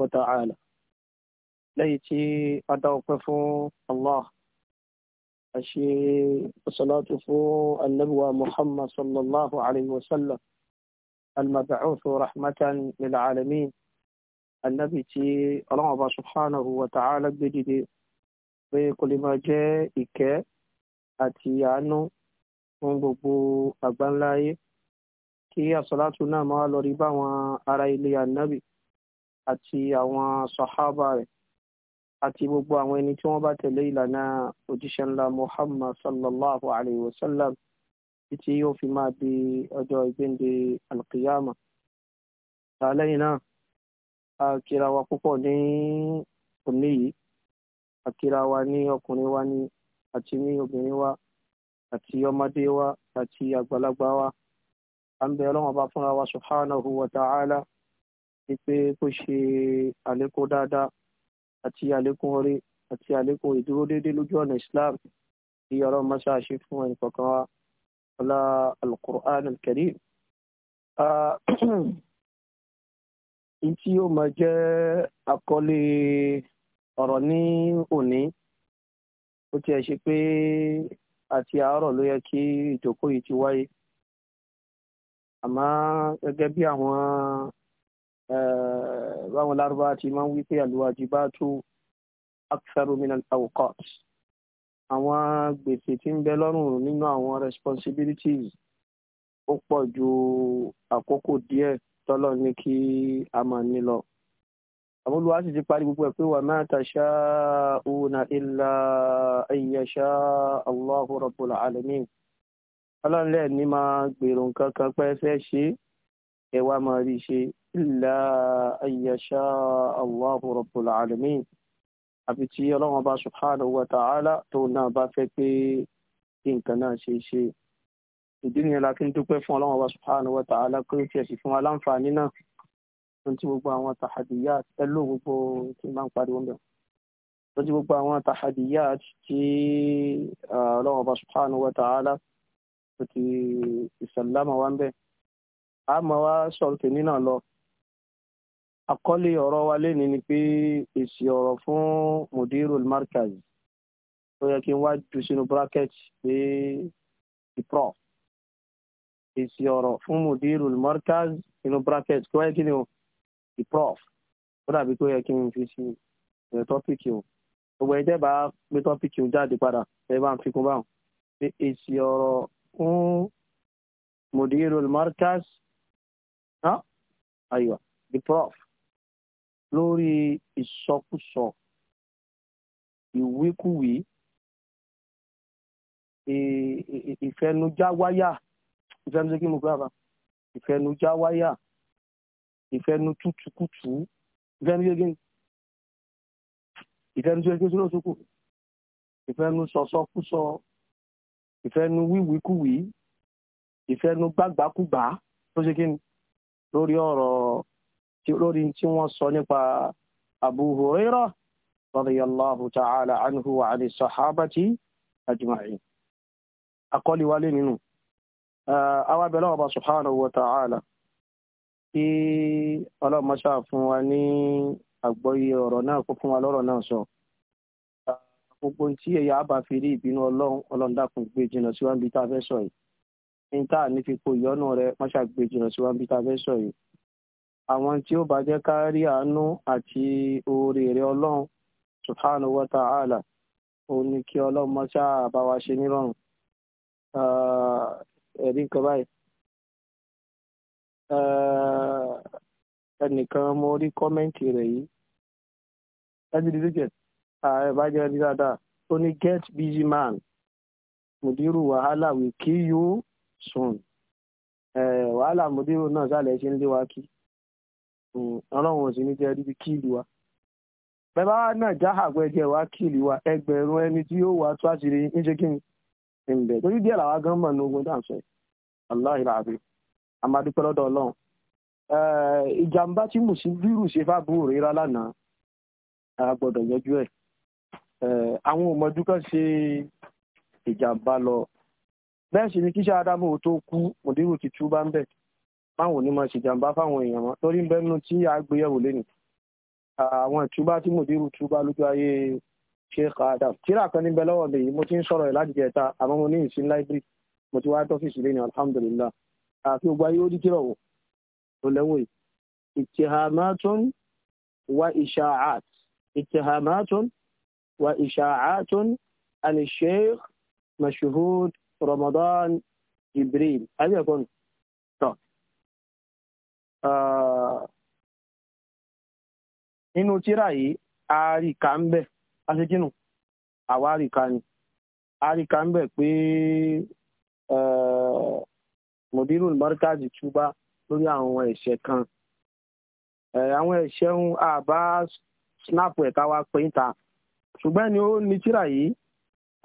وتعالى lẹ́yìn tí a dá ọpẹ́ fún allah a ṣe salatu fún anabiwa muhammad sallallahu alayhi wa sallam almabacuthu rahmatan lilcalamin anabi tí ọlọ́run ọba subhanahu wa ta'ala gbé dìde pé kò jẹ́ ìkẹ́ àti àánú fún gbogbo àgbáńláyé kí àsọlátù náà máa lọ rí báwọn ará ilé anabi àti àwọn sàhábà rẹ̀ àti gbogbo àwọn ẹni tí wọ́n bá tẹ̀lé ìlànà òjíṣẹ́ ńlá Muhammad sallallahu alayhi wa sallam títí yóò fi máa di ọjọ́ ìgbéǹde alqiyama. lẹ́yìn náà a kíra wa púpọ̀ ní òní yìí a wa ní ọkùnrin wa ní àti ní obìnrin wa àti ọmọdé wa àti àgbàlagbà wa à ń bẹ ọlọ́wọ́n bá fúnra wa subhanahu wa ta'ala pé kó ṣe àlékún dáadáa àti àlékún orí àti àlékún ìdúró déédéé lójú ọ̀nà Islam bí ọ̀rọ̀ mọ́ṣá ṣe fún ẹnì kọ̀ọ̀kan wa ọlá alukur'an alkarim. Ìyí tí ó máa jẹ́ àkọlé ọ̀rọ̀ ní òní ó tiẹ̀ ṣe pé àti àárọ̀ ló yẹ kí ìjókòó yìí ti wáyé àmọ́ gẹ́gẹ́ bí àwọn Eh, báwọn lárúbá ti máa ń wí pé al-wajibatu aktharu min al-awqat àwọn gbèsè tí ń bẹ lọ́rùn nínú àwọn responsibilities ó pọ̀ ju àkókò díẹ̀ tọ́lọ̀ ní kí a máa ní lọ. àmúlùwà sì ti parí gbogbo ẹ̀ pé wa ma tasha'una illa an yasha Allahu rabbul alamin. ọlọ́run lẹ́ẹ̀ ní máa gbèrò nǹkan kan pẹ́ fẹ́ ṣe é ẹ wá máa rí i ṣe إلا أن يشاء الله رب العالمين àbí tí ọlọ́run سبحانه وتعالى تونا ta'ala إن كان شيء شيء pé kí nǹkan náà ṣe ṣe ìdí nìyẹn la fi ń dúpẹ́ fún ọlọ́run ọba subhanahu wa ta'ala pé ó tiẹ̀ sì fún wa láǹfààní náà ohun tí gbogbo àwọn tàhàdìyà ẹ ló gbogbo tí máa ń pariwo mẹ́ ohun tí gbogbo àwọn tàhàdìyà tí ọlọ́run ọba subhanahu wa ta'ala tó ti ìsàlámà wa ń bẹ̀ a máa wá sọ̀rọ̀ tèmi náà lọ àkọlé ọ̀rọ̀ wa lénìí ni pé èsì ọ̀rọ̀ fún mudirul markaz ó yẹ kí n wá ju sínú bracket pé ìprọ̀ èsì ọ̀rọ̀ fún mudirul markaz sínú bracket kí wáyé kí ni o ìprọ̀ ó dàbí pé yẹ kí n fi sí ìrìn tọ́pìkì o gbogbo ẹ̀jẹ̀ bá gbé tọ́pìkì o jáde padà ẹ bá ń fi kún báwọn pé èsì ọ̀rọ̀ fún mudirul markaz aywa ìprọ̀ lórí ìsọkúsọ ìwíkúwí ìfẹnujáwáyà ìfẹnujá kí mo gbà bá ìfẹnujáwáyà ìfẹnutútukùtù ìfẹnujá ìfẹnujá kí ló sókù ìfẹnusọsọkúsọ ìfẹnuwíwíkúwí ìfẹnugbàgbàkúgbà tó ṣe kí ni lórí ọ̀rọ̀. lórí tí wọ́n sọ nípa Abu Hurairah radiyallahu ta'ala anhu wa ali sahabati ajma'in akọ́lé wálé ninu. àwọn abẹ́lẹ́ ọba subhanahu wa ta'ala kí wa ní àgbọ́yé ọrọ náà kó fún wa náà sọ gbogbo tí ẹ̀yà àbá fi rí ìbínú dákun gbé síwájú bí sọ yìí àwọn tí ó bá jẹ́ ká rí àánú àti oore rẹ̀ ọlọ́run subhanahu wa ta'ala ó ní kí ọlọ́run mọ́ṣá bá wa ṣe nírọ̀rùn ẹ̀rí nǹkan báyìí. ẹnìkan mo rí kọ́mẹ́ǹtì rẹ̀ yìí ẹbí dídí ààrẹ bá jẹ́ dáadáa ó ní get busy man mùdírù wàhálà will kill you soon wàhálà mùdírù náà sálẹ̀ ṣe ń lé wa kí. Hmm, ọlọ́run òsì ní jẹ́ ríbi kíìlì wa bẹ́ẹ̀ bá náà já àpẹjẹ wa kíìlì wa ẹgbẹ̀rún ẹni tí yóò wá tó àṣírí ń ṣe kí ni ǹbẹ̀ torí díẹ̀ làwa gan mọ̀ ní ogun tá à ń sọ yìí aláì làbí amadúpẹ́ lọ́dọ̀ ọlọ́run ìjàmbá tí mo sì bírù ṣe fà bú òrera lánàá a gbọ́dọ̀ yọjú ẹ̀ àwọn òmọdú kan ṣe ìjàmbá lọ bẹ́ẹ̀ sì ni kíṣà ádámù tó kú mùdírù ti tú ń bẹ̀ fáwọn onímọ̀ ṣèjàmbá fáwọn èèyàn wọn torí ń bẹ́nu tí a gbéyẹ̀wò lẹ́nu àwọn ìtúbá tí mo dérú túbá lójú ayé Sheikh Adam tíra kan níbẹ̀ lọ́wọ́ mi mo ti ń sọ̀rọ̀ ẹ̀ láti jẹta àmọ́ mo ní ìsìn láìbírì mo ti wá tọ́fíìsì lẹ́nu alhamdulillah àfi ògbà yóò dí tíra wò tó lẹ́wọ̀ yìí ìtìhàmátún wa ìṣàáàt nínú ah, tíra yìí àríkà ń bẹ̀ aṣekínú àwa àríkà ni àríkà ń bẹ̀ pé mòdírù mọ́ríkàjì túbá lórí àwọn ẹ̀ṣẹ̀ kan eh, àwọn ẹ̀ṣẹ̀ ń àbá snap ẹ̀ káwá pé ń ta ṣùgbọ́n ni ó ní tíra yìí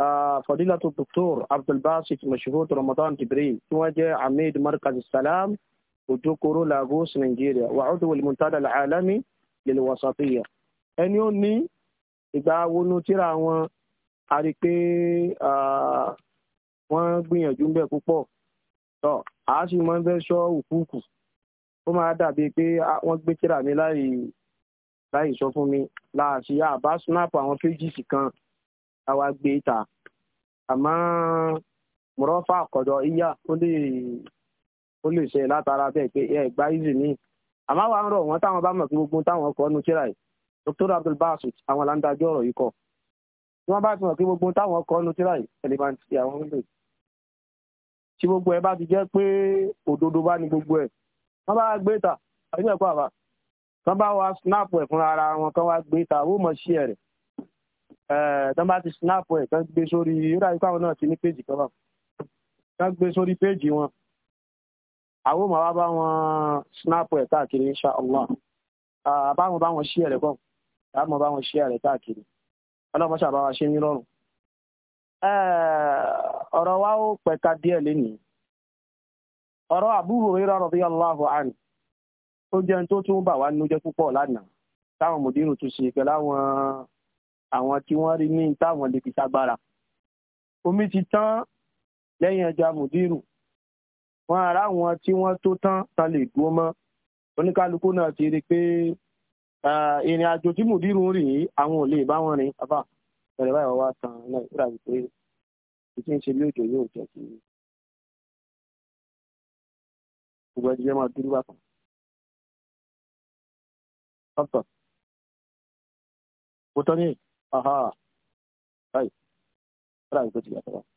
ah, fadilatu doctor abdulbasir mashhud ramadan jibril tí wọ́n jẹ́ ahmed markaz salam وذكروا لاغوس نيجيريا وعضو المنتدى العالمي للوسطية ẹni ó ní ìgbà wọnú tíra wọn a rí pé wọ́n gbìyànjú ń bẹ púpọ̀ tó a sì máa ń fẹ́ sọ òkúùkù ó máa dàbí pé wọ́n gbé tíra mi láì láì sọ fún mi láàṣì àbá snap àwọn pages kan àwa gbé e ta àmọ́ mọ̀rọ́fà àkọ́dọ̀ iyá ó lè ó lè ṣe látara bẹ́ẹ̀ pé ẹ gba easy ní. àmọ́ wa ń rọ̀ wọ́n táwọn bá mọ̀ pé gbogbo táwọn kọ́ nu tíra yìí Dr. Abdul Basit àwọn aláǹdájọ ọ̀rọ̀ yìí kọ tí wọ́n bá ti mọ̀ pé gbogbo táwọn kọ́ nu tíra yìí ẹ̀ lè máa ti àwọn lè. tí gbogbo ẹ bá ti jẹ́ pé òdodo bá ní gbogbo ẹ̀ wọ́n bá gbé ta ẹgbẹ́ ẹ̀kọ́ àbá kan bá wa snap ẹ̀ fúnra ara wọn kan wá gbé ta ó mọ̀ sí ẹ̀rẹ̀ tán bá ti snap ẹ̀ kan gbé sórí ó dàbí pé àwọn náà ti ní péjì kan bá kan gbé sórí péjì wọn àwọn ọmọ wa bá wọn snap ẹ̀ káàkiri insha allah àbáwọn bá wọn ṣí ẹ̀rẹ̀ kọ́ àmọ́ bá wọn ṣí ẹ̀rẹ̀ káàkiri ọlọ́mọṣà bá wa ṣe ní rọrùn. ọ̀rọ̀ wa ó pẹ̀ka díẹ̀ lénìí ọ̀rọ̀ Abu Hurairah radiyallahu anhu ó jẹun tó tún bà wá nújẹ́ púpọ̀ lánàá táwọn mòdìrú tún ṣe pẹ̀lú àwọn àwọn tí wọ́n rí ní táwọn lè fi sagbára omi ti tán lẹ́yìn ẹja mòdìrú wọn ará wọn tí wọ́n tó tán ta lè dúró mọ́ oníkálukú náà ti rí i pé ìrìn àjò tí mùdírù ń rìn yìí àwọn ò lè bá wọn rìn bàbá bẹ̀rẹ̀ báyìí wọ́n wá tán náà ìgbéra wípé ìtí ń ṣe bí òjò yóò jẹ́ sí gbogbo ẹni jẹ́ máa dúró bàtà. Dọ́kítọ̀, mo tọ́ ní aha báyìí, ìgbéra wípé ti yàtọ̀ báyìí.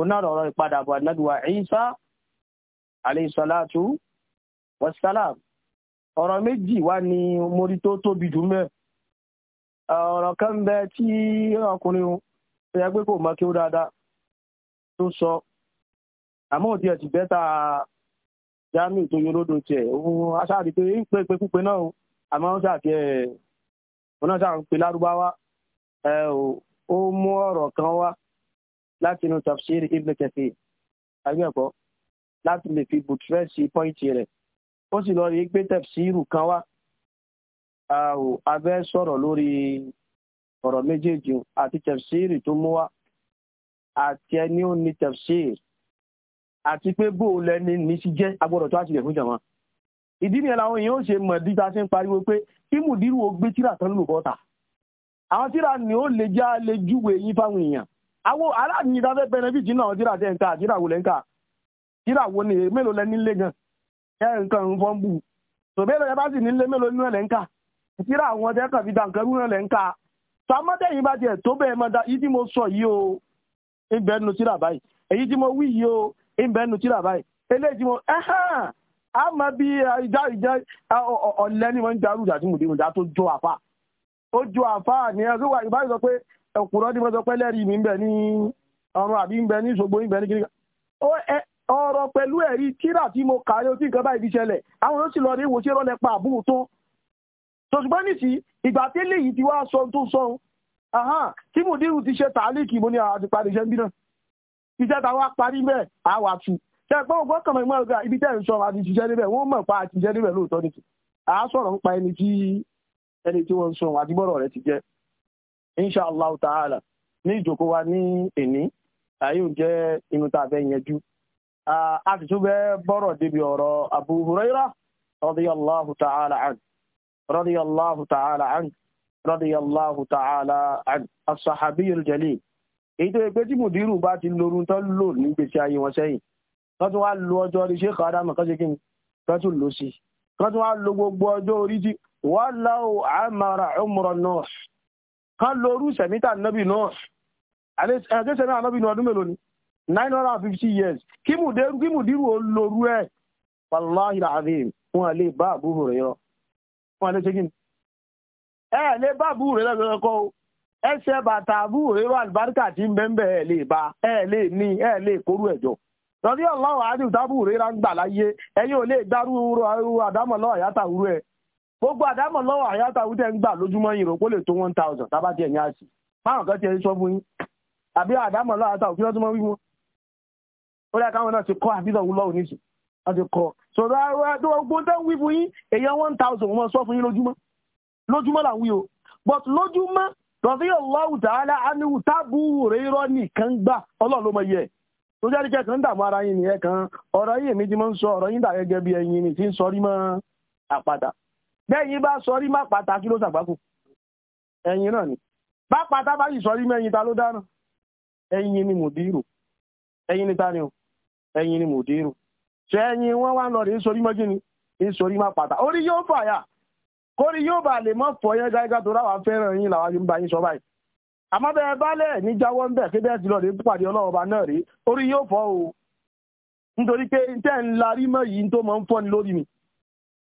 ó náà ìpadàbọ̀ Ìsá ọ̀rọ̀ méjì wá ní mórí tó tóbi jù mẹ́ ọ̀rọ̀ kan bẹ tí ọkùnrin kò sọ àmọ́ ẹ̀ ti jamiu tó yọlódò tiẹ̀ aṣáàdì pé ń náà àmọ́ ó ẹ̀ lárúbáwá ẹ̀ ó mú kan wá láti inú tafsir ibn kathir agbẹ́kọ̀ọ́ láti lè fi bùtírẹ́sì pọ́ìntì rẹ̀ ó sì lọ rí pé tafsiru kan wá abẹ́ sọ̀rọ̀ lórí ọ̀rọ̀ méjèèjì àti tafsiri tó mú wá àti ẹni ó ní tafsir àti pé bó lẹni ní sí jẹ́ agbọ́dọ̀ tó àtìlẹ̀ fún jàmá ìdí ni àwọn èèyàn ó ṣe mọ̀ díta sí ń pariwo pé kí mùdírù ó gbé tíra tán lò bọ́ta àwọn tíra ni ó lè já lè júwe yín fáwọn èèyàn àwọn aláàbí yìí dáfẹ́ bẹnẹfì jìnnà ọ̀dìrà tẹ̀ ń ta àdìrà wò lẹ́ ń kà àdìrà wò ni mélòó lẹ nílé gan ẹ̀ nǹkan ń fọ́n bù tòbẹ́lẹ̀ ẹ bá sì nílé mélòó nínú ẹ̀ lẹ́ ń kà àdìrà àwọn ọdẹ kàn fi dànkẹ́ rú lẹ́ ń kà sàmọ́tẹ̀yìn bá tiẹ̀ tó bẹ́ẹ̀ mọ́ta yìí tí mo sọ yìí o ìbẹ́ nu tíra báyìí èyí tí mo wí yìí o ìbẹ́ nu tíra báyìí eléyìí tí mo ẹ̀hán ẹ̀kúrọ́ ní wọ́n sọ pé lẹ́rìí mi ń bẹ ní ọ̀run àbí ń bẹ ní ìṣògbó ń bẹ ní kíríkà ọ̀rọ̀ pẹ̀lú ẹ̀rí tíra tí mo kà lé tí nǹkan báyìí àwọn yóò sì lọ rí ìwòsí rọ́lẹ̀ pa àbúrò tó ṣùgbọ́n nìsí ìgbà tí eléyìí ti wá sọ tó sọ tí mùdírù ti ṣe tàálíkì mo ní àti parí iṣẹ́ ń bí náà iṣẹ́ ta wá parí bẹ́ẹ̀ á wà tù ṣe pé ògbọ́n kàn mọ́ pa àti ṣiṣẹ́ níbẹ̀ lóòótọ́ nìkì pa ẹni tí ẹni tí wọ́n ń insha allah ta'ala ní ìjókòó wa ní èní àyè ń jẹ́ inú tá a fẹ́ yanjú a sì tún bẹ́ bọ́rọ̀ débi ọ̀rọ̀ abu huraira radiyallahu ta'ala an radiyallahu ta'ala an radiyallahu ta'ala an as-sahabiyul jalil èyí tó yẹ pé tí mùdírù bá ti lorun tán lò ní gbèsè ayé wọn sẹ́yìn kan tún wá lo ọjọ́ orí ṣéèkà ádámù kan ṣe kí ni kan tún lò sí kan tún wá lo gbogbo ọjọ́ orí tí wọ́n láwọ́ àmàrà umra nọ́ọ̀sì kán lórú sẹ̀mítà nọbì náà ẹgbẹ́ sẹ̀mítà náà ọdún mélòó ni nine hundred and fifty years kí mùdírù kí ẹ̀ wàláhì làdìm fún alẹ́ bá àbúrò rẹ̀ yọ fún alẹ́ ṣe kí ni. ẹ lè bá àbúrò rẹ̀ kọ́ o ẹsẹ̀ bàtà àbúrò rẹ̀ wà àlùbáríkà tí bá ẹ lè ní ẹ ẹ̀jọ̀ tábùrò rẹ̀ ń gbà láyé ẹ̀yin ò lè dárú àdámọ̀ gbogbo àdámọ̀ lọ́wọ́ àyátà wúdẹ́ ń gbà lójúmọ́ yìí 1000 lè tó one thousand tábà ní àṣì kan sọ fún yín àbí àdámọ̀ lọ́wọ́ òfin ó káwọn náà ti kọ́ àfihàn òun lọ́wọ́ wọ́n ti kọ́ so gbogbo tó ń wí fún o but lójúmọ́ radiyallahu ta'ala anhu tábù rírọ́ nìkan gbà ọlọ́run mọ iye tó jẹ́ ti máa ń sọ ọ̀rọ̀ yín dà ti ń sọ rí mọ́ bẹ́yìn bá sọrí má kí ló ṣàgbákò ẹ̀yìn náà ni bá pàtà bá yìí sọrí mẹ́yìn ta ló dáná ẹ̀yìn ni mùdírù ẹ̀yìn ni ni o ni ṣe wá ń lọ rí mọ́jú ni ìsorí má pàtà orí yóò fàyà kórí yóò bà lè fọ yẹn tó ráwà fẹ́ràn yín yóò bá yín sọ báyìí àmọ́ bẹ́ẹ̀ bálẹ̀ ní jáwọ́ ń bẹ̀ pàdé náà rí orí yóò o nítorí pé tẹ́ ń larí mọ́ yìí tó mọ́ ń fọ́ ni mi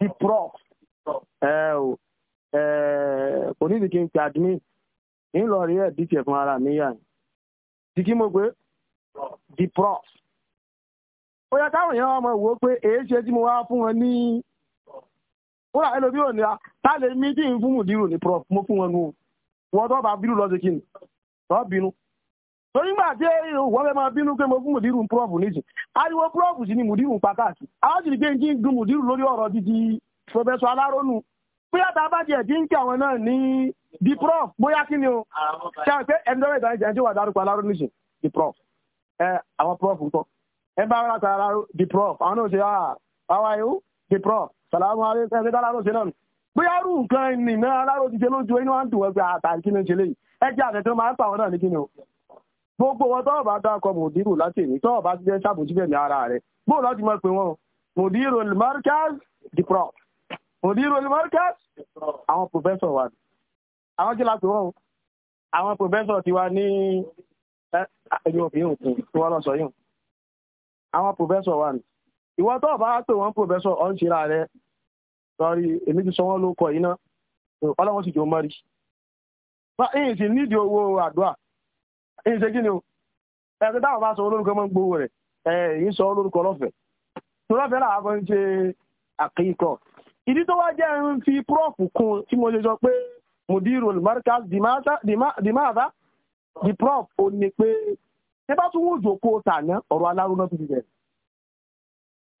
bí prof kò ní ìdíkí ń pe admin ń lọ rí ẹ̀ dìtẹ̀ fún ara mi yà ní kí mo pé di prof ó yẹ káwọn èèyàn ọmọ ìwò pé èé ṣe tí mo wá fún wọn ní kódà ẹlòmí ò ní a tá lè mí tí ń fún mùdírù ní prof mo fún wọn nù wọn tó bá bínú lọ sí kí ni tó bínú torí gbà tí wọ́n fẹ́ máa bínú pé mo fún mùdírù ń prọ́fù nísìn ariwo prọ́fù sí ni mùdírù ń pa káàkiri àwọn sì rí pé kí n gun mùdírù lórí ọ̀rọ̀ títí pẹ̀fẹ́sọ alárónù bóyá tá a bá jẹ́ kí àwọn náà ní di prof bóyá kí ni o ṣe àwọn pé ẹni tó rẹ̀ ìdájẹ́ tí wà dárúkọ alárónù nísìn di prof ẹ àwọn prof ń kọ́ ẹ bá wọn láta aláró di prof àwọn náà ṣe àwa ah, yìí di prof sàlámù alẹ́ bóyá rú nǹkan ìnìyàn aláró ti ṣe lójú gbogbo wọn tọ́ọ̀ bá dákọ̀ mòdìrò láti èmi tọ́ọ̀ bá jẹ́ sàbòjúbẹ̀ ní ara rẹ̀ bóò láti mọ̀ pé wọn mòdìrò markaz the prof mòdìrò àwọn professor wa ni àwọn kí la pè wọn o àwọn professor tiwa ní ẹni òfin òkun tí wọ́n lọ sọ yìí àwọn professor wa ni ìwọ tọ́ọ̀ pè wọn professor ọ̀ ń ṣe ra rẹ̀ sọrí èmi ti sọ wọn ló kọ yìí náà ọlọ́wọ́n sì jọ mọ́rí èyí ṣe kí ni o ẹ̀sìn táwọn bá sọ olórúkọ mọ́ ń gbowó rẹ̀ èyí sọ olórúkọ lọ́fẹ̀ẹ́ tó lọ́fẹ̀ẹ́ làwọn fọ́n ń ṣe àkíkọ̀ ìdí tó wá jẹ́ ń fi prọ́ọ̀fù kún tí mo ṣe sọ pé mudiru markaz dimata di prọ́ọ̀fù ò ní pé ṣé bá tún wùjọ kó o tàná ọ̀rọ̀ alárúná tó ti bẹ̀rẹ̀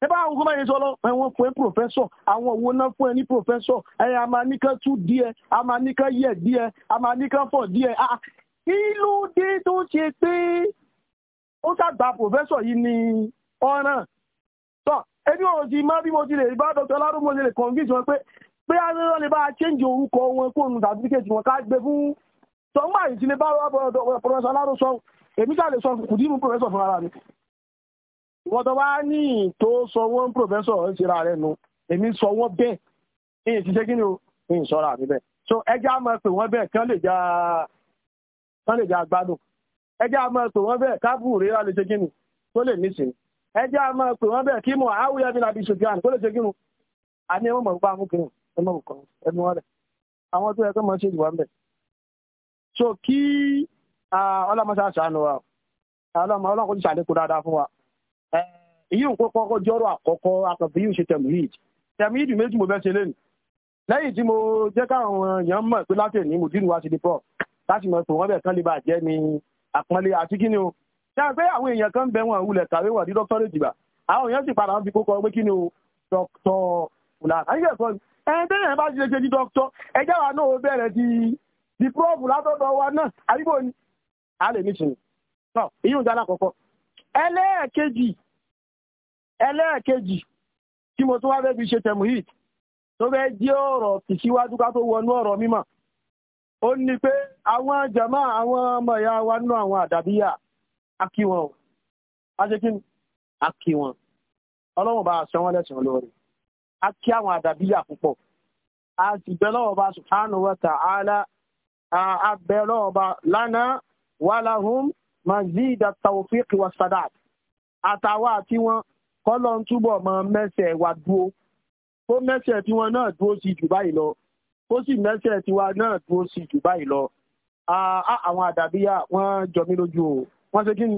ṣé bá àwọn ọkọ̀ báyìí sọ lọ ẹ̀wọ̀n fún ẹ pòfẹ́sọ̀ àwọn òwò náà fún ẹ ní pòfẹ́sọ̀ ẹ̀yà àmàníkan tú díẹ̀ àmàníkan yẹ̀ díẹ̀ àmàníkan fọ̀ díẹ̀ ah, kí ló dé tó ṣe pé ó ṣàgbà pòfẹ́sọ̀ yìí ni ọ̀ràn tọ́ ẹni ò sì má bí mo ti lè bá dr láró mo lè convince wọn pé pé arẹ́rẹ́ lè bá a change orúkọ wọn kó nu certificate wọn ká gbé fún sọ́ngbà yìí ti lè bá pọ̀fẹ́sọ̀ láró sọ èmi ṣáà lè sọ kùdìmù pọ̀fẹ́sọ̀ fún ara mi ìwọ́n tó bá ní tó sọ wọ́n pòfẹ́sọ̀ ń ṣera rẹ̀ nu èmi sọ wọ́n bẹ́ẹ̀ èyí ti ṣe kí ni o èyí sọ́ra mi bẹ́ẹ̀ so ẹja máa pè wọ́n bẹ́ẹ̀ kí lè já wọ́n lè jẹ́ agbádùn ẹjẹ́ a máa pè wọ́n bẹ́ẹ̀ káàbù rírà lè ṣe kínú tó lè níṣìí ẹjẹ́ a máa pè wọ́n bẹ́ẹ̀ kí mọ̀ áwùyá bí ṣùgbọ́n tó lè ṣe kínú a ní ẹmọ̀ nípa amúkìrùn ẹmọ̀ nǹkan ẹnu wọn rẹ̀ àwọn tó yẹ kó máa ṣe ìwà ń bẹ̀. so kí ọlọ́mọṣá ṣàánú wa ọlọ́mọ ọlọ́mọ kò ti ṣàlékún dáadáa fún wa èyí nǹkan kọ́kọ́ jọ́rọ̀ àkọ́kọ́ akọ̀bí yóò ṣe tẹ̀míìd tẹ̀míìd méjì mo mo jẹ́ káwọn èèyàn mọ̀ pé látẹ̀ láti mọ̀ tòun ọbẹ̀ kan lè bàa jẹ́ ni àpọ́nlé àti kí ni o ṣe àgbé àwọn èèyàn kan bẹ̀ wọn wulẹ̀ kàwé wà ní dọ́kítọ́rì ìdìbà àwọn èèyàn sì padà ń fi kókọ pé kí ni o dọ́kítọ̀ fúlà àyíkẹ́ sọ ẹ̀ẹ́dẹ́ yẹn bá ṣe ṣe di dọ́kítọ̀ ẹjẹ́ wa náà ó bẹ̀rẹ̀ ti di prọ́ọ̀bù látọ̀dọ̀ wa náà àdúgbò ni a lè níṣìn náà ìyún ìdáná àkọ́kọ́ ẹlẹ́ẹ̀kejì ẹlẹ́ẹ̀kejì tí mo tún wá fẹ́ fi ṣe tẹ̀mù yìí tó fẹ́ jẹ́ ó ní pé àwọn jàmá àwọn ọmọ ìyá wa nínú àwọn àdàbíyà akí wọn o aṣèkí akí wọn ọlọ́run bá aṣọ wọn lẹ́sìn olóore akí àwọn àdàbíyà púpọ̀ a sì lọ́wọ́ bá subhanahu wa ta'ala a bẹ lọ́wọ́ bá lana wa lahum mazida tawfiq wa sadad àtàwọn àti wọn kọ́lọ́ ń túbọ̀ mọ mẹ́sẹ̀ wa dúó tó mẹ́sẹ̀ tí wọn náà dúó sí jù báyìí lọ kó sì mẹ́sẹ̀ tiwa náà dúró sí jù báyìí lọ àwọn àdàbíyà wọ́n jọ mí lójú o wọ́n ṣe kí ni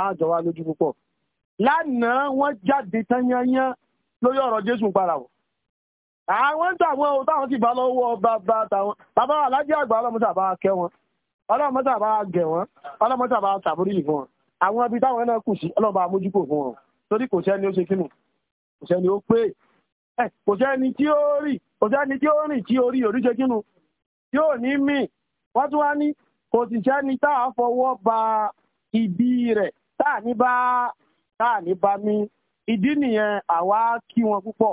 àjọ wa lójú púpọ̀ lánàá wọ́n jáde tányányán lórí ọ̀rọ̀ Jésù padà wọ̀ àwọn ń tàwọn ohun táwọn sì bá lọ́wọ́ bàbá tàwọn bàbá alájẹ́ àgbà ọlọ́mọta bá kẹ́ wọn ọlọ́mọta bá gẹ̀ wọn ọlọ́mọta bá sàbórí ìfún wọn àwọn ibi táwọn náà kù sí ọlọ́ba amójúkò fún wọn torí kò sẹ́ni ó ṣe kínú kò sẹ́ni ó pé kò sẹ́ni tí ó rì òṣèni tí ó rìn tí orí òrí ṣe kínú yóò ní mí wọ́n tún wá ní kò sì sẹ́ni tá a fọwọ́ ba ìdí rẹ̀ tá a ní bá tá a ní bá mi ìdí nìyẹn àwa kí wọn púpọ̀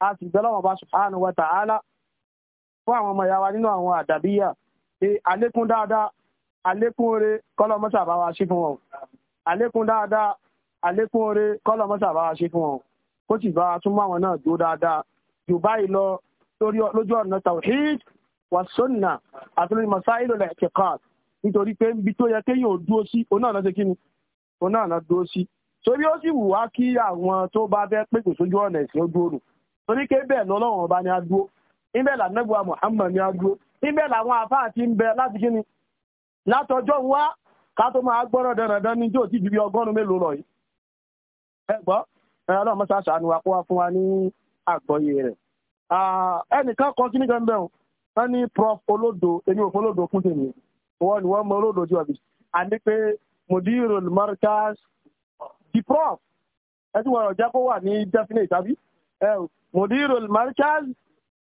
a sì bẹ́ bá subhanahu wa ta'ala fún àwọn ọmọ ìyá wa nínú àwọn àdàbíyà pé àlékún dáadáa àlékún oore kọ́lọ́mọ́sà bá wa ṣe fún wọn àlékún dáadáa àlékún oore kọ́lọ́mọ́sà bá wa ṣe fún wọn kó sì bá wa tún mọ́ àwọn náà dúró dáadáa jù báyìí lọ lórí lójú ọ̀nà tawhid wa sunna àti lórí masáìlò lẹ́kẹ̀kọ́ nítorí pé ibi tó yẹ kéèyàn ò dúró sí oná àná ṣe kíni oná àná dúró sí torí ó sì wù wá kí àwọn tó bá fẹ́ pèsè sójú ọ̀nà ẹ̀sìn ó dúró nù torí pé bẹ́ẹ̀ ni ọlọ́run ọba ni a dúró níbẹ̀ lànàgbà Muhammad ni a dúró níbẹ̀ làwọn àfáà ti ń bẹ láti kíni látọjọ́ wá ká tó máa gbọ́rọ̀ dandan ní tí ò ti ju bí ọgọ́rùn-ún mélòó lọ yìí ẹ gbọ́ ẹ ọlọ́run mọ́ṣáṣá ni wà kó wá fún wa ní àgbọ́yé rẹ̀ ẹnìkan kan kíní kan bẹ́ẹ̀ wọ́n ní prof olódo èmi ò fọlódo fún tèmi wọ́n ni wọ́n mọ olódo jù àbí àní pé mudirul markaz di prof ẹtí wọn ọjà kó wà ní definite àbí mudirul markaz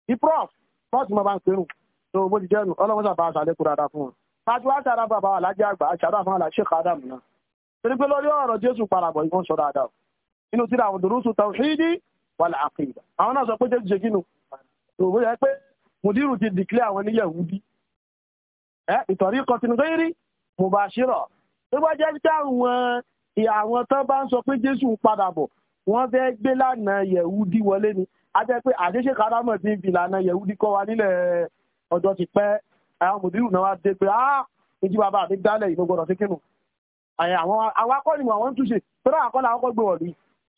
di prof prof ti máa bá ń pẹ́rù tó bó ti jẹ́nu ọlọ́mọ sábà àṣàlékù dáadáa fún un pàtó àṣàrà bàbá alájẹ àgbà àṣàrà fún aláṣẹ kádàmù náà torí pé lórí ọ̀rọ̀ jésù parabọ̀ ìfọ́n sọ dáadáa inú tíra wàlà àkìdà àwọn náà sọ pé jésù ṣe kí nu òwò yẹ pé mùdírù ti dìklẹ́ àwọn ní yahudi ẹ ìtọ̀rí kọtìnúgbẹ́rì mùbàṣírọ̀ tó bá jẹ́ pé àwọn àwọn tó bá ń sọ pé jésù ń padà bọ̀ wọ́n fẹ́ gbé lànà yahudi wọlé ni a jẹ́ pé àdéṣe karamọ̀ ti ń fi lànà yahudi kọ́ wa nílẹ̀ ọjọ́ ti pẹ́ àwọn mùdírù náà wá dé pé ah ìjì bàbá mi dálẹ̀ ìlú gbọ́dọ̀ sí kínú àwọn akọ́nìmọ̀ àwọn túnṣe tó náà akọ́nà àwọn kọ́ gbé wọ̀lú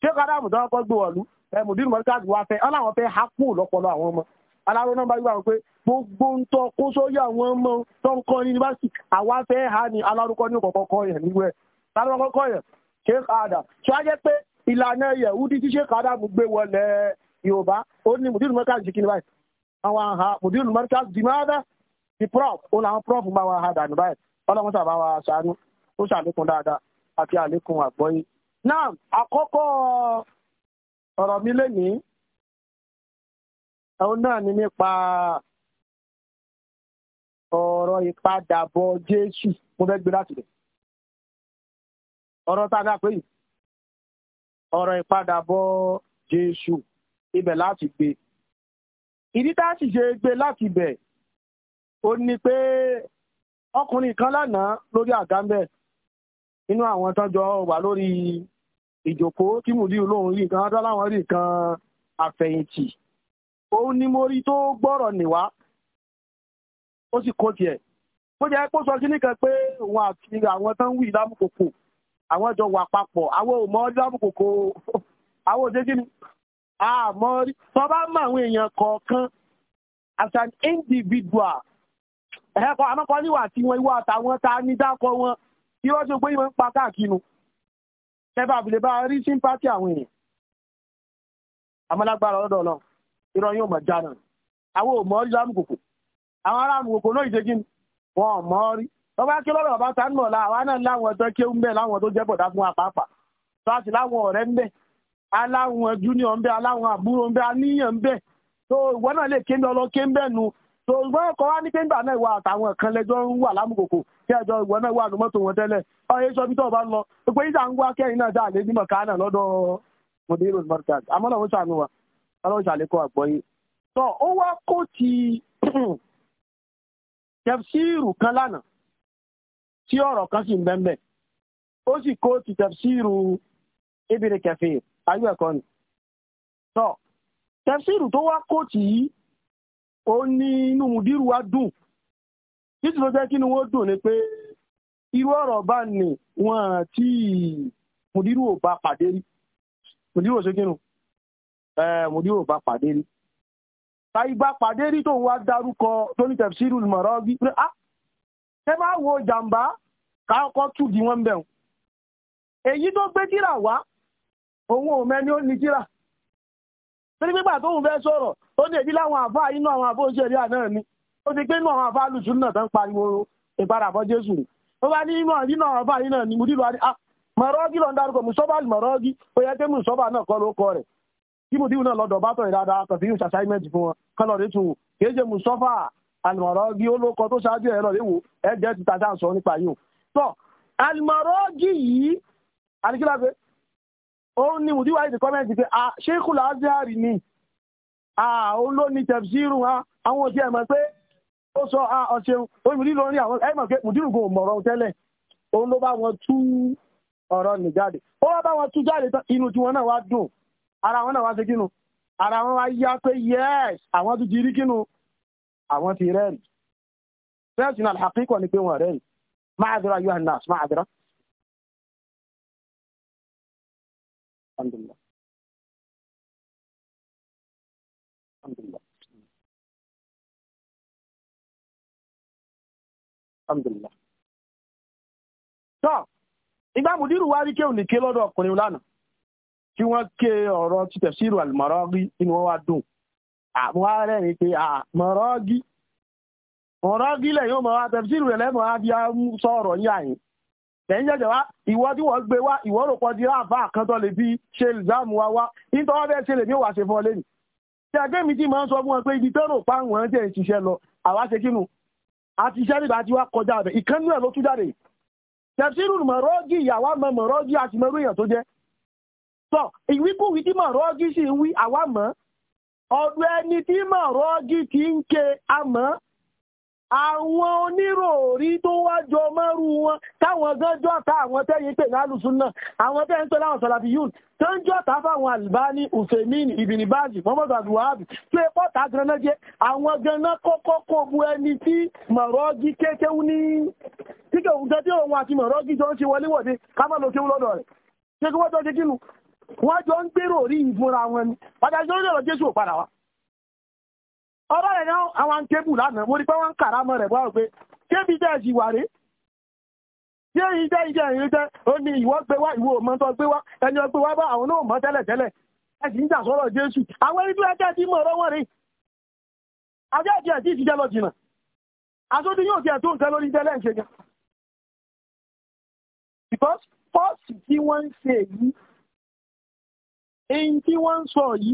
ṣé karamọ̀ tó wọ́n kọ́ gbé wọ̀lú mùdírù mọ́ríkàtì wá fẹ́ aláwọn fẹ́ hápò lọ́pọ̀lọ́ àwọn ọmọ aláró náà bá wíwá pé gbogbo ń tọ́ kó sóyè àwọn ọmọ tó ń kọ́ ní yunifásitì àwa fẹ́ ha ni alárúkọ ní kọ̀kọ́ kọ́ yẹn níwẹ̀ alárúkọ kọ́kọ́ yẹn ṣe kàdà tó a jẹ́ pé ìlànà yẹ̀wúdí tí ṣe kàdà mú gbé wọlé yorùbá ó ní mùdírù mọ́ríkàtì kí ni báyìí àwọn àhà di mọ́ádá di prof ó prof bá wa ha dànù báyìí ọlọ́run sábà wa ṣàánú ó ṣàlékún dáadáa àti àlékún àgbọ́yé náà ọ̀rọ̀ mi lénìí òun náà ni nípa ọ̀rọ̀ ìpadàbọ̀ Jésù mo fẹ́ gbé láti rẹ̀ ọ̀rọ̀ tá a dá pé yìí ọ̀rọ̀ ìpadàbọ̀ Jésù ibẹ̀ láti gbé ìdí tá a sì ṣe gbé láti bẹ̀ ó ní pé ọkùnrin kan lánàá lórí àgámbẹ̀ nínú àwọn tán jọ wà lórí ìjòkó tí mùdí olóhùn rí nǹkan adáláwọn rí nǹkan àfẹ̀yìntì òun ni mo rí tó gbọ́rọ̀ níwá ó sì kó tiẹ̀ ó jẹ́ kó sọ kíní kan pé òun àti àwọn tó ń wí lámùkòkò àwọn jọ wà papọ̀ àwọn ò mọ lámùkòkò àwọn òde kíni àmọ́ rí tó bá mọ àwọn èèyàn kọ̀ọ̀kan as an individual ẹ̀kọ́ àmọ́kọ́ níwà tí wọ́n ìwà àtàwọn ta ní dákọ̀ wọn kí wọ́n ṣe pé ìwọ̀n ń pa káàkiri tẹ́bà àbúlé bá rí sympathy àwọn èèyàn àmọ́lágbára ọ̀dọ̀ ọ̀lọ́ irọ́ yóò mọ̀ àwọn ò mọ̀ rí lámùkòkò àwọn ará àmùkòkò náà ìdégín wọn ò mọ̀ rí wọ́n bá kí lọ́rọ̀ ta ń mọ̀ àwa náà láwọn ẹ̀tọ́ kí ń bẹ láwọn tó jẹ́ bọ̀dá fún apáapà tó a sì láwọn ọ̀rẹ́ ń bẹ aláwọn júnior ń bẹ aláwọn àbúrò ń bẹ aníyàn ń bẹ tó ìwọ náà lè ké ń bẹ so gbọ́ ọkọ̀ wá ní pé nwa náà ìwà àtàwọn kan lẹ́jọ́ ń wà lámùkòkò kí ẹjọ́ ìwọ náà wà lómọ́tò wọn tẹ́lẹ̀ ọ̀yẹ́ sọ bí tó bá ń lọ pé ìjà ń wá kẹ́yìn náà dáa lé ní lọ́dọ̀ wa wá kó ti kan lánàá tí ọ̀rọ̀ kan sì ń ó sì kó ti tẹfsíìrù ni. tẹfsíìrù tó wá kó ó ní inú mùdírù wa dùn títí ló jẹ́ kí inú wọn dùn ni pé irú ọ̀rọ̀ bá ní wọn tí mùdírù ò bá pàdé rí mùdírù ò ṣe kínú mùdírù ò bá pàdé rí tàìgbà pàdé rí tó wá dárúkọ tó ní tẹ̀síìrù mọ̀rọ́ bí pé ah ṣé máa wo jàǹbá káàkọ́ tù di wọ́n bẹ̀rù èyí tó gbé tíra wá òun ò mẹ́ni ó ní tíra torí pípa tó ń fẹ́ sọ̀rọ̀ ó ní èdí láwọn àfa inú àwọn àbó òṣèré àná ni ó ti pé inú àwọn àfa lùsùn náà tán pariwo ìparapọ̀ jésù ó bá ní inú àwọn àfa yìí náà ni mo dìlọ mọ̀rọ́gì lọ́n dárúkọ mùsọ́bà mọ̀rọ́gì ó yẹ kí mùsọ́bà náà kọ́ ló kọ rẹ̀ kí mo dìbò náà lọ́dọ̀ bá ìdáadáa kàn yóò ṣàṣàìmẹ́ǹtì fún wọn kọ́lọ̀ rẹ̀ tún kì í ṣe mùsọ́fà àlùmọ̀rọ́gì ó ní mùdíwá ìdí kọ́mẹ́ntì pé ah, Sheikhul Azhari ni àwọn ah, ló ní tafsiru ah, àwọn òsì ẹ̀mọ̀ pé ó sọ ọ̀ṣẹun olùmùdí ló rí àwọn ẹ̀mọ̀ pé mùdírùgùn mọ̀rọ̀ tẹ́lẹ̀ òun ló bá wọn tú ọ̀rọ̀ nì jáde ó wá bá wọn tú jáde tán inú tí wọn náà wá dùn ara wọn náà wá ṣe kínú ara wọn wá yá pé yes àwọn ti jírí kínú àwọn ti rẹ́rì fẹ́ẹ̀sì náà àkíkọ̀ ni pé wọ́n rẹ́rì máa dúró ayé àná máa alhamdulillah alhamdulillah alhamdulillah tọ́ ìgbà mùdírù wá rí kéwòn nìké lọ́dọ̀ ọkùnrin lánàá tí wọ́n ké ọ̀rọ̀ títẹ̀ sírù àlùmọ̀rọ́gí inú wọn wá dùn àwọn ààrẹ rẹ̀ pé àmọ̀rọ́gí mọ̀rọ́gí lẹ̀ yóò mọ̀ wá tẹ̀ sírù rẹ̀ lẹ́mọ̀ á bí a sọ̀rọ̀ yín àyín ẹ̀yìn jẹ́jẹ̀ wá ìwọ tí wọ́n gbé wá ìwọ rò pọ̀jù láàfà àkántọ́ lè fi ṣe ìzáàmù wa wá nítorí wọ́n fẹ́ ṣe lè ní òwà ṣe fún ọ lẹ́yìn. tí ẹgbẹ́ mi ti máa ń sọ fún wọn pé ibi tó rò pa àwọn ẹ̀jẹ̀ ìṣiṣẹ́ lọ àwa ṣe kínú àti iṣẹ́ nígbà tí wàá kọjá rẹ̀ ìkànnì ẹ̀ ló tú jáde. tẹ̀síìrù mọ̀rọ́gì ìyàwó àwọn oníròrí tó wá jọ mọ́rú wọn táwọn gánjọ́ ta àwọn tẹ́yìn pè lálùsùn náà àwọn tẹ́yìn tó láwọn sọ̀làbí yún tó ń jọ́ ta fáwọn Albani Usemin Ibn Bazi Muhammad abdulwahab tó ẹ pọ́ ta granada jẹ́ àwọn ganan kọ́kọ́ kò bu ẹni tí mọ̀rọ́gí kékeré ní kíkẹ́ òun gẹ́gẹ́ ọ̀rọ̀ rẹ̀ náà àwọn kébù lánàá mo rí pé wọ́n ń kàrámọ́ rẹ̀ bọ́ pé kébì jẹ́ ìjì wà rí yé ìjẹ́ ìjẹ́ ìrìnjẹ́ ó ní ìwọ gbé wá ìwọ ọmọ tó gbé wá ẹni ọgbé wá bá àwọn náà mọ́ tẹ́lẹ̀ tẹ́lẹ̀ ẹ sì ń jà sọ́rọ̀ Jésù àwọn ẹni tó ẹjẹ́ tí mọ̀ ọ̀rọ̀ wọn rí ajẹ́ ìjẹ́ tí ìjẹ́ lọ jìnà aṣojú yóò tiẹ̀ tó nǹkan lórí tẹ́lẹ̀ ń ṣe gan because fọ́ọ̀sì tí wọ́n ń ṣe yìí èyí tí wọ́n ń sọ yìí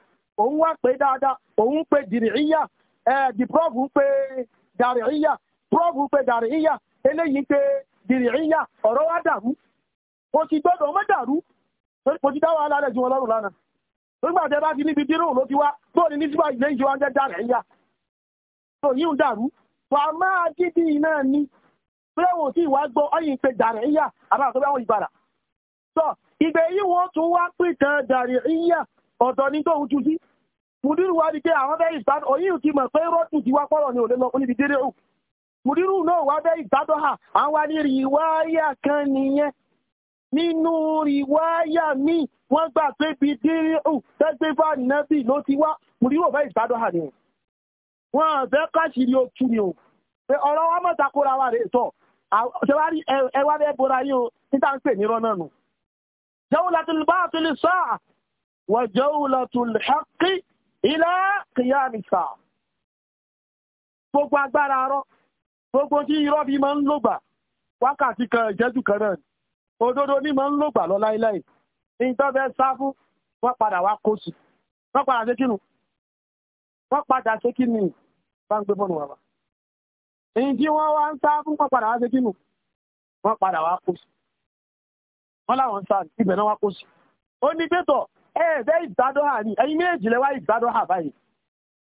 òun wá pé dáadáa òun pé dìrìíyà di prof ń pé dàrìíyà prof ń pé dàrìíyà eléyìí pé dìrìíyà ọ̀rọ̀ wá dàrú mo ti gbọ́dọ̀ ọmọ dàrú ti dá wàhálà rẹ̀ ju wọn lọ́rùn lánàá nígbà tẹ bá ti níbi dírùn ló ti wá tó ní nígbà ilé ìjọba ń jẹ́ dàrìíyà tó yìí ń dàrú máa ni pẹ́wọ̀n tí ìwà gbọ́ ọyìn pé dàrìíyà àbáàtọ́ bá wọn ìbàdà sọ ìgbé yìí wọ́n tún wá pìtàn dàrìíyà ọ̀tọ̀ ní tóun mudiru wa di ke awon be ìsádọ́ òyìn ti mọ̀ pé rọ́tù ti ole pọ̀rọ̀ ní òlé lọ o mudiru òkú wa be wá ha ìsádọ́ hà àwọn kan wọ́n gba pe bi o festival tẹ́gbẹ́ bá nàbì wa ti wá mùdírù bẹ́ ni wọ́n fẹ́ káṣìírí òtún ni o pé wa takora wa bora o níta ń jawlatul batil sa'a wa jawlatul haqqi ilá kìyàmìsà gbogbo agbára arọ́ gbogbo tí irọ́ bí máa ń lògbà wákàtí kan ìjẹ́jú kan náà òdodo ní máa ń lògbà lọ láíláì ìtọ́bẹ̀ sáfú wọ́n padà wá kóòsì wọ́n padà ṣe kínú wọ́n padà ṣe kínú bá ń gbé bọ́ọ̀nù wà wá èyí tí wọ́n wá ń sáfú wọ́n padà wá ṣe kínú wọ́n padà wá kóòsì wọ́n láwọn sáà ibẹ̀ náà wá kóòsì ó ní pẹ́tọ̀ ẹ̀ẹ́dẹ́ ìbádọ́hà ni ẹ̀yin méjì lẹ́wà ìbádọ́hà báyìí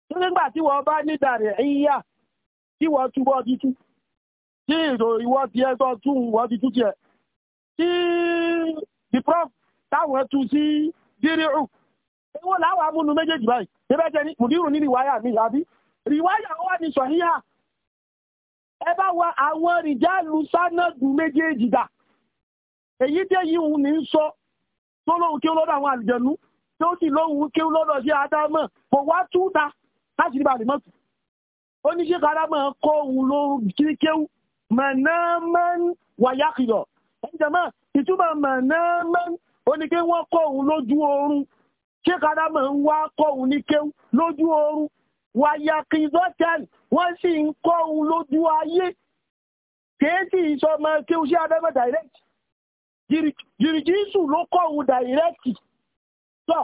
tó nígbà tí wọ́n bá nídà rẹ̀ ẹ̀yìn tí wọ́n túbọ̀ di tú tí ìrò ìwọ́ di ẹgbọ́ tún wọ́n di tú tiẹ̀ tí the prof táwọn tú sí dírírù ewó mi àbí wà ní sọ̀híyà ẹ bá wa àwọn rìjálù méjèèjì gbà èyí tó lóhun kí ó lọ́dọ̀ àwọn àlùjẹ̀nú tí ó sì lóhun kí ó lọ́dọ̀ sí adámọ̀ kò wá túta láti rí bàbí mọ́tò ó ní ṣéka adámọ̀ kó òun lóhun kíríkéwù mọ̀nàmọ́n wàyákìlọ̀ ẹ̀jẹ̀mọ́ ìtumọ̀ mọ̀nàmọ́n ó ní kí wọ́n kó òun lójú oorun ṣéka adámọ̀ ń wá kó òun ní kéwù lójú oorun wàyàkìzọ́tẹ̀lì wọ́n sì ń kó òun lójú ayé kèé sì ìsọmọ kéwù sí direct jìrìjìsù ló kọ́ òun dàìrẹ́tì tọ́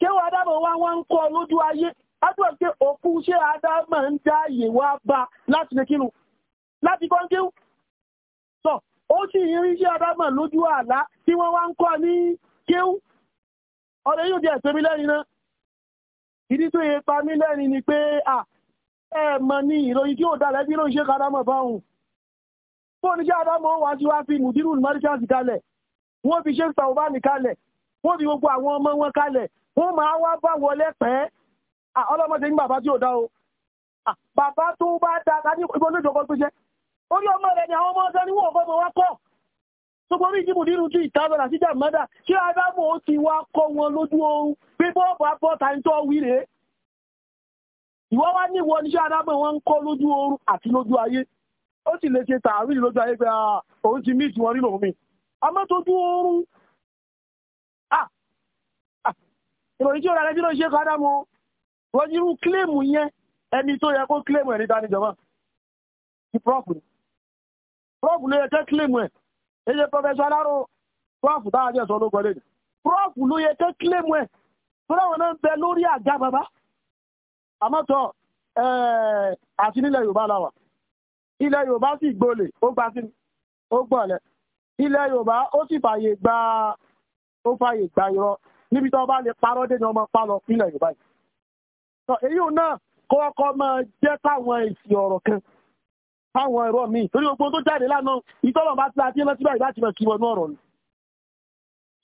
kéwà dábọ̀ wá wá ń kọ́ lójú ayé ádùn pé òkú ṣé adámọ̀ ń dá ààyè wá bá láti lè kírun láti kọ́ ń kéwù tọ́ ó sì ń rí ṣé adámọ̀ lójú àlá tí wọ́n wá ń kọ́ ní kéwù ọ̀rẹ́ yóò di ẹ̀sẹ̀ mi lẹ́rin náà ìdí tó yẹ pa mí lẹ́rin ni pé ẹ mọ̀ ní ìròyìn tí ò dalẹ̀ bí ìròyìn ṣé kádámọ̀ bá òun fóònù ṣé adámọ̀ wá sí wá fi mùdírù mọ́ríkà sí kalẹ̀ wọ́n fi ṣe ń sàwọ́ bá ní kalẹ̀ wọ́n fi gbogbo àwọn ọmọ wọn kalẹ̀ wọ́n máa wá bá wọlé pẹ́ ọlọ́mọdé ní bàbá tí ò dá o bàbá tó bá da ká ní ìbọn lójó kan tó jẹ́ orí ọmọ rẹ̀ ni àwọn ọmọ ọ̀sán níwọ̀n ọ̀gbọ́n wa kọ́ sọgbọ́n ní ìdìbò nínú tí ìtàbẹ̀rẹ̀ àti jàmọ́dà kí adámọ̀ ó ti wá kọ́ wọn lójú oorun pé bọ́ọ̀bù abọ́ta ń tọ́ wí rèé ìwọ́ wá ní ìwọ níṣẹ́ adámọ̀ wọn ń kọ́ lójú oorun àti lójú ayé ó sì lè ṣe tààrí lójú ayé pé ah, òun ti mí ìtìwọ́n nínú mi amọ́tójú oorun ah, ah, ìròyìn tí ó rárẹ́ tí ló ṣe kọ́dá mọ́ wọ́n irú kílèmù yẹn ẹni tó yẹ kó kílèmù ẹ̀rí dánijọba ti prọ́pù ní prọ́pù ló yẹ kẹ́ kílèmù ẹ̀ ẹyẹ pọ́fẹ́sọ́ aláró prọ́pù táwọn jẹ́ sọ ló gọlé ní prọ́pù ló yẹ kẹ́ kílèmù ẹ̀ fúláwọn náà ń bẹ lórí àga bàbá àmọ́tọ̀ eh, àti nílẹ̀ Yorùbá láwà ilẹ̀ Yorùbá sì gbolè ó gbà sí ó ilẹ̀ yorùbá ó sì fàyè gba ó fàyè gba irọ́ níbi tó bá lè parọ́ dé ni ọmọ pa lọ nílẹ̀ yorùbá yìí. sọ èyí ò náà kọ́kọ́ máa jẹ́ táwọn èsì ọ̀rọ̀ kan táwọn ẹ̀rọ míì torí gbogbo tó jáde lánàá ìtọ́lọ̀ bá ti láti rántí báyìí láti mọ̀ kí wọnú ọ̀rọ̀ ni.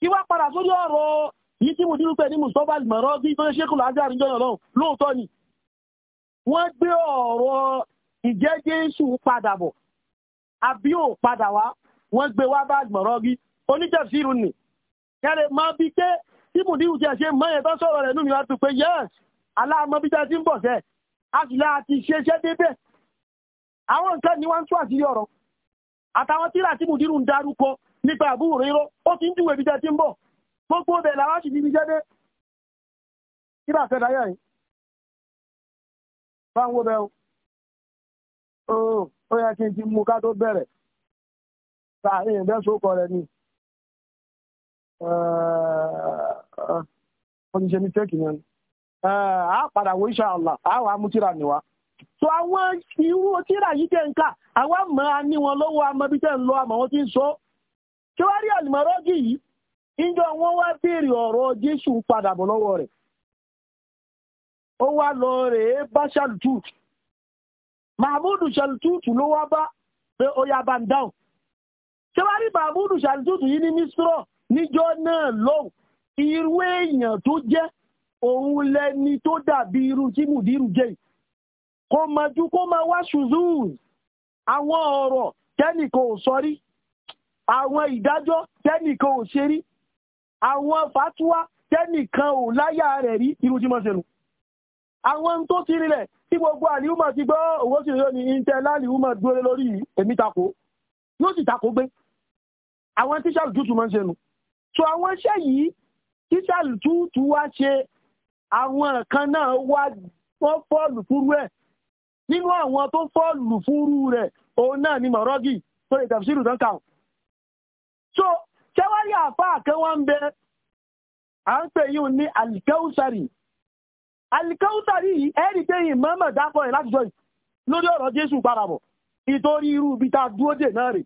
ìwà padà sórí ọ̀rọ̀ yìí tí mo dínú pé ní mùsùlùmí àlùmọ̀rọ́ bí tó ṣe kù láti àríjọ́ náà lóòótọ́ ni. wọ́n gbé ọ̀rọ̀ ìjẹ́ padà bọ̀ àbí ò padà wá wọ́n gbé wá bá àgbọ̀nrán rí onítẹ̀fìrù nì kẹ́lẹ̀ mọ́ bí ké tí mùdíhù jẹ́ ṣe mọ́ yẹn tó sọ̀rọ̀ rẹ̀ nú mi wá tún pé yẹ́s aláàmọ́ bí tẹ́ ti ń bọ̀ sẹ́ a sì láà débẹ̀ àwọn nǹkan ni wọ́n ń tú àṣírí ọ̀rọ̀ àtàwọn tíra tí mùdíhù ń darúkọ nípa àbúrò ríró ó ti ń júwe bí tẹ́ ń bọ̀ gbogbo bẹ̀ làwọn sì níbi jẹ́dé kíra fẹ́ dáyà yìí báwo bẹ́ẹ̀ o ó yẹ kí n ti mú ká tó bẹ̀rẹ̀ ta ẹ̀yìn eh, bẹ́ẹ̀ sókọ rẹ̀ ni ọ̀nìṣẹ́ ní tẹ́kì yẹn a padà wọ insha Allah a wà mú tíra níwá so àwọn irú tíra yìí tẹ́ ń kà àwọn àmọ́ a wọn lọ́wọ́ ń lọ àmọ́ wọn ti ń sọ kí wọ́n rí àlùmọ́rọ́jì yìí ìjọ wọn wá béèrè ọ̀rọ̀ Jésù padà bọ̀ lọ́wọ́ rẹ̀ ó ṣé wàá rí bàbúrú ṣàtútù yìí ní mísírọ̀ níjọ́ náà lọ́hùn irú èèyàn tó jẹ́ òun lẹni tó dàbí irú tí mùdírù jẹ́ kó mọ̀jú kó máa wá ṣùzùn àwọn ọ̀rọ̀ tẹ́nìkan ò sọ rí àwọn ìdájọ́ tẹ́nìkan ò ṣe rí àwọn fatuwa tẹ́nìkan ò láyà rẹ̀ rí irú tí mọ́ ṣe nù àwọn tó ti rílẹ̀ tí gbogbo àlìhùmọ̀ ti gbọ́ òwò sí ìrọ́ ni intel àlìhùmọ̀ dúró lórí èmi tako yóò sì tako gbé àwọn tíṣàlù tútù máa ń ṣe nù so àwọn iṣẹ́ yìí tíṣàlù tútù wá ṣe àwọn kan náà wá wọ́n fọ́ọ̀lù fúrú ẹ̀ nínú àwọn tó fọ́ọ̀lù fúrú rẹ̀ òun náà ni mọ̀rọ́gì tó lè tafsiru tán kà so ṣẹ́wárí àfáà kan wá ń bẹ à ń pè yíò ní alikausari alikausari yìí ẹ̀rí pé ìmọ̀ọ́mọ̀ dákọ̀ ẹ̀ láti jọ lórí ọ̀rọ̀ Jésù parabọ̀ ìtorí irú ibi tá a dúró dè náà rèé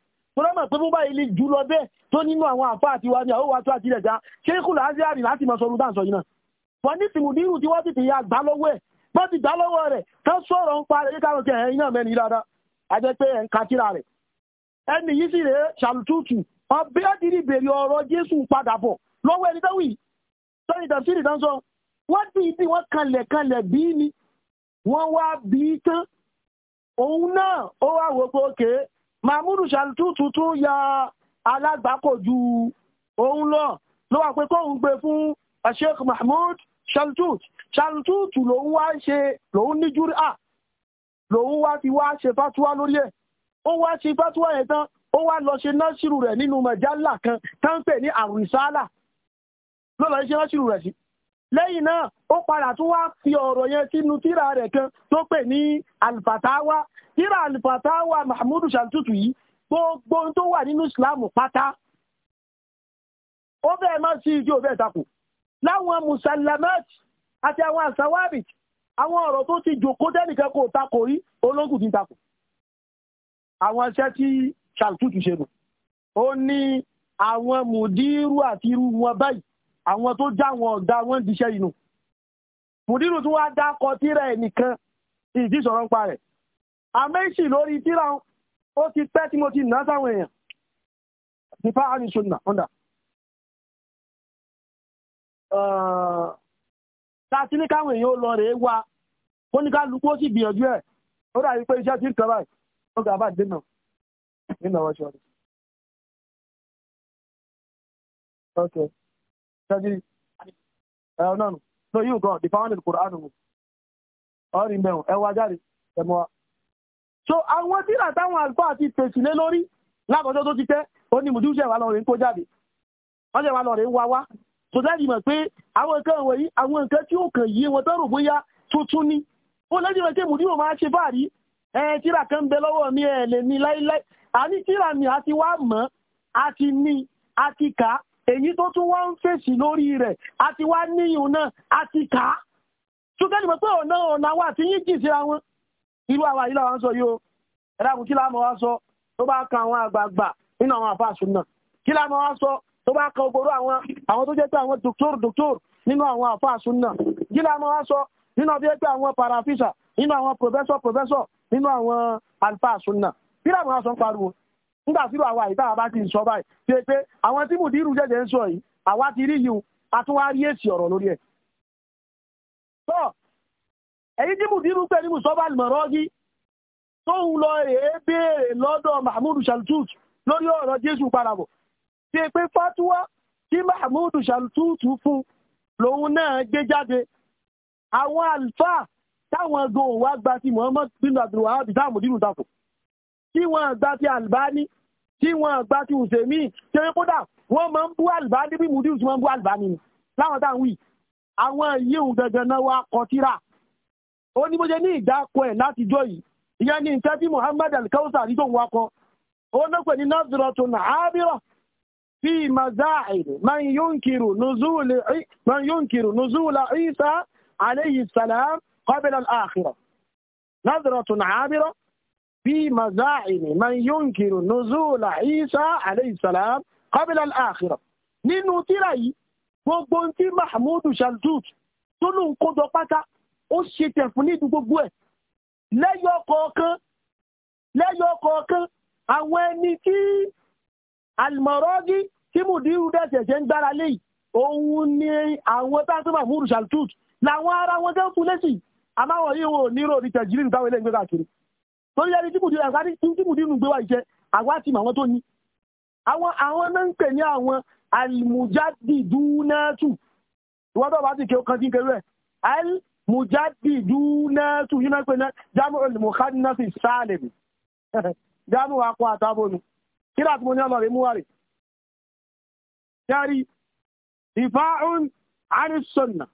tọ́lọ́mọ̀ pé búbá ilé jù lọ bẹ́ẹ̀ tó nínú àwọn àfá àti wa ní àwọ́wà tó àti rẹ̀ já ṣe kù láàárín àrìn láti mọ̀ sọ̀rọ̀ dáǹsọ̀ yìí náà wọ́n ní tìmùdírù tí wọ́n ti ya gbá lọ́wọ́ ẹ̀ bọ́n ti gbá lọ́wọ́ rẹ̀ tó sọ̀rọ̀ ń parẹ́ káàrùn ti ẹ̀yìn náà mẹ́rin dáadáa a pé ẹ̀ ń katira rẹ̀ ẹni yìí sì rẹ̀ ṣàlùtútù ọbẹ̀ mahmudu shaltutu tún ya alágbàkọ̀ ju òun lọ ló wà pé kóun gbé fún sheikh mahmud shaltut shaltutu lòun wá ṣe lòun ní júríà lòun wá fi wá ṣe fatuwa lórí ẹ̀ ó wá ṣe fatuwa yẹn tán ó wá lọ ṣe násìrù rẹ̀ nínú mọ̀jálà kan tán pè ní àrùsálà ló lọ ṣe násìrù rẹ̀ sí lẹ́yìn náà ó padà tún wá fi ọ̀rọ̀ yẹn sínú tírà rẹ̀ kan tó pè ní alfatawa tíra alifatawa mahmudu shantutu yìí gbogbo tó wà nínú islam pátá ó bẹ́ẹ̀ máa sí ìjọ bẹ́ẹ̀ takò láwọn musallamat àti àwọn asawabit àwọn ọ̀rọ̀ tó ti jòkó tẹ́nìkan kò takò rí ológun ti takò àwọn iṣẹ́ tí shantutu ṣe nù ó ní àwọn mùdírù àti irú wọn báyìí àwọn tó já wọn ọ̀gá wọn diṣẹ́ inú mùdírù tí wọ́n á dákọ tíra ẹnìkan ìdí sọ̀rọ̀ ń pa àmẹ́sì lórí tíra ó ti pẹ́ tí mo ti nà sáwọn èèyàn nípa àríṣùnà ọ̀dà tàti ní káwọn èèyàn ó lọ rẹ̀ wá ó ní ká lukú ó sì gbìyànjú ẹ̀ ó dà wípé iṣẹ́ tí kọ́ báyìí ó gà bá dènà nínú ọwọ́ ṣọ́ọ̀rọ̀ ok ṣẹ́jú ẹ̀rọ náà so you go the found in Quran ọ̀rìn mẹ́wọ̀n ẹwà jáde ẹ̀mọ́ so àwọn tíra táwọn àlùfáà àti tèsílé lórí lákọjọ́ tó ti tẹ́ ó ní mùdí ìṣẹ̀wà lọ rẹ̀ ń kó jáde wọ́n ṣẹ̀wà lọ rẹ̀ ń wá wá tó dájú mọ̀ pé àwọn nǹkan wọ̀nyí àwọn nǹkan tí ó kàn yí wọn tó bóyá tuntun ni ó lẹ́jú mọ̀ pé mùdí ò máa ṣe fáàrí ẹ tíra kan bẹ lọ́wọ́ mi ẹ lè ní láíláí àní tíra mi a ti wá mọ̀ a ti ní a ti kà èyí tó tún wá ń fèsì lórí rẹ̀ a ti wá níyùn náà a ti kà á tó dájú mọ̀ pé ọ̀nà ọ̀nà àwọn àtiyín jì síra wọn irú àwa yìí làwọn sọ yìí o ẹ̀dàkùn kí láàmú wa sọ tó bá kan àwọn àgbààgbà nínú àwọn àfáàsùn náà kí láàmú wa sọ tó bá kan ogoro àwọn àwọn tó jẹ́ pé àwọn dòktór dòktór nínú àwọn àfáàsùn náà kí láàmú wa sọ nínú ọdún pé àwọn parafisa nínú àwọn pòfẹ́sọ̀ pòfẹ́sọ̀ nínú àwọn àfáàsùn náà kí láàmú wa sọ ń pariwo nígbà tí àwa yìí táwa bá ti sọ báyìí ṣe pé àwọn tí mùdírù jẹ́jẹ́ ń sọ yìí àwa ti rí yìí àtúwárí èsì ọ̀rọ̀ lórí ẹ̀ èyí tí mùdírù pẹ̀lú mùsọ́bà alìmọ̀rọ́gí tó ń lọ rèé béèrè lọ́dọ̀ mahmud shaltut lórí ọ̀rọ̀ jésù parabọ̀ tí è pé fatuwa tí mahmud shaltut fún lòun náà gbé jáde àwọn alfa táwọn gan òun wá gba ti muhammad bin abdul wahab tá mùdírù tako tí wọ́n gba ti albani tí wọ́n gba ti usemi tí ó kódà wọ́n máa ń bú albani bí mùdírù tí ń bú albani ni láwọn táwọn wí àwọn yíò gangan náà wá kọtíra ó ní mo ṣe ní ìdákọ ẹ̀ látijọ́ yìí ìyẹn ní nǹkan tí Muhammad al-Kawthar rí tóun wakọ ó náà pè ní nazratun abira fi maza'ir man yunkiru nuzula Isa alayhi salam qabla al-akhirah nazratun abira fi maza'ir man yunkiru nuzula Isa alayhi salam qabla al-akhirah nínú tíra yìí gbogbo tí Mahmud Shaltut tó lóun kó jọ pátá ó ṣe tẹ̀kùn ní gbogbo ẹ̀ lẹ́yọ kọ̀ọ̀kan lẹ́yọ kọ̀ọ̀kan àwọn ẹni tí almọ̀rọ́gí tí mùdírù dẹ̀sẹ̀ṣẹ̀ ń gbára lé òun ni àwọn tásímà múrù shaltut làwọn ara wọn jẹ́ fún lẹ́sì àmáwọn yìí wọn ò ní ròrí tẹ̀jìrì nígbà wọlé ìgbé káàkiri torí ẹni tí mùdírù gbé wá iṣẹ́ àwa ti màwọn tó ní àwọn àwọn náà ń pè ní àwọn almujadidunatu ìwọ́n tó bá ti kẹ́ ọkàn tí ń ẹ̀ mujadiduna tu yuna pe na jamu al mukhannas salim jamu wa ko atabonu kila tí mo ní amare muwari yari difa'un an sunna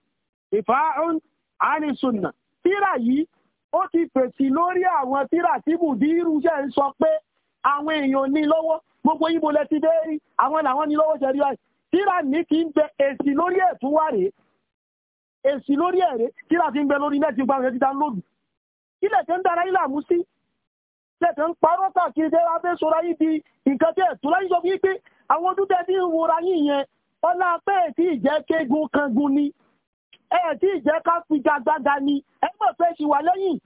difa'un an sunna tírà yìí ó ti fèsì lórí àwọn tírà tí mudiru ṣe ń sọ pé àwọn èèyàn ní lọ́wọ́ gbogbo yibo le ti deri àwọn làwọn ní lọ́wọ́ ṣe rí báyìí tírà ní kí ń bẹ èsì lórí etun wa rèé èsì lórí ẹ̀rẹ́ kí láti ń gbẹ lórí nẹ́ẹ̀tì gba ẹ̀rẹ́ dídá lóòdù kí lẹ̀tẹ̀ ń dára ilà mú sí lẹ̀tẹ̀ ń parọ́ káàkiri tẹ́ abẹ́ sọ́ra yìí di nǹkan tí ẹ̀tún láyé sọ wípé àwọn ọdún tẹ́ ti ń wora yìí yẹn ọlá pẹ́ ẹ̀ tí ìjẹ́ kégun kangun ni ẹ̀ tí ìjẹ́ ká fi gbagbaga ni ẹ mọ̀ fẹ́ ṣì wà lẹ́yìn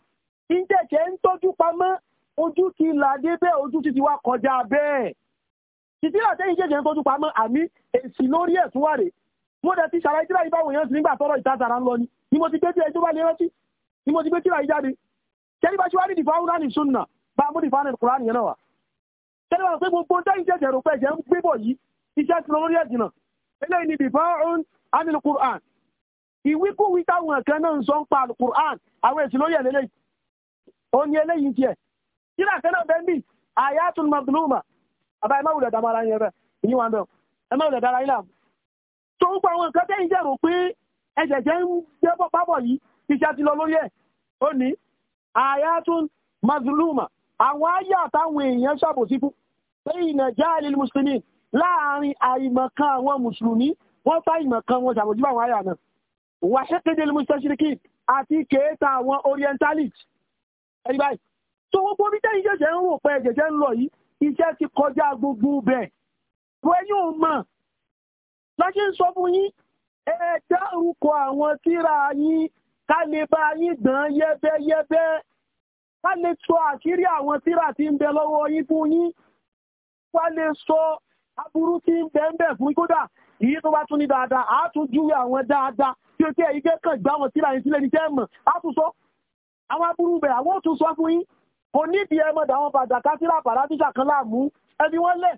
ìjẹ̀kẹ́ ń tọ́jú pamọ́ ojú ti làdé bẹ́ẹ̀ ojú ti ti wá kọjá bẹ́ẹ̀ títí làtẹ́yìn jẹ́jẹ́ ń tọ́jú pamọ́ àmì èsì lórí ẹ̀tún wà rèé mo dẹ̀ ti ṣàlàyé tíra ìbáwò yẹn sí nígbà tọ́rọ ìtàtàrà ń lọ ni ni mo ti gbé tíra ìjọba lè rántí ni mo ti gbé tíra ìjáde kẹ́lí bá ṣe wá ní dìfáwù náà ní sunna bá mo dìfáwù náà kúránì yẹn náà wà kẹ́lí bá pé gbogbo tẹ́yìn jẹ́jẹ́ rò pé ẹ̀jẹ̀ ń gbé bọ̀ yìí iṣẹ́ ti lórí ẹ̀jìn náà eléyìí ni dìfáwù ánìlù kúrán ìwíkúwí táwọn kan náà ń sọ ń pa kúrán àwọn èsì lórí ẹ̀lẹ́lẹ́ ó ní eléyìí tiẹ̀ tíra kan náà bẹ́ẹ̀ bí àyàtún mabduluma àbá ẹ má wulẹ̀ dàmọ́ ara yẹn bẹ́ẹ̀ ìyíwọ̀n bẹ́ẹ̀ ẹ má wulẹ̀ dára yín láàmú tó ń pa àwọn nǹkan tẹ́yìn jẹ́ rò pé ẹ̀jẹ̀jẹ̀ ń jẹ́ pápọ̀ yìí iṣẹ́ ti lọ lórí ẹ̀ ó ní ayatun mazluma àwọn ayé àtàwọn èèyàn ṣàbòsí fún pé ìnà jáàlì mùsùlùmí láàrin àìmọ̀kan àwọn mùsùlùmí wọ́n fá ìmọ̀kan wọn ṣàbòsí àwọn ayé àná wà ṣẹ́kéde mùsùlùmí àti kèéta àwọn orientalist ẹni báyìí tó gbogbo bí tẹ́yìn jẹ́jẹ́ ń rò pé ẹ̀jẹ̀jẹ̀ ń lọ yìí iṣẹ́ ti kọjá gbogbo bẹ̀ lọ́ṣẹ́ ń sọ fún yín ẹ dárúkọ àwọn tíra yín ká lè bá yín dán yẹ́bẹ́yẹ́bẹ́ ká lè sọ àṣírí àwọn tíra tí ń bẹ lọ́wọ́ yín fún yín ká lè sọ aburú tí ń bẹ ń bẹ fún kódà èyí tó bá tún ní dáadáa á tún júwe àwọn dáadáa tí ó tẹ́ èyí kẹ́ kàn gbá wọn síra yín sílẹ̀ ní tẹ́ mọ̀ àwọn aburú bẹ̀ àwọn ò tún sọ fún yín kò nídìí ẹ mọ̀ dà wọn síra pàdá kan láàmú ẹbí wọn lẹ̀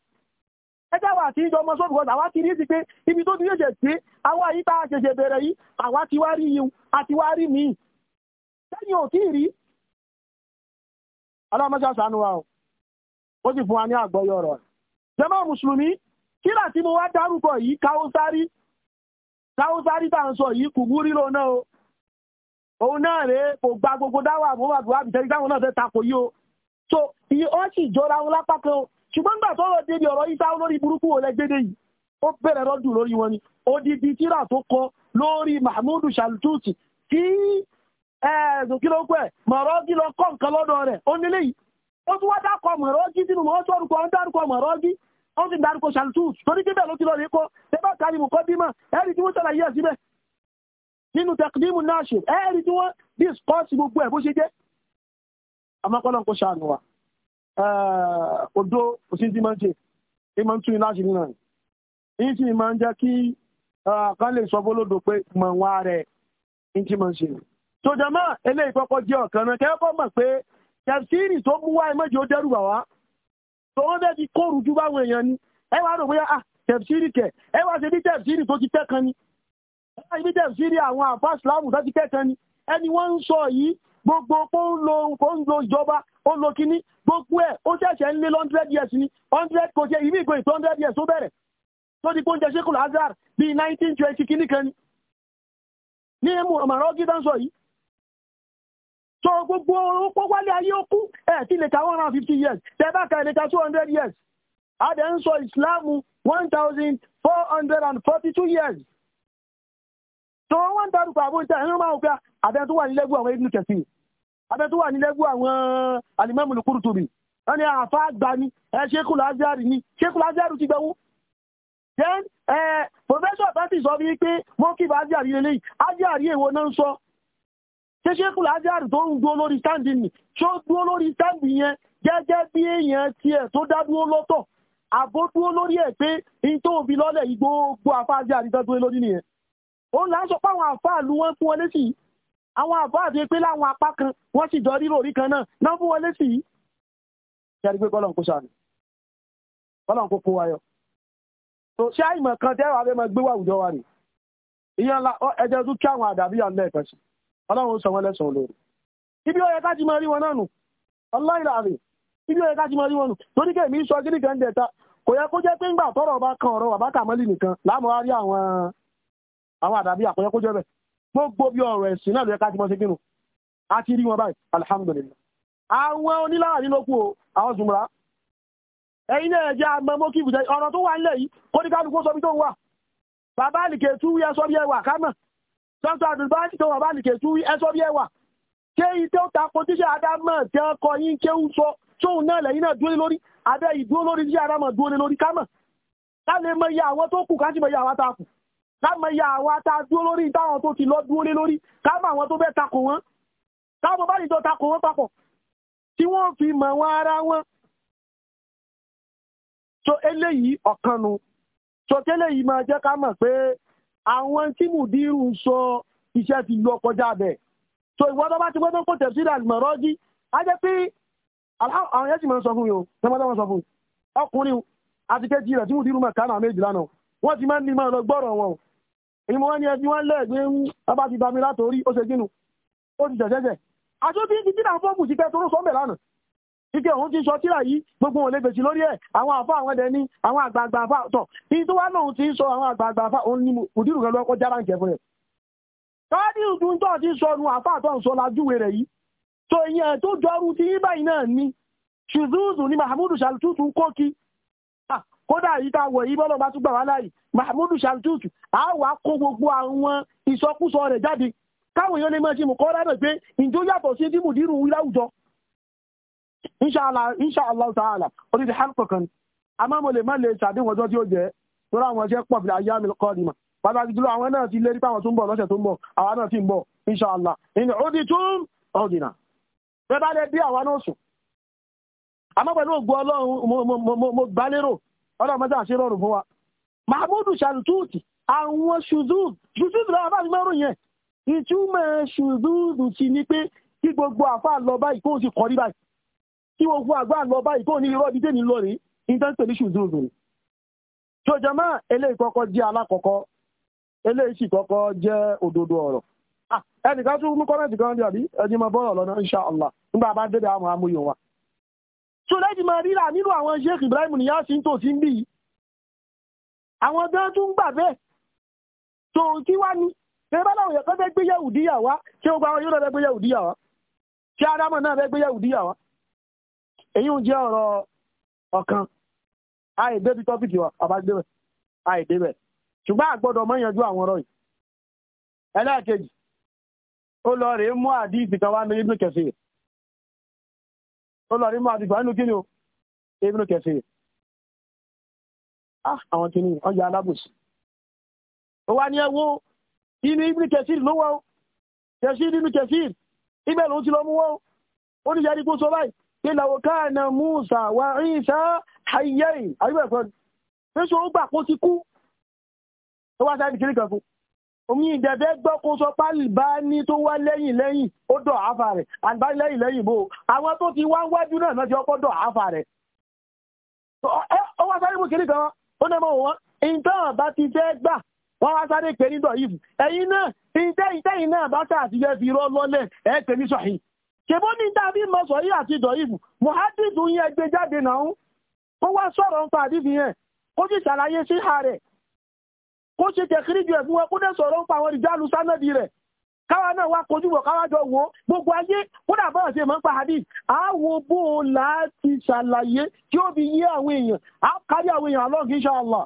ẹjá wà sí ìjọ ọmọ sóbùkọ́ àwa ti rí sí pé ibi tó ti ṣẹ̀ṣẹ̀ pé àwa yìí tá a ṣẹ̀ṣẹ̀ bẹ̀rẹ̀ yìí àwa ti wá rí yìí àti wá rí míì sẹ́yìn ò tí ì rí ọlọ́mọṣẹ́ sànú wa o ó sì fún wa ní àgbọ́yọ̀ ọ̀rọ̀ jàmá mùsùlùmí kíra tí mo wá dárúkọ yìí káwọ́sárì káwọ́sárì tá à ń sọ yìí kùbúrí lónà o òun náà rèé kò gba gbogbo dáwà àbúrò àbúrò àbìtẹ́rí so iye ọ́n sì jọra wọn lápá ṣùgbọ́n gbà tọ́rọ̀ débi ọ̀rọ̀ yíta lórí burúkú olẹ́ gbédé yìí ó bẹ̀rẹ̀ rọ́dù lórí wọn ni odidi tíra tó kọ lórí mahmudu shaltuti tí ẹ̀ẹ́dùnkílógún ẹ̀ mọ̀rọ́gí lọ kọ́ nǹkan lọ́dọ̀ rẹ̀ ó nílé yìí ó tún wá dákọ̀ mọ̀rọ́gí sínú mọ́ sọ́rùkọ́ ń dárúkọ mọ̀rọ́gí ó sì dárúkọ shaltuti torí bíbẹ̀ ló ti lọ rí kó tẹ́bà kárí mùkọ́ bímọ ẹ̀rí Eh, odó òsì tí máa ń ṣe é máa ń tún in láti nínú rẹ̀ èyí sì máa ń jẹ́ kí eh, kan lè sọ bólódò pé mọ̀ wá rẹ̀ èyí tí máa ń ṣe. tòjàmọ́ eléyìí kọ́kọ́ jẹ́ ọ̀kan náà kẹ́kọ́ mọ̀ pé tẹ̀síìrì tó mú wá ẹ̀mọ́jì ó dẹ́rù bà wá tòun bẹ́ẹ̀ ti kóòrù ju báwọn èèyàn ni ẹ wá rò bóyá ah, tẹ̀síìrì kẹ̀ ẹ wá ṣe bí tẹ̀síìrì tó ti tẹ́ kan ni ẹ wá ṣe bí tẹ̀síìrì àwọn àfáà sìláàmù tó ti tẹ́ kan ni ẹni wọ́n ń sọ yìí gbogbo kó ń lo ìjọba ó lo kíní gbogbo ẹ̀ ó ṣẹ̀ṣẹ̀ ń lé hundred years ni hundred kò ṣe ìmí ìgò ìtò hundred years ó bẹ̀rẹ̀ tó di pé ń jẹ ṣékùlù azar bíi nineteen twenty kíní kan ni ní emu ọ̀mọ̀ràn gidan sọ yìí sọ gbogbo ó wálé ayé ó kú ẹ̀ tí lè ka one hundred fifty years tẹ́ bá ka lè ka two hundred years adẹ̀ ń sọ ìsìláàmù one thousand four hundred and forty two years tó wọ́n ń darúkọ àbújá ẹ̀rọ máa ń pẹ́ àbẹ́ tó wà nílẹ́gbẹ̀ẹ́ àwọn ibùdó kẹsì abẹ́ tó wà ní lẹ́gbọ́ àwọn eh, alimami Qurtubi wọ́n ní àfa àgbà ni ṣékù lázàrì ni ṣékù lázàrì ti gbẹ̀wò then eh, professor bẹ́tì sọ bí pé wọ́n kí bá ájàrí lélẹ́yìn ájàrí èwo náà ń sọ ṣé ṣékù lázàrì tó ń dúró lórí stand ni ṣó dúró lórí stand yẹn gẹ́gẹ́ bí èèyàn tiẹ̀ tó dá dúró lọ́tọ̀ àbó dúró lórí ẹ̀ pé in tó òbí lọ́lẹ̀ yìí gbogbo àfa ájàrí tó dúró lórí nìyẹn ó là ń sọ pé àwọn àfa àlú wọn fún wọn lé sí yìí àwọn àbọ̀ àti pé láwọn apá kan wọ́n sì jọ rírò orí kan náà náà fún wọlé sí yìí i pé kọ́lọ̀ kó sànù kọ́lọ̀ kó kó tó ṣe àìmọ̀ kan tẹ́rọ abẹ́ máa gbé wà àwùjọ wa rè ìyẹn ńlá ẹjẹ́ tún kí àwọn àdàbí yà lẹ́ẹ̀kan ọlọ́run sọ wọn lẹ́sàn ibi ó yẹ ká rí wọn nù gbogbo bí ọ̀rọ̀ ẹ̀sìn náà ló ti mọ́ sí kínú a ti rí wọn báyìí alhamdulillah àwọn oníláàrí ló kú o àwọn zùmùrà ẹ̀yin náà jẹ́ àmọ́ mọ́kì ìbùjẹ́ ọ̀rọ̀ tó wà nílẹ̀ yìí kó ní kálukú sọ bí tó ń wà bàbá àlìkè tú yẹ sọ bí ẹwà kámọ̀ dr adùnbáàlì tó bàbá àlìkè tú yẹ sọ bí ẹwà ṣé iye tó ta ko tíṣe adámọ̀ tí wọ́n kọ káàmọ̀ ya àwa tá a dúró lórí táwọn tó ti lọ dúró lé lórí káàmọ̀ àwọn tó bẹ́ẹ̀ takò wọ́n káàmọ̀ bá nìjọ takò wọ́n papọ̀ tí wọ́n fi mọ̀ wọn ara wọn so eléyìí ọ̀kanu so kéléyìí máa jẹ́ ká mọ̀ pé àwọn tí mùdírù ń sọ iṣẹ́ ti lọ kọjá bẹ̀ so ìwọ́n tó bá ti gbọ́dọ̀ kò tẹ̀sí ìdàgbọ̀rọ̀ jí á jẹ́ pé àwọn yẹn sì máa ń sọ fún yòó tẹ́mọ́tẹ́ wọn sọ fún ọkùnrin àti kejì rẹ̀ tí mùdírù mọ̀ kánà méjì lánàá wọ́n ti máa ń ní máa lọ gbọ́rọ̀ wọn èyí mo wá ní ẹbí wọ́n lẹ́ẹ̀gbé ń bá ti bami látòrí ó ṣe gínú ó ti jẹ̀jẹ̀jẹ̀ àjọ tí ti dínà fọ́ọ̀mù sí kẹtọrọ sọ́mbẹ̀ lánàá ike òun ti sọ tíra yìí gbogbo òun lè fèsì lórí ẹ àwọn àfa àwọn ẹdẹ ní àwọn àgbààgbà àfa tọ ìyí tó wá lóun ti sọ àwọn àgbààgbà àfa òun ni mùdírù kan lọkọ jára ń jẹfun rẹ káàdì ìdún tó ti sọ nu àfa àtọ ń sọ lajúwe rẹ yìí tó ìyẹn tó jọrú ti yín báyìí náà ni ṣùzúùzù ni mahamudu ṣàlùtútù kókì kódà yìí tá a wọ̀ yìí bọ́lọ̀ bá tún gbà wá láàyè mahmudu a wà kó gbogbo àwọn ìsọkúsọ rẹ̀ jáde káwọn èèyàn lè máa ṣe mọ̀kọ́ rárẹ̀ pé ìjó yàtọ̀ sí tí mùdírù wí láwùjọ inṣàlá ta'ala orí ti kan àmọ́ mo lè má lè ṣàdéhùn ọjọ́ tí ó jẹ́ lórí àwọn pọ̀ bíi ayé kọ́ ni mà pàtàkì jùlọ àwọn náà ti tó ń bọ̀ lọ́sẹ̀ tó ń bọ̀ àwọn náà ti ń bọ̀ inṣàlá ìní ó di ọlọ́mọdé àṣírọ̀rùn fún wa mahmudu shantuti àwọn ṣùdúùdù ṣùdúùdù lọ́wọ́ bá ti mẹ́rùn yẹn ìtumọ̀ ṣùdúùdù ti ní pé kí gbogbo àfa lọ báyìí kó o sì kọ́ rí báyìí kí gbogbo àgbà lọ báyìí kó o ní irọ́ dídé ní lọ rèé nítorí pẹ̀lú ṣùdúùdù rèé. jọjọmọ eléyìí kọ́kọ́ jẹ́ alákọ̀ọ́kọ́ eléyìí sì kọ́kọ́ jẹ́ òdodo ọ̀rọ̀ ah, ẹnìkan tún mú kọ́mẹ́ntì kan dàbí ẹni mọ bọ́ọ̀rọ̀ lọ́nà inṣàlá nígbà bá dédé àmọ́ amúyọ̀ wa tó lẹ́jì máa ríra nínú àwọn Sheikh Ibrahim Niyazi tó sí ń bí àwọn gan tún gbà bẹ́ẹ̀ tó kí wá ní pẹ̀lú báwọn èèyàn kan fẹ́ gbé yẹ̀wù díyàwá ṣé ó gba àwọn yóò fẹ́ gbé yẹ̀wù díyàwá ṣé Ádámọ̀ náà fẹ́ gbé yẹ̀wù díyàwá èyí ń jẹ́ ọ̀rọ̀ ọ̀kan àìdé bí tọ́pìkì wa bàbá gbé bẹ̀ àìdé bẹ̀ ṣùgbọ́n àgbọ́dọ̀ mọ́ yanjú àwọn ọ̀rọ̀ yìí ẹlẹ́ẹ̀kejì ó lọ rèé mú àdí ìfìkan wá ní ibùkẹ́sì rẹ̀ tọ́lá rí máa dìgbà nínú kíni o ebínú kẹfẹ́ ah àwọn kíni wọ́n ya alábòsí ó wá ní ẹwọ́ inú ibínú kẹfẹ́ ló wọ́ kẹfẹ́ nínú kẹfẹ́ ibẹ̀ ló ti lọ mú wọ́ ó ní yẹri kó sọ báyìí pé làwọn káàna Musa wà Isa hayyain àríwẹ̀ ẹ̀kọ́ ni pé sọ ó gbà kó ti kú ó wá sáré kiri kan fún omi ìdẹ̀dẹ̀ gbọ́ kó sọ pálíbáni tó wá lẹ́yìn lẹ́yìn ó dọ̀ àáfà rẹ̀ àlùbáni lẹ́yìn lẹ́yìn bò àwọn tó ti wá ń wájú náà náà ti ọkọ̀ dọ̀ àáfà rẹ̀. ó wá sáré mú kiri kan ó náà mọ̀ wọ́n nǹkan àbá ti fẹ́ gbà wọ́n wá sáré pé ní dọ̀yìí ẹ̀yin náà ìtẹ́yìn tẹ́yìn náà bá tà àti fẹ́ fi rọ́ lọ́lẹ̀ ẹ̀ pé ní sọ̀hìn ṣèbó ní dábí mọ sọ̀yí àti dọ̀yìí muhadid yẹn gbé jáde náà ó wá sọ̀rọ̀ nípa àdífi yẹn ó sì ṣàlàyé sí ààrẹ kó ṣe tẹ̀kíríjù ẹ̀ fún wọn kó dẹ̀ sọ̀rọ̀ ń pa àwọn ìjánu sánàdì rẹ̀ káwa náà wá kojú wọ̀ káwa jọ wò ó gbogbo ayé kódà bọ́ọ̀ ṣe máa ń pa hadith á wo bó o láti ṣàlàyé tí ó fi yé àwọn èèyàn a kárí àwọn èèyàn along inshallah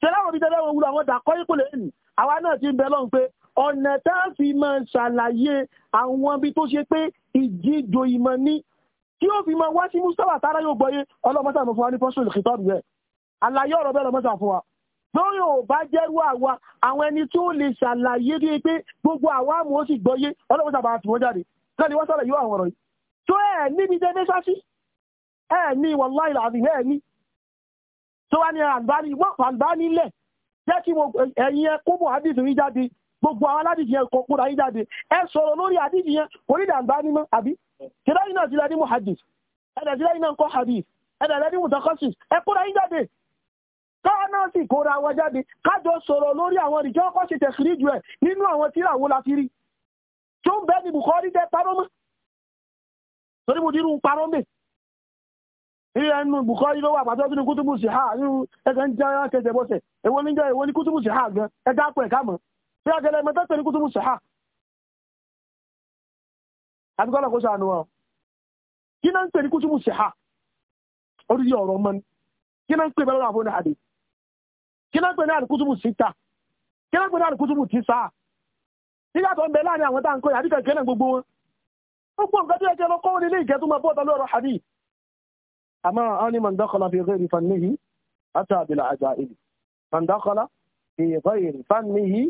ṣe láwọn ibi tẹ́lẹ̀ wọn wúlò àwọn dàkọ́ yìí kò lè nì àwa náà ti ń bẹ lọ́n pé ọ̀nà tá a fi máa ṣàlàyé àwọn ibi tó ṣe pé ìjíjò ìmọ̀ ni tí ó fi máa wá sí mustapha tára yóò gbọ́yé ọlọ́mọ́sàmù fún wa ní fọ́ṣọ̀lù kìtọ́ọ̀dù rẹ̀ àlàyé ọ̀rọ̀ bẹ́ẹ̀ lọ́mọ́sàmù fún wa lórí ò bá jẹ́rú àwa àwọn ẹni tí ó lè ṣàlàyé bí pé gbogbo àwa mú ó sì gbọ́yé ọlọ́pàá sábà tí wọ́n jáde lẹ́ni wọ́n sọ̀rọ̀ yóò àwọn ọ̀rọ̀ yìí tó ẹ̀ níbi jẹ́ ní sásí ẹ̀ ní wàláhì làzím ẹ̀ ní tó wá ní àǹbáni wọ́n àǹbáni lẹ̀ jẹ́ kí ẹ̀yin ẹ kó bọ̀ àdìsí yín jáde gbogbo àwọn aládìsí yẹn kọ̀ọ̀kú ra yín jáde ẹ sọ̀rọ̀ lórí àdìsí yẹn kò ní dàǹbáni mọ́ àbí kìláyìn náà ti lẹ́ni muhaddis ẹ̀dẹ̀ ti náà ń kọ́ hadith ẹ̀dẹ̀ lẹ́ni mutakọ́sì ẹ kó ra jáde káwọn náà sì kóra wọn jáde kájọ sọ̀rọ̀ lórí àwọn ìjọ ọkọ̀ ṣe tẹ̀sírí jù ẹ̀ nínú àwọn tíra wo la ti rí tó ń bẹ ní Bukhari tẹ parọ́ mọ́ torí mo dirú parọ́ mẹ́ ní ẹnu Bukhari ló wà pàtó nínú kútùbù sí ha nínú ẹgbẹ́ ń jẹ́ kẹsẹ̀ bọ́sẹ̀ èwo ní jẹ́ èwo ní kútùbù sí ha gan ẹ dápọ̀ ẹ̀ká mọ́ bí agẹlẹ mẹ́tọ́ tẹ̀lé kútùbù sí ha àbíkọ́lá kó sànù wọn kí náà ń tẹ̀lé kútùbù sí ha orí ọ̀rọ̀ kí ló ń pè ní àlùkùtùbù síta kí ló ń pè ní àlùkùtùbù tísà nígbàtọ̀ ń bẹ láàrin àwọn táǹkọ́ yà àdíkà ìkẹ́lẹ̀ gbogbo wọn gbogbo nǹkan tó yẹ kí ọlọ́kọ́ nílé ìkẹ́ tó máa bọ́ ọ̀tọ̀ lọ́rọ̀ hadith àmọ́ àwọn ni mọ̀ndọ́kọ̀lá fi rẹ̀ ìfàn níhi àtà àbìlà àjà ìlú mọ̀ndọ́kọ̀lá fi rẹ̀ ìfàn níhi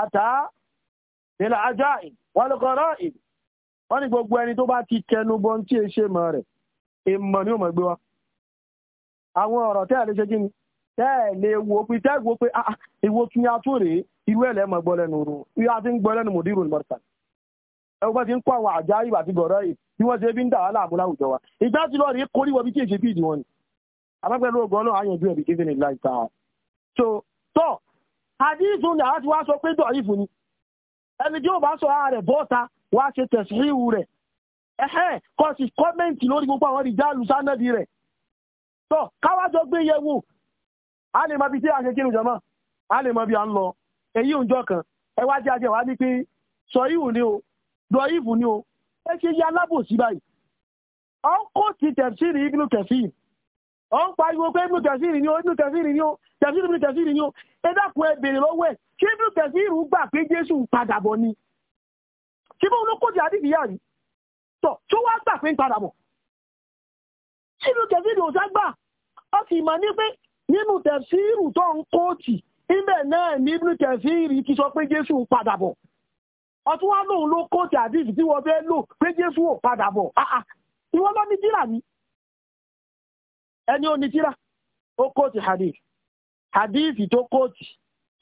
àtà àbìlà àjà ìlú wọ́n lọ́kọ̀ọ́rọ́ ìlú wọ́n ní gbogbo ẹni tó bá ti kẹnu bọ́ ń tí ì ṣe mọ̀ rẹ̀ ìmọ̀ ni ó mọ̀ gbé wa àwọn ọ̀rọ̀ tẹ́ àlejò kí ni tẹ́ ẹ̀ lè wo pé tẹ́ ẹ̀ wo pé ah, ah, ìwo tún yá tó rèé irú ẹ̀ lẹ́mọ̀ gbọ́ lẹ́nu oru irú àti ń gbọ́ lẹ́nu mòdìrú ni mọ̀tà ẹ̀wọ́n bá ti ń kó àwọn àjá ìwà àti gọ̀ọ́rọ́ yìí bí wọ́n ṣe fi ń dà wá láàmú láwùjọ wa ìgbà tí lọ́ọ̀rì kórí wọ bí tí èṣe bí ìdí wọn ni alágbẹ̀lú ògbọ́n náà àyànjú ẹ̀bí kí ní láì ta so tọ́ àdífù ni àwọn ti wá sọ pé dọ̀ífù ni ẹni tí ó bá sọ ara rẹ̀ bọ́ta wá ṣe tẹ̀síríwù rẹ̀ ẹ̀hẹ́ kọ́ kọ́mẹ́ǹtì lórí gbogbo àwọn ìjà àlùsánàbí rẹ̀ tọ́ káwájọ gbé yẹ̀wò a lè mọ bí tí a ṣe kírun jọmọ́ a lè mọ bí a ń lọ èyí òǹjọ kan ẹ wá jẹ́ ajẹ́ wá ní pé sọ ìhù ni o dọ ìhù ni o ẹ ṣe yá alábòsí báyìí ọ ń kó ti tẹ̀síìrì ibnu kẹfíìn ọ ń pariwo pé ibnu kẹfíìn ni o ibnu kẹfíìn ni o tẹ̀síìrì ibnu kẹfíìn ni o ẹ dákun ẹ béèrè lọ́wọ́ ẹ̀ ṣé ibnu kẹfíìn gbà pé jésù ń padà bọ̀ ni kí bóun ló kó ti àdìgì yá rí ní pé nínú tẹ̀síìrù tó ń kóòtì ibẹ̀ náà ní ibùdó tẹ̀síìrì ti sọ pé jésù ń padà bọ̀ ọtún wá lòun ló kóòtì àdìsí tí wọ́n fẹ́ lò pé jésù ò padà bọ̀ ah, ah. ìwọ lọ ní tíra ni ẹni ò ní tíra ó kóòtì hadith hadith tó kóòtì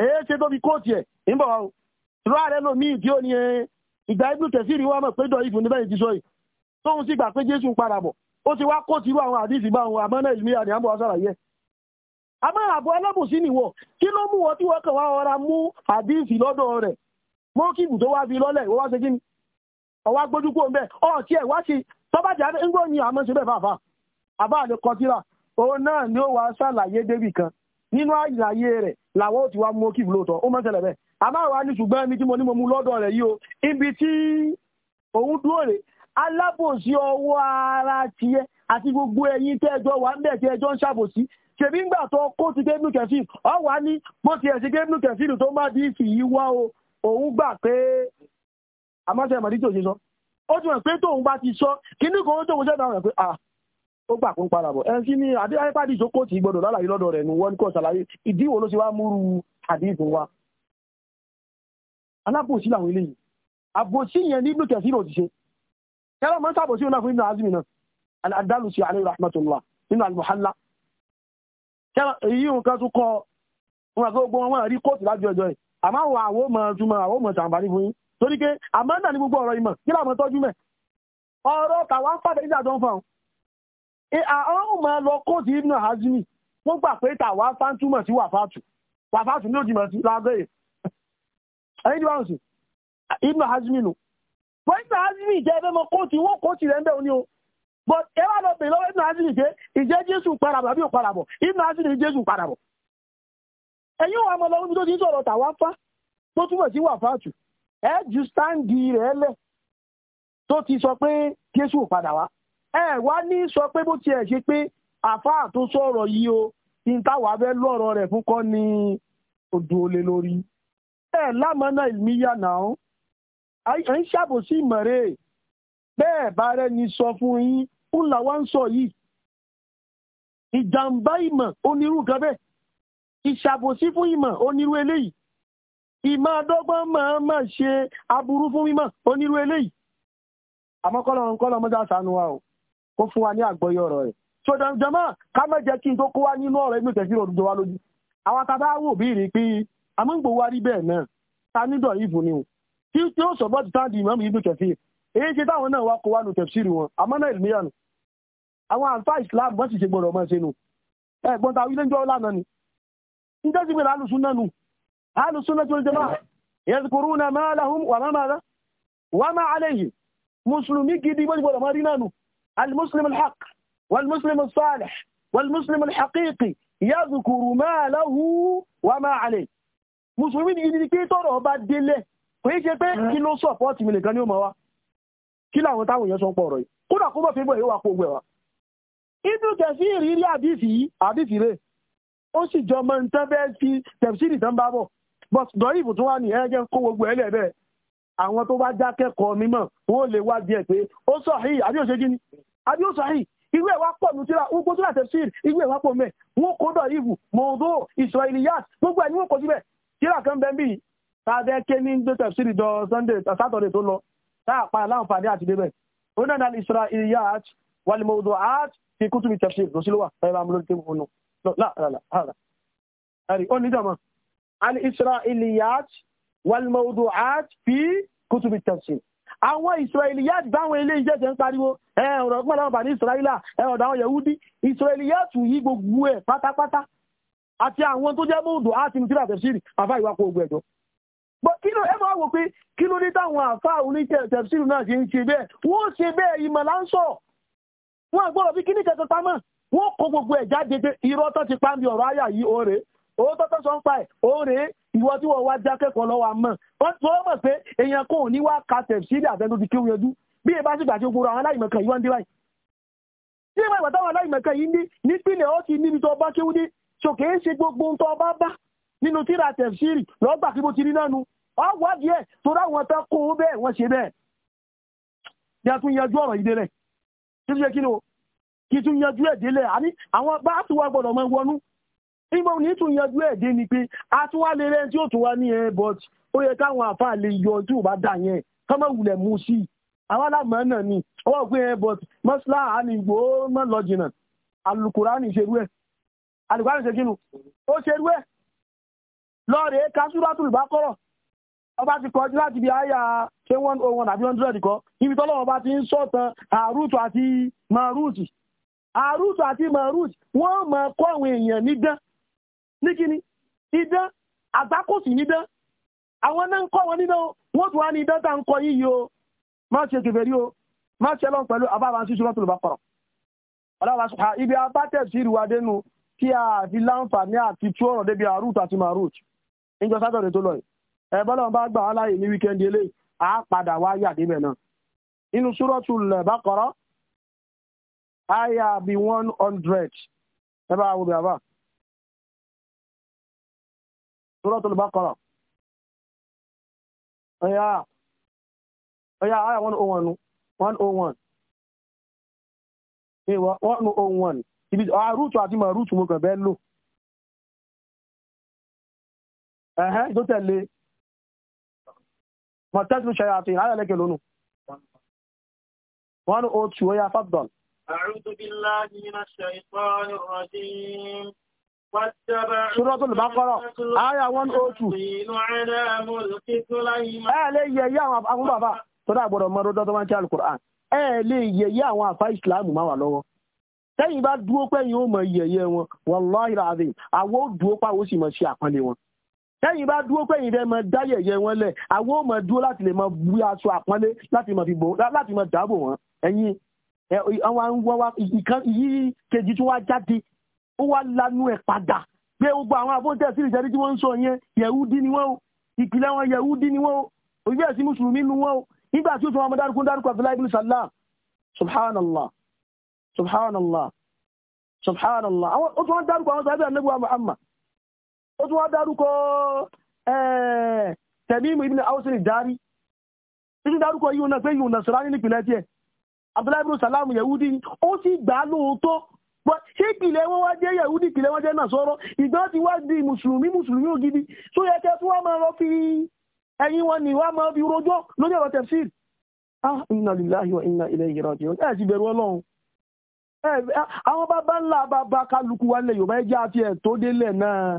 èyí ṣe tó fi kóòtì ẹ̀ ń bọ̀ wá o ìrọ̀ ààrẹ lomi ìdí òní ìgbà ibùdó tẹ̀síìrì wà mọ̀ pé dọ̀ ìfún níbẹ̀ ti sọ yìí tóun sì gbà pé jésù ń padà bọ̀ ó ti wá kóòtì irú àwọn àdìsí bá àwọn àmọ́ náà ìlú a abụọ àbọ̀ n'iwo nìwọ kí ló mú wọ tí wọ́n kàn wá ọra mú àdíìsì lọ́dọ̀ rẹ̀ wa tó wá fi lọ́lẹ̀ ìwọ́n wá ṣe kí ni ọwá gbójú kó ń bẹ̀ ọ̀tí ẹ̀ wá ni àmọ́ ṣe náà ni kan nínú àyàyé làwọn ò ti ó àwa ẹni tí mo ní mo o ibi tí òun dúró rè alábòsí ara àti gbogbo ń ṣèbí ńgbà tó kó ti débìnú kẹfìn ọ wà ní bó ti ẹ̀sìn débìnú kẹfìn tó má di ìfì yìí wá o òun gbà pé àmọ́ṣẹ́ ìmọ̀dí tí ò ṣe sọ ó ti mọ̀ pé tóun bá ti sọ kíní kan ó tóun ṣẹ́ dáhùn rẹ̀ pé ah ó gbà kó ń padà bọ̀ ẹn sí ní adéyáyépàdé ìjókòó tí gbọdọ̀ lálàyé lọ́dọ̀ rẹ̀ nù wọ́n kọ́ ṣàlàyé ìdí wo ló ṣe wá múrú àdéhùn wa alábòsí làwọn eléyìí àbòsí yẹn ní ibùkẹ́ sí ìròtìṣe kẹlẹ́ mọ́ sábòsí òun náà fún ibùdó azmi náà àdálùsí alẹ́ rahmatullah nínú al-muhalla èyí nǹkan tún kọ wọn àti gbogbo wọn rí kóòtù lájú ọjọ́ yìí àmọ́ àwọn àwọn ọmọ túmọ̀ àwọn ọmọ ṣàǹfààní fún yín torí pé àmọ́ náà ní gbogbo ọ̀rọ̀ ìmọ̀ kí làwọn tọ́jú mẹ́ ọ̀rọ̀ tàwa ń fàdé ìjà tó ń fa àwọn ọmọ lọ kóòtù Ibn Hazmi wọ́n gbà pé tàwa fá ń túmọ̀ sí wàfáàtù wàfáàtù ní òjìmọ̀ sí lágbẹ̀ẹ́ ẹ̀yìn Hazmi nù wọ́n Hazmi jẹ́ ẹgbẹ́ mọ kóòtù wọ́n but ẹ wá lọ bèèrè lọ́wọ́ ibùdó asiri pé ìjẹ́ jésù parabọ̀ àbí òparabọ̀ ibùdó asiri jésù parabọ̀ ẹ̀yin wọn ọmọlọ́wọ́ ibi tó ti ń sọ̀rọ̀ tà wá fá tó túmọ̀ sí wàfáàtù ẹ ju sáǹdì rẹ̀ lẹ̀ tó ti sọ pé jésù padà wá ẹ wá ní sọ pé bó tiẹ̀ ṣe pé àfáà tó sọ̀rọ̀ yìí o ìtawà abẹ́ lọ́rọ̀ rẹ̀ fún kọ́ ni odò olè lórí ẹ lámọ́nà ìmíyà náà à ń ṣàbòsí ìmọ̀rẹ́ bẹ́ẹ̀ bá rẹ́ni sọ fún yín ó wa wá ń sọ yìí ìjàmbá ìmọ̀ onírú kan bẹ́ẹ̀ ìṣàbòsí fún ìmọ̀ onírú eléyìí ìmọ̀ ma ṣe aburú fún mímọ̀ onírú eléyìí àmọ́ kọ́lọ́run kọ́lọ́run sànú wa o kó fún wa ní àgbọ́yé ọ̀rọ̀ rẹ̀ so ká má jẹ́ kí n tó kó wá nínú ọ̀rọ̀ inú ìtẹ̀sí òdùdó wa lójú àwọn tàbá wò bí rí pé bẹ́ẹ̀ náà ta nídọ̀ ni o tí èyí ṣe táwọn náà wá kó wá nu tẹ̀síìrì wọn àmọ́nà ìlmíyàn nù àwọn àǹfà islam wọ́n sì ṣe gbọ́dọ̀ mọ́ ṣe nù ẹ̀gbọ́n ta ilé ìjọ lánàá ni níjẹ́ sí pẹ̀lú alùsúnà nù alùsúnà tí ó jẹ́ máa yazkuruna ma lahum wà máa máa wà máa alayhi mùsùlùmí gidi wọ́n gbọ́dọ̀ mọ́ rí náà nù almuslim alhaq walmuslim alsalih walmuslim alhaqiqi yazkuru ma lahu wà máa alayhi kí làwọn táwọn èèyàn sọ ń pọ̀ ọ̀rọ̀ yìí kódà kó mọ̀ fi gbọ́ èyí wà kó gbẹ̀ wá. ibi kẹsí ìrírí àdìsí àdìsí rẹ̀ ó sì jọ mọ nǹkan bẹ́ẹ̀ fi tẹ̀síìrì tán bá bọ̀ but dọ̀rí ìbùtún wa ní ẹ̀ẹ́jẹ̀ kó gbogbo ẹ̀ lẹ́ẹ̀bẹ̀ àwọn tó bá jákẹ́kọ̀ọ́ mímọ̀ wọ́n lè wá díẹ̀ pé ó sahih àbí òṣèjì ni àbí ó sahih ìwé wa pọ̀ nù tíra gbogbo tíra tẹ̀síìrì ìwé wa pọ̀ mẹ́ wọ́n kó dọ̀ ìbù mọ̀ọ́dọ́ israeliyat gbogbo ẹ̀ ni wọ́n kó síbẹ̀ tíra kan bẹ́ẹ̀ bíi tàbí ké ní gbé tẹ̀síìrì dọ̀ sunday saturday tó lọ táàpá aláǹfààní àti débẹ̀ ó náà náà ìṣúra ìyá àti wàlìmọ̀ọ́dọ̀ àti fi kútùbí tẹ̀sí ìrọ̀sílówà ẹ̀rọ amúlò tí mo nù láàrá ẹ̀rí ó ní jọmọ́ alìsíra ìlìyàt wàlìmọ̀ọ́dọ̀ àti fi kútùbí tẹ̀sí àwọn ìsìrẹ̀lìyàt báwọn ilé iṣẹ́ ṣe ń pariwo ẹ̀rọ̀ ọgbọ́n láwọn bà ní ìsìrẹ̀lìyà ẹ̀rọ̀ àwọn yẹ̀wúdí ìsìrẹ̀lìyàt bọ́ kí ló ẹ máa wò pé kí ló ní táwọn àfáà oníṣẹ́ tẹ̀síìlù náà ṣe ń ṣe bẹ́ẹ̀ wọ́n ṣe bẹ́ẹ̀ ìmọ̀ là sọ wọ́n àgbọ̀rọ̀ bí kíní kẹsàn pamọ́ wọ́n kó gbogbo ẹ̀ jáde irọ́ tó ti pa ń ọ̀rọ̀ àyà yìí owó tó tó sọ ń pa ẹ̀ ìwọ tí wọ́n wá lọ́wọ́ àmọ́ wọ́n tó mọ̀ pé èèyàn kò ní wá ka tẹ̀síìlù àtẹ́nu kí nínú tíra tẹ̀síìrì lọ́gbà kí mo ti rí náà nu ọwọ́ díẹ̀ tó ráwọn tán kó o bẹ́ẹ̀ wọ́n ṣe bẹ́ẹ̀ bí a tún yanjú ọ̀rọ̀ yìí kí tún yẹ kí ni o kí tún yanjú ẹ̀ délẹ̀ àní àwọn bá a ti wá gbọ́dọ̀ mọ wọnú ìmọ̀ ní tún yanjú ẹ̀ ni pé a tún wá lè rẹ́ tí ó tún wá ní ẹ̀ but ó yẹ káwọn àfáà lè yọ tí ò bá dà yẹn kọ́mọ̀ wulẹ̀ mú sí i àwọn alámọ̀ náà ni ọwọ́ pé ẹ̀ but mọ́sílá àní ìgbòho mọ́ lọ jìnnà alukurani ṣerú ẹ̀ alukurani ṣe kí ni ẹ̀ lọ́ọ̀rẹ́ ka Suratul Baqara ọba ti kọjú láti bí àyà ṣé one oh one àbí hundred kọ́ ibi tọ́lọ́ ọba ti ń sọ̀tàn àrùtù àti màrùtù àrùtù àti màrùtù wọ́n máa kọ́ àwọn èèyàn nídán ní kíni idán àgbákòsì nídán àwọn náà ń kọ́ wọn nídán wọ́n tún wá ní idán tá ń kọ yíyí o má ṣe kèfèrí o má ṣe lọ́n pẹ̀lú àbábá sí Suratul Baqara ọlọ́wà sùpà ibi abátẹ̀sí ìrìwádẹ́nu kí a fi láǹfààní àti tú ọ̀rọ̀ débi àrùtù àti màrùtù níjọ sátọ̀dẹ̀ tó lọ yìí ẹ bọ́lọ̀ bá gbà wá láàyè ní wíkẹ́ndì eléyìí á padà wá yà débẹ̀ náà nínú Suratul Baqara àyà bí one hundred ẹ bá wo bàbá Suratul Baqara ọ̀yà ọ̀yà àyà one oh one one oh one ìwọ one oh one ibi àrùtù àti màrùtù mo kàn bẹ́ẹ̀ lò. ẹ̀hẹ́ tó tẹ̀lé mọ̀tẹ́tù ṣe àfihàn ayọ̀lẹ́kẹ̀ lónù wọ́n ó tù ó yá fàbdọ̀n Súrọ́tùl Bákọ́rọ̀, àyà 102. Ẹ lè yẹ̀yẹ́ àwọn afúnbàbà tó dàgbọ̀rọ̀ mọ́ rọ́dọ́ tó máa ń kí Alkùrán. Ẹ lè yẹ̀yẹ́ àwọn àfá ìsìláàmù máa wà lọ́wọ́ tẹ́yìn bá dúó pẹ́yìn ó mọ iyẹ̀yẹ wọn wọ́n lọ́ìrà àdé àwọn ó dúó pàwó sì mọ̀ sí àpọ́nlé wọn tẹ́yìn bá dúró pẹ́yìn rẹ̀ mọ dáyẹ̀yẹ wọn lẹ̀ àwọn ò mọ dúró láti lè mọ wí aṣọ àpọ́nlé láti mọ fìbò láti mọ dáàbò wọn ẹ̀yìn àwọn àwọn ìkan yìí kejì tí wọ́n jáde ó wá lanú ẹ̀ padà pé gbogbo àwọn àbóńtẹ̀sí ìṣẹ́rí tí wọ́n ń sọ yẹn yẹ̀húdí ni wọ́n o ìpìlẹ̀ wọn yẹ̀húdí ni wọ́n o òyìnbó ẹ̀sìn mùsùlùmí nu wọ́n o nígbà tí ó sọ wọn dárúkọ dárúkọ abdullahi ibn salam subhanallah subhanallah subhanallah ó tún wọn dárúkọ àwọn sàbẹ̀ ànábì wa muhammad ó tún wá dárúkọ Tẹ̀mímù ibn Awsin ìdárí títí dárúkọ yíò náà pé yíò náà sọ̀rọ̀ nípìnlẹ̀ tiẹ̀ Abdullahi ibn Yahudi ó sì gbà á lóòótọ́ ṣé ìpìlẹ̀ wọn wá jẹ́ Yahudi ìpìlẹ̀ wọn jẹ́ náà sọ̀rọ̀ ìgbà ti wá di mùsùlùmí mùsùlùmí ògidì tó yẹ kẹ́ tí wọ́n máa lọ fi ẹ̀yìn wọn ni wọ́n máa fi rojọ́ lórí ọ̀rọ̀ tafsir ah inna lillahi wa inna ilayhi raji'un ẹ̀ sì bẹ̀rù ọlọ́run àwọn bàbá ńlá bàbá kálukú wa lẹ̀ Yorùbá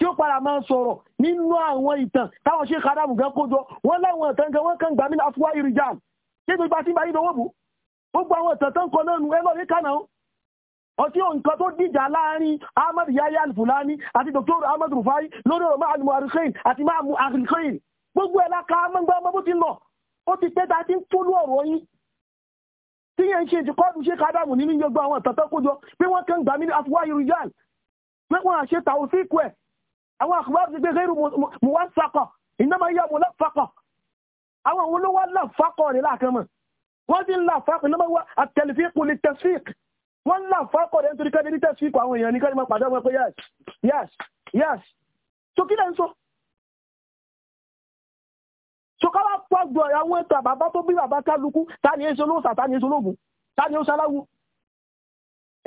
tí ó padà máa ń sọ̀rọ̀ nínú àwọn ìtàn táwọn ṣe kádàmù gan kójọ wọ́n láwọn ìtàn gan wọ́n kàn gbà mí láfúwá ìrìjà ṣé gbogbo àti ìbáyé lówó bù gbogbo àwọn ìtàn tó ń kọ lẹ́nu ẹ lọ́ọ̀rí ọtí nǹkan tó dìjà láàrin ahmed yahya alfulani àti dr ahmed rufai lórí ọmọ alimu arikhain àti máàmù arikhain gbogbo ẹ̀ láka mọ́gbọ́n ọmọ bó ti lọ ó ti pẹ́ tá a ti ń tólú ọ̀rọ̀ yín tí yẹn ń ṣe ti kọ́ọ̀dù ṣe kádàmù nínú gbogbo àwọn ìtàn tó kójọ pé wọ́n kàn gbà mí ní pé wọ́n àṣetàwọn fíkù ẹ̀ àwọn àkùbá ti gbé rẹ́rù mú wá fakọ̀ iná máa yá mú lọ fakọ̀ àwọn òun ló wá là fakọ̀ ní láàkan mọ̀ wọ́n ti ń là fakọ̀ iná máa wá àtẹlifí kù ní tẹ̀sík wọ́n ń là fakọ̀ rẹ̀ nítorí kẹ́ni ní tẹ̀sík àwọn èèyàn ní kẹ́ni máa pàdé wọn pé yes yes yes so kí lẹ́ ń sọ. so ká wá pọ̀ gbọ̀ àwọn ètò àbábá tó bí bàbá kálukú ta èso lóòsà ta èso lóògùn ta ni ó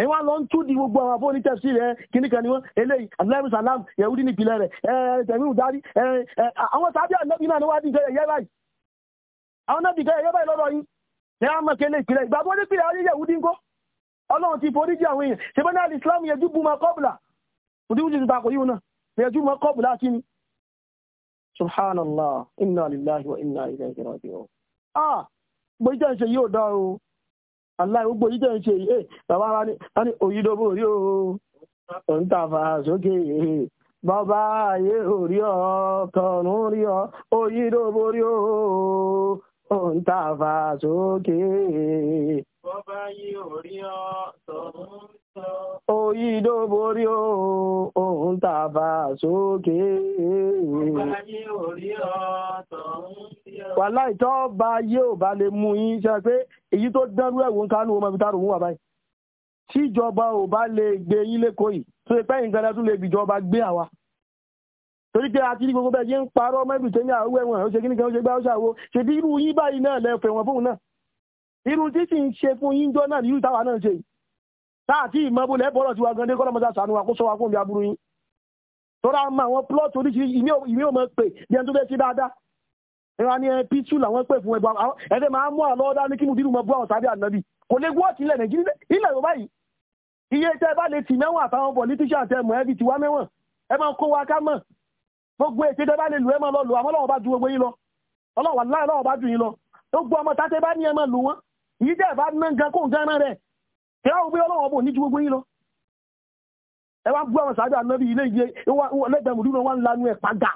ẹ wá lọ ń tú di gbogbo àwọn afọ́ni tẹ̀sí rẹ kíní kan ni wọ́n eléyìí abdulayi salam yahudi nípìnlẹ̀ rẹ̀ ẹ tẹ̀mí ìdarí ẹ ẹ àwọn sábẹ́ ànábì náà ni wọ́n á dìjọ ẹ̀yẹ báyìí àwọn náà dìjọ ẹ̀yẹ báyìí lọ́dọ̀ yín ẹ á mọ̀ kẹ́lẹ́ ìpìlẹ̀ ìgbà bọ́ nípìnlẹ̀ ayé yahudi ńkọ́ ọlọ́run ti forí jì àwọn èèyàn ṣe bẹ́ẹ̀ náà islam yẹ júbù máa kọ́bùlà òdìwújì ti takò yíwọn náà yẹ júbù máa kọ́bùlà kí ni. subhanallah inna lillahi inna ilayhi raji'un. ah gbẹ́jọ́ ìṣe yóò dá o aláì gbogbo yìí tẹ̀ ń ṣe yìí eh, bàbá wa ní òyìnbó rí o òun tàfà sókè bàbá ayé orí ọ tọ̀run rí ọ òyìnbó rí o òun tàfà sókè. bàbá ayé orí ọ tọ̀run rí ọ. Oyi ló borí sókè. Wàhálà ìtọ́ bá yé ò bá lè mú yín ṣe pé èyí tó dánrú ẹ̀wọ̀n kánú ọmọ ibi tárò wà báyìí. Tíjọba ò bá lè gbé yín lẹ́kọ̀ọ́ yìí, tó lè pẹ́yìn gan tún lè bìjọba gbé àwa. Torí pé àti gbogbo bẹ́ẹ̀ yé ń parọ́ ọmọ ibi tẹ́lẹ̀ àwọ̀ ẹ̀wọ̀n ó ṣe kí nìkan ó ṣe gbá ó ṣàwo. Ṣèbí irú yín báyìí náà lẹ fẹ̀wọ̀n fóun náà. Irú tí sì ń ṣe fún yín jọ náà ní irú táwa náà ṣe yìí táàtì ìmọ̀bù lẹ́bọ̀rọ̀ tí wọ́n gandé kọ́lọ́mọ́sá sànú àkóso wa fún mi aburú yín tọ́ra ma àwọn plọ́ọ̀tì oríṣiríṣi ìmí ò mọ̀ pé ní ẹni tó fẹ́ sí dáadáa ẹ̀rọ ni ẹni pítù làwọn pè fún ẹgbẹ́ àwọn ẹ̀fẹ́ máa mú àlọ́ ọ̀dá ní kí mo bínú mọ bú àwọn sábẹ́ ànábì kò lè gbọ́ tilẹ̀ nàìjíríà ilẹ̀ yorùbá yìí iye tẹ́ bá lè tì mẹ́wọ̀n àtàwọn politician tẹ́ mọ̀ ẹbí tiwa mẹ́wọ̀n ẹ máa kó wa ká mọ̀ gbogbo ète tẹ́ bá lè lù ẹ máa lọ lù àwọn ọlọ́wọ́ bá ju ẹ wá gbé ọlọ́wọ́ bò ní ju gbogbo yín lọ ẹ wá gbé àwọn sàájú ànábì ilé ìgbé lẹ́gbẹ̀ẹ́ mùdúró wọn lanu ẹ̀ pàgà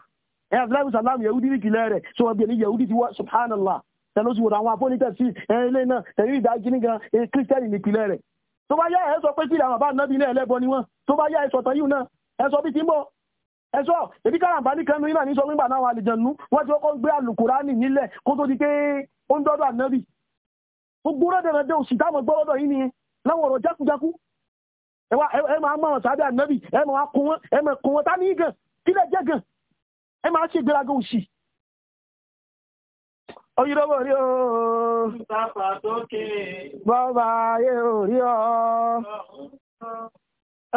ẹ abdullahi salam yahudi ní kìlẹ̀ rẹ̀ sọ bí ẹni yahudi ti wá subhanallah tẹnu sí wòrán àwọn afọ́nitẹ̀ sí ilé náà tẹ̀yìn ìdájí nìkan kírísítẹ́nì ní kìlẹ̀ rẹ̀ tó bá yá ẹ sọ pé sílẹ̀ àwọn bá ànábì ilé ẹlẹ́bọ ni wọn tó bá yá ẹ sọ tán yìí náà ẹ sọ bí ti ń bọ̀ ẹ̀ṣọ́ èbí káràmbá ní kẹnu ìlànà ìṣọ́ nígbà náà àlìjẹ̀nú wọ́n ti kọ́kọ́ gbé alùkùránì nílẹ̀ kó tó di pé ó ń dọ́dọ̀ ànábì gbogbo rẹ̀ dẹ̀rẹ̀ dẹ̀ òsì táwọn gbọ́rọ̀dọ̀ yìí nìyẹn láwọn ọ̀rọ̀ jákujáku ẹ máa mọ àwọn sàbẹ ẹ máa kún wọn ẹ máa kún wọn tá ní gan kí lè jẹ gan ẹ máa ṣe gbéraga òṣì. Oyinlọ́wọ́ rí ooo. Sábà sókè. Bọ́ọ̀bà ayé ò rí ọ.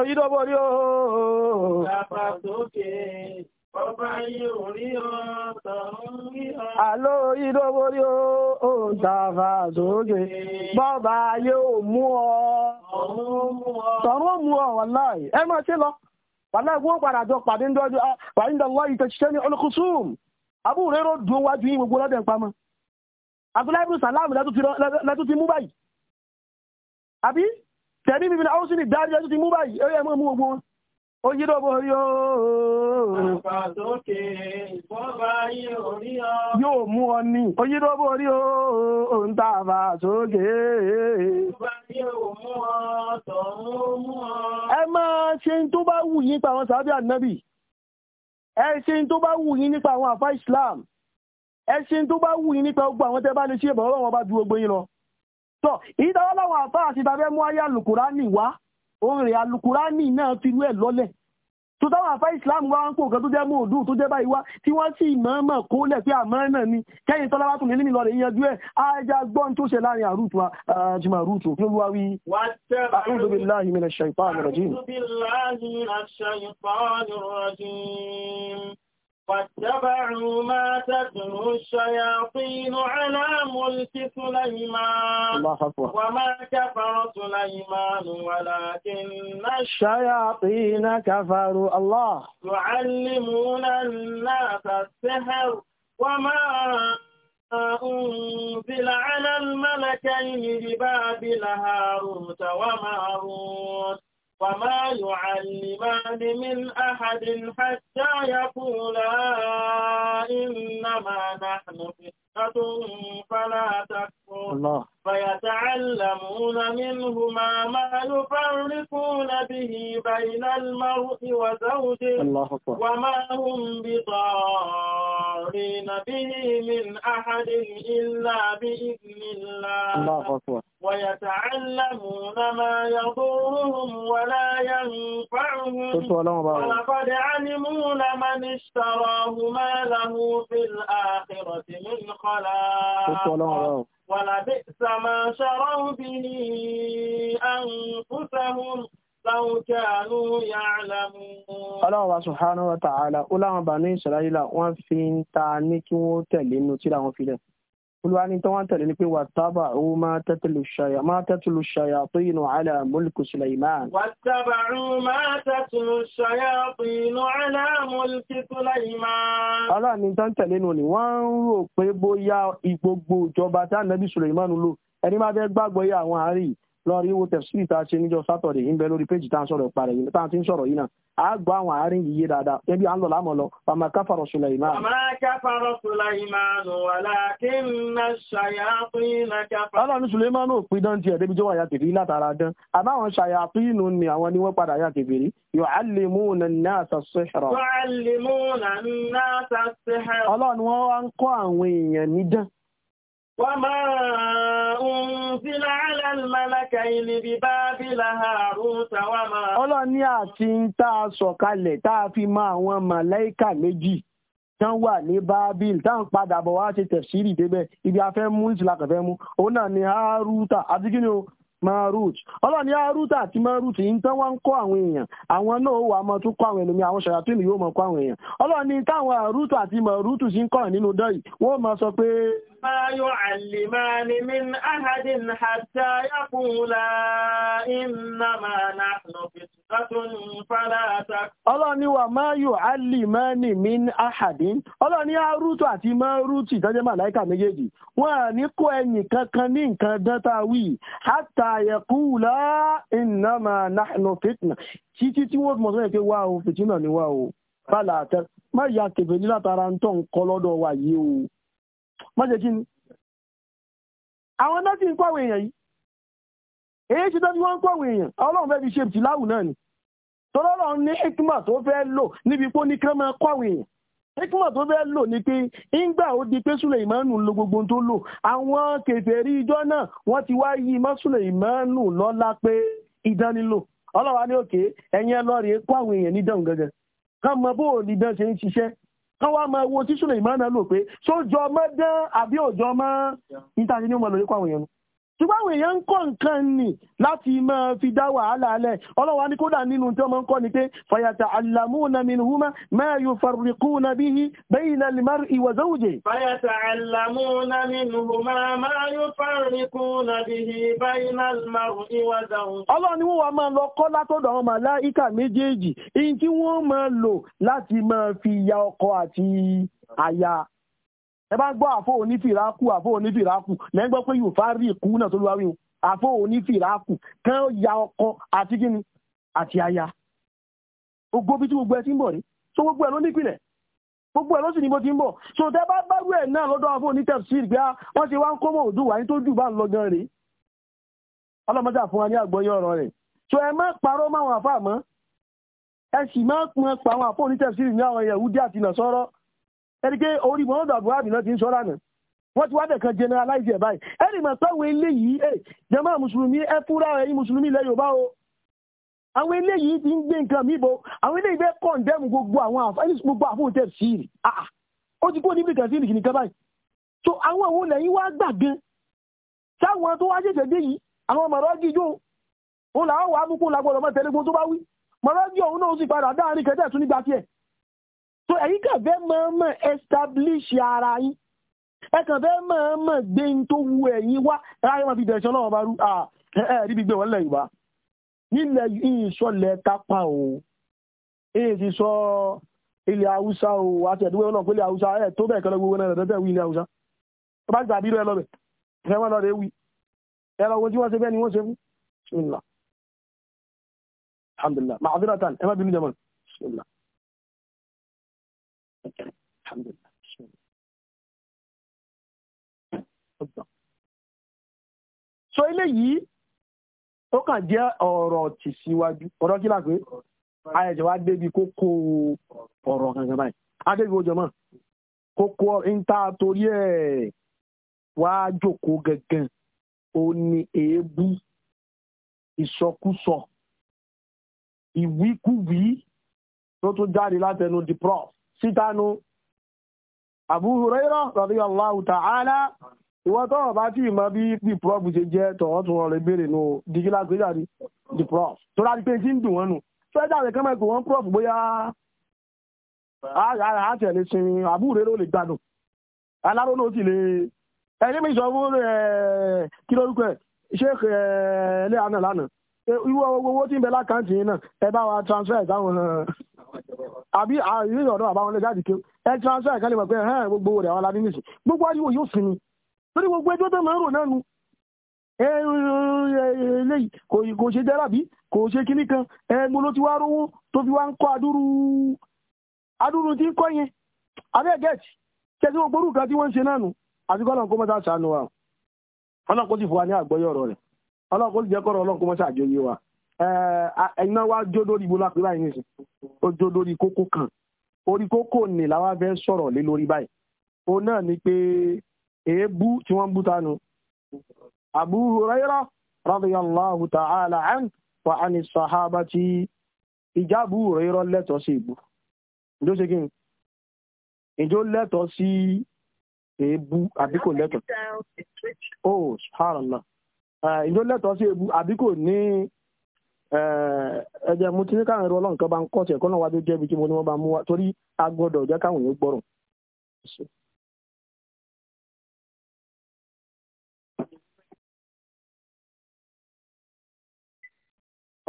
Oyinlọ́wọ́ rí ooo. Sábà sókè. Ọba ìdówó rí ó ń tàfà sókè, bọ́bá yóò mú ọ. Tọ̀rún mú ọ wà láì, ẹ máa ṣe lọ. Wàlá ìwọ́n padà jọ pàdé ń dọ́jú, pàdé ah, ń dọ́lọ́ ìtẹ̀ṣiṣẹ́ ní olùkùsùm. Àbúrò rẹ̀ wájú gbogbo Abdullahi ibn Salam ti mú báyìí. Àbí? mi fi ní ti mú báyìí. mú gbogbo Àgbàsókè ìfọ́bá yìí orí ọ. Yóò mú ọ ní. Oyídọ́bọ̀ orí o, òun tà bà sókè. Ìfọ́bá yóò mú ọ, tọ̀hún ó mú ọ. Ẹ máa ṣe tó bá wù yín nípa àwọn sàábì ànábì. Ẹ ṣe tó bá wù yín nípa àwọn àfá Ìsìlám. Ẹ ṣe tó bá wù yín nípa gbogbo àwọn tẹ́ bá lè ṣe ìbọn ọlọ́run ọba ju gbogbo yín lọ. Tọ́ ìdáwọ́ láwọn àfá àti ìtàbẹ́ mú ayé Àlùkùránì wá. Orin Àlùkùránì náà fi rú ẹ̀ lọ́lẹ̀ tó táwọn àfá islam wá ń pò kan tó jẹ́ mòdù tó jẹ́ báyìí wá tí wọ́n sì mọ̀ọ́mọ̀ kó lẹ̀ pé àmọ́ náà ni kẹ́yìn tọ́lá bá tún lè nílì lọ́rẹ̀ yanjú ẹ̀ ajá gbọ́n tó ṣe láàrin àrùtù àjùmọ̀ àrùtù ní olúwa wí. a'udhu billahi واتبعوا ما تتلو الشياطين على ملك سليمان وما كفر سليمان ولكن الشياطين كفروا الله يعلمون الناس السحر وما أنزل على الملكين ببابل هاروت وماروت وما يعلمان من أحد حتى يقولا إنما نحن فتنة فلا تكفر فيتعلمون منهما ما يفرقون به بين المرء وزوجه الله وما هم بضارين به من أحد إلا بإذن الله, الله أكبر. ويتعلمون ما يضرهم ولا ينفعهم ولقد علموا لمن اشتراه ما له في الآخرة من خلاق ولبئس ما شروا به أنفسهم لو كانوا يعلمون الله سبحانه وتعالى أولا بني إسرائيل وان فين تاني كي وتلين نتيلا وان فيلم olúwa ní tọ́wọ́n tẹ̀lé ni pé wà tábà ó máa tẹ́tìlù ṣàyà máa tẹ́tìlù ṣàyà tó yìnbọn àlà mọ́lùkù Sulaiman. wà tábà ó máa tẹ́tìlù ṣàyà tó yìnbọn àlà mọ́lùkù Sulaiman. aláàánú tó ń tẹ̀lé nù ni wọ́n ń rò pé bóyá gbogbo ìjọba tí ànábì Sulaiman lò ẹni máa fẹ́ gbàgbọ́ yẹ àwọn àárín lọ rí owó tẹ̀síì tá a ṣe níjọ sátọ̀dẹ̀ yìí ń bẹ lórí péjì tá a ń sọ̀rọ̀ parẹ̀ yìí tá a ti ń sọ̀rọ̀ yìí náà a gbọ́ àwọn àárín yìí yé dáadáa ẹbí à ń lọ láàmọ̀ lọ fama káfàrọ̀ Sulaiman. fama káfàrọ̀ Sulaiman walakinna shayatina káfàrọ̀. ọlọ́run Sulaiman náà pín dán tiẹ̀ débi jọ́wọ́ àyàtìfì látara ọlọ́run wọn wá ń kọ́ àwọn èèyàn ní dán وما أنزل على الملكين ببابل هاروت وما. ọlọ́run ní àti tá a sọ̀kalẹ̀ tá a fi mọ àwọn màláìkà méjì tán wà ní bábíl táwọn padà bọ̀ wá ṣe tẹ̀sírì débẹ̀ ibi afẹ́ mú ìsìlákàn fẹ́ mú òun náà ni haruta àti kí ni o ọlọ́run ní haruta àti marut yìí tán ń àwọn èèyàn àwọn náà wà á àwọn ẹlòmíì àwọn haruta àti ما يعلمان من أحد حتى يقولا إنما min ahadin. Ọlọ́run ní arútù àti márùtù ìtọ́jẹ́ màláìkà méjèèjì. Wọ́n à ní kó kankan ní nǹkan dátà wí. Hatta yaqula innama nahnu fitna. Títí tí wọ́n mọ̀ sọ́yẹ̀ pé wá o, fìtínà ni wá o. Fàlà ya o. mọ́jẹ̀ kí ni àwọn náà sì ń kọ́ àwọn èèyàn yìí èyí ṣe tó fi wọ́n ń kọ́ àwọn èèyàn ọlọ́run fẹ́ fi ṣe tìláwù náà ni tọ́lọ́rọ̀ ní hikma tó fẹ́ lò níbi pé ó ní kán máa kọ́ àwọn èèyàn hikma tó fẹ́ lò ní pé ńgbà ó di pé Sùlẹ̀mánù lo gbogbo tó lò àwọn kèfèrí ìjọ náà wọ́n ti wá yí mọ́ Sùlẹ̀mánù lọ́lá pé ìdánilò ọlọ́wà ní òkè ẹ̀yìn ẹlọ́rìí kán wá máa wo tíṣúlẹ̀ ìmọ̀ náà lò pé ṣó jọ mọ́ dán àbí òjọ mọ́ níta ni ó mọ̀ lórí kó àwọn nù ṣùgbọ́n àwọn èèyàn ń kọ́ nǹkan nì láti máa fi dá wàhálà alẹ́ ọlọ́wà ní kódà nínú tí wọ́n máa ń kọ́ ni pé fàyàtà àlàmúna minhuma ma yufarriquna bihi bayna al-mar'i wa zawji. fàyàtà àlàmúna minhuma ma yufarriquna bihi bayna al-mar'i wa zawji. ọlọ́run ni wọ́n wá máa lọ kọ́ látọ̀dọ̀ àwọn màláìkà méjèèjì èyí tí wọ́n máa lò láti máa fi ya ọkọ àti aya ẹ bá gbọ́ àfọ onífìràkù àfọ onífìràkù lẹ́yìn gbọ́ pé yóò fá rí ìkú náà tó ló wá wí o àfọ onífìràkù kán ya ọkọ àti kíni àti aya gbogbo bí tí gbogbo ẹ ti ń bọ̀ rí so gbogbo ẹ ló nípìnlẹ̀ gbogbo ẹ ló sì ní bó ti ń bọ̀ so tẹ bá bárú ẹ náà lọ́dọ̀ àfọ onítẹ̀síìrì pé ah, wọ́n ti wá ń kọ́mọ̀ òdù wáyé tó jù bá ń lọ gan rèé ọlọ́mọdé àfún wa ní àgbọ́yé ọ̀rọ̀ rẹ̀ so ẹ má parọ́ máwọn àfáà mọ́ ẹ sì má pọn pa àwọn àfọ onítẹ̀síìrì ní àwọn Yahudi àti nàṣọ́rọ́ ẹni pé orí mohamed abuhari náà ti ń sọ lánàá wọ́n ti wá dẹ̀kan generalize ẹ̀ báyìí ẹni mọ̀ pẹ́wọ́ eléyìí ẹ̀ eh, jàmá mùsùlùmí ẹ fúra ẹ̀yin mùsùlùmí ilẹ̀ yorùbá o àwọn eléyìí ti ń gbé nǹkan mi bò àwọn eléyìí bẹ́ẹ̀ kọ̀ǹdẹ́mù gbogbo àwọn àfáàní gbogbo àfóhùn tẹ̀ sí i ah, ó ti kó níbi kẹsí nìkì nìkan báyìí so àwọn òun lẹ́yìn wá gbàgbé sáwọn tó wá ṣẹ̀ṣẹ̀ dé yìí àwọn mọ̀rọ́gì yóò òun làwọn wà á mú kó làgbọ̀dọ̀ mọ́ tẹ̀lé gbogbo tó bá wí mọ̀rọ́gì òun náà ó sì padà dáa ní kẹtẹ́ tún nígbà tiẹ̀ so ẹ̀yin kàn fẹ́ mọ̀ọ́mọ̀ establish ara yín ẹ kàn fẹ́ mọ̀ọ́mọ̀ gbé ní tó wu ẹ̀yin wá ráyé wọn fi dẹ̀sán náà bá rú ẹ ẹ rí gbígbé wọn lẹ̀ yorùbá nílẹ̀ ìṣọ̀lẹ̀ kápá o èyí ti sọ ilẹ̀ haúsá o àti ẹ̀dúgbò náà pé ilẹ̀ haúsá ẹ̀ tó bẹ́ẹ̀ kọ́ lọ́wọ́ náà lọ́dọ̀ wí ilẹ̀ haúsá tó bá gbà bí rẹ lọ́bẹ̀ ẹ wọ́n lọ́dọ̀ ewì ẹ lọ́wọ́ tí wọ́n ṣe bẹ́ẹ̀ ni wọ́n ṣe fún bismillah alhamdulillah ma'adiratan ẹ má bínú jẹ́ mọ́ bismillah. الحمد لله بسم الله ọgbọ̀n. so eléyìí ó kàn jẹ́ ọ̀rọ̀ tì síwájú ọ̀rọ̀ kí lápé ayẹ̀jẹ̀ wá débi kókó ọ̀rọ̀ kankan báyìí adébi ojọ́ mọ̀ kókó níta torí ẹ̀ wá jókòó gangan ó ní èébú ìsọkúsọ ìwíkúwí tó tún jáde látẹnu the prof sitanu Abu Hurairah radiyallahu ta'ala ìwọ́n tọ́rọ̀ bá ti ma bi bí prof ṣe jẹ́ tọ̀wọ́ tó rọrọ̀ ìbéèrè nù dígílá gbéjà ní the prof tó rà pe tí wọn nù fẹ́jà rẹ̀ kẹ́mọ̀ ìpò wọn prof bóyá a àtẹ̀lé sin Abu Hurairah ló lè gbádùn aláró ti le lè ẹni mi sọ fún kí lórúkọ ẹ sheikh àbí ìwé ìrọ̀dọ̀ àbáwọn ẹlẹ́dàá àdìkẹ́ ẹ transfer ìkàlẹ̀ mọ̀ pé ẹ̀hẹ́n gbogbo rẹ̀ àwọn aládé nìsí gbogbo ariwo yóò fi ni torí gbogbo ẹjọ́ tó máa ń rò náà nu eléyìí kò ṣe dẹ́rabí kò ṣe kinní kan ẹgbó ló ti wá rówó tó fi wá ń kọ́ adúrú adúrú tí ń kọ́ yẹn abẹ́ gẹ̀ẹ́tì kẹsí gbogbo orúkọ tí wọ́n ń ṣe náà nu àti kọ́ ọlọ́nkọ́ mọ́ta ṣàánú wa ọlọ́nkọ́ sì fún wa ní àgbọ́yọ̀ ọ̀rọ̀ rẹ̀ ọlọ́nkọ́ sì jẹ́ ẹ̀yin eh, wá jó lórí ibo lápẹ́ báyìí nìyẹn ó jó lórí kókó kan orí kókó nì làwọn fẹ́ sọ̀rọ̀ lé lórí báyìí òun náà ni pé èébú tí wọ́n ń bú tánu Abu Hurairah radiyallahu ta'ala an wa an sahabati ìjà Abu Hurairah lẹ́tọ̀ọ́ sí ìbú ìjó ṣe kí ni ìjó lẹ́tọ̀ọ́ sí èébú àbí kò lẹ́tọ̀ọ́ oh subhanallah ìjó eh, lẹ́tọ̀ọ́ sí èébú àbí kò ní. ẹ jẹ́ mo ti ní káwọn ẹrú ọlọ́run kan bá ń kọ́ ọ̀sẹ̀ kọ́nà wájú jẹ́bi tí mo ní wọ́n bá mú wa torí a gbọ́dọ̀ jẹ́ káwọn èèyàn gbọ́rọ̀.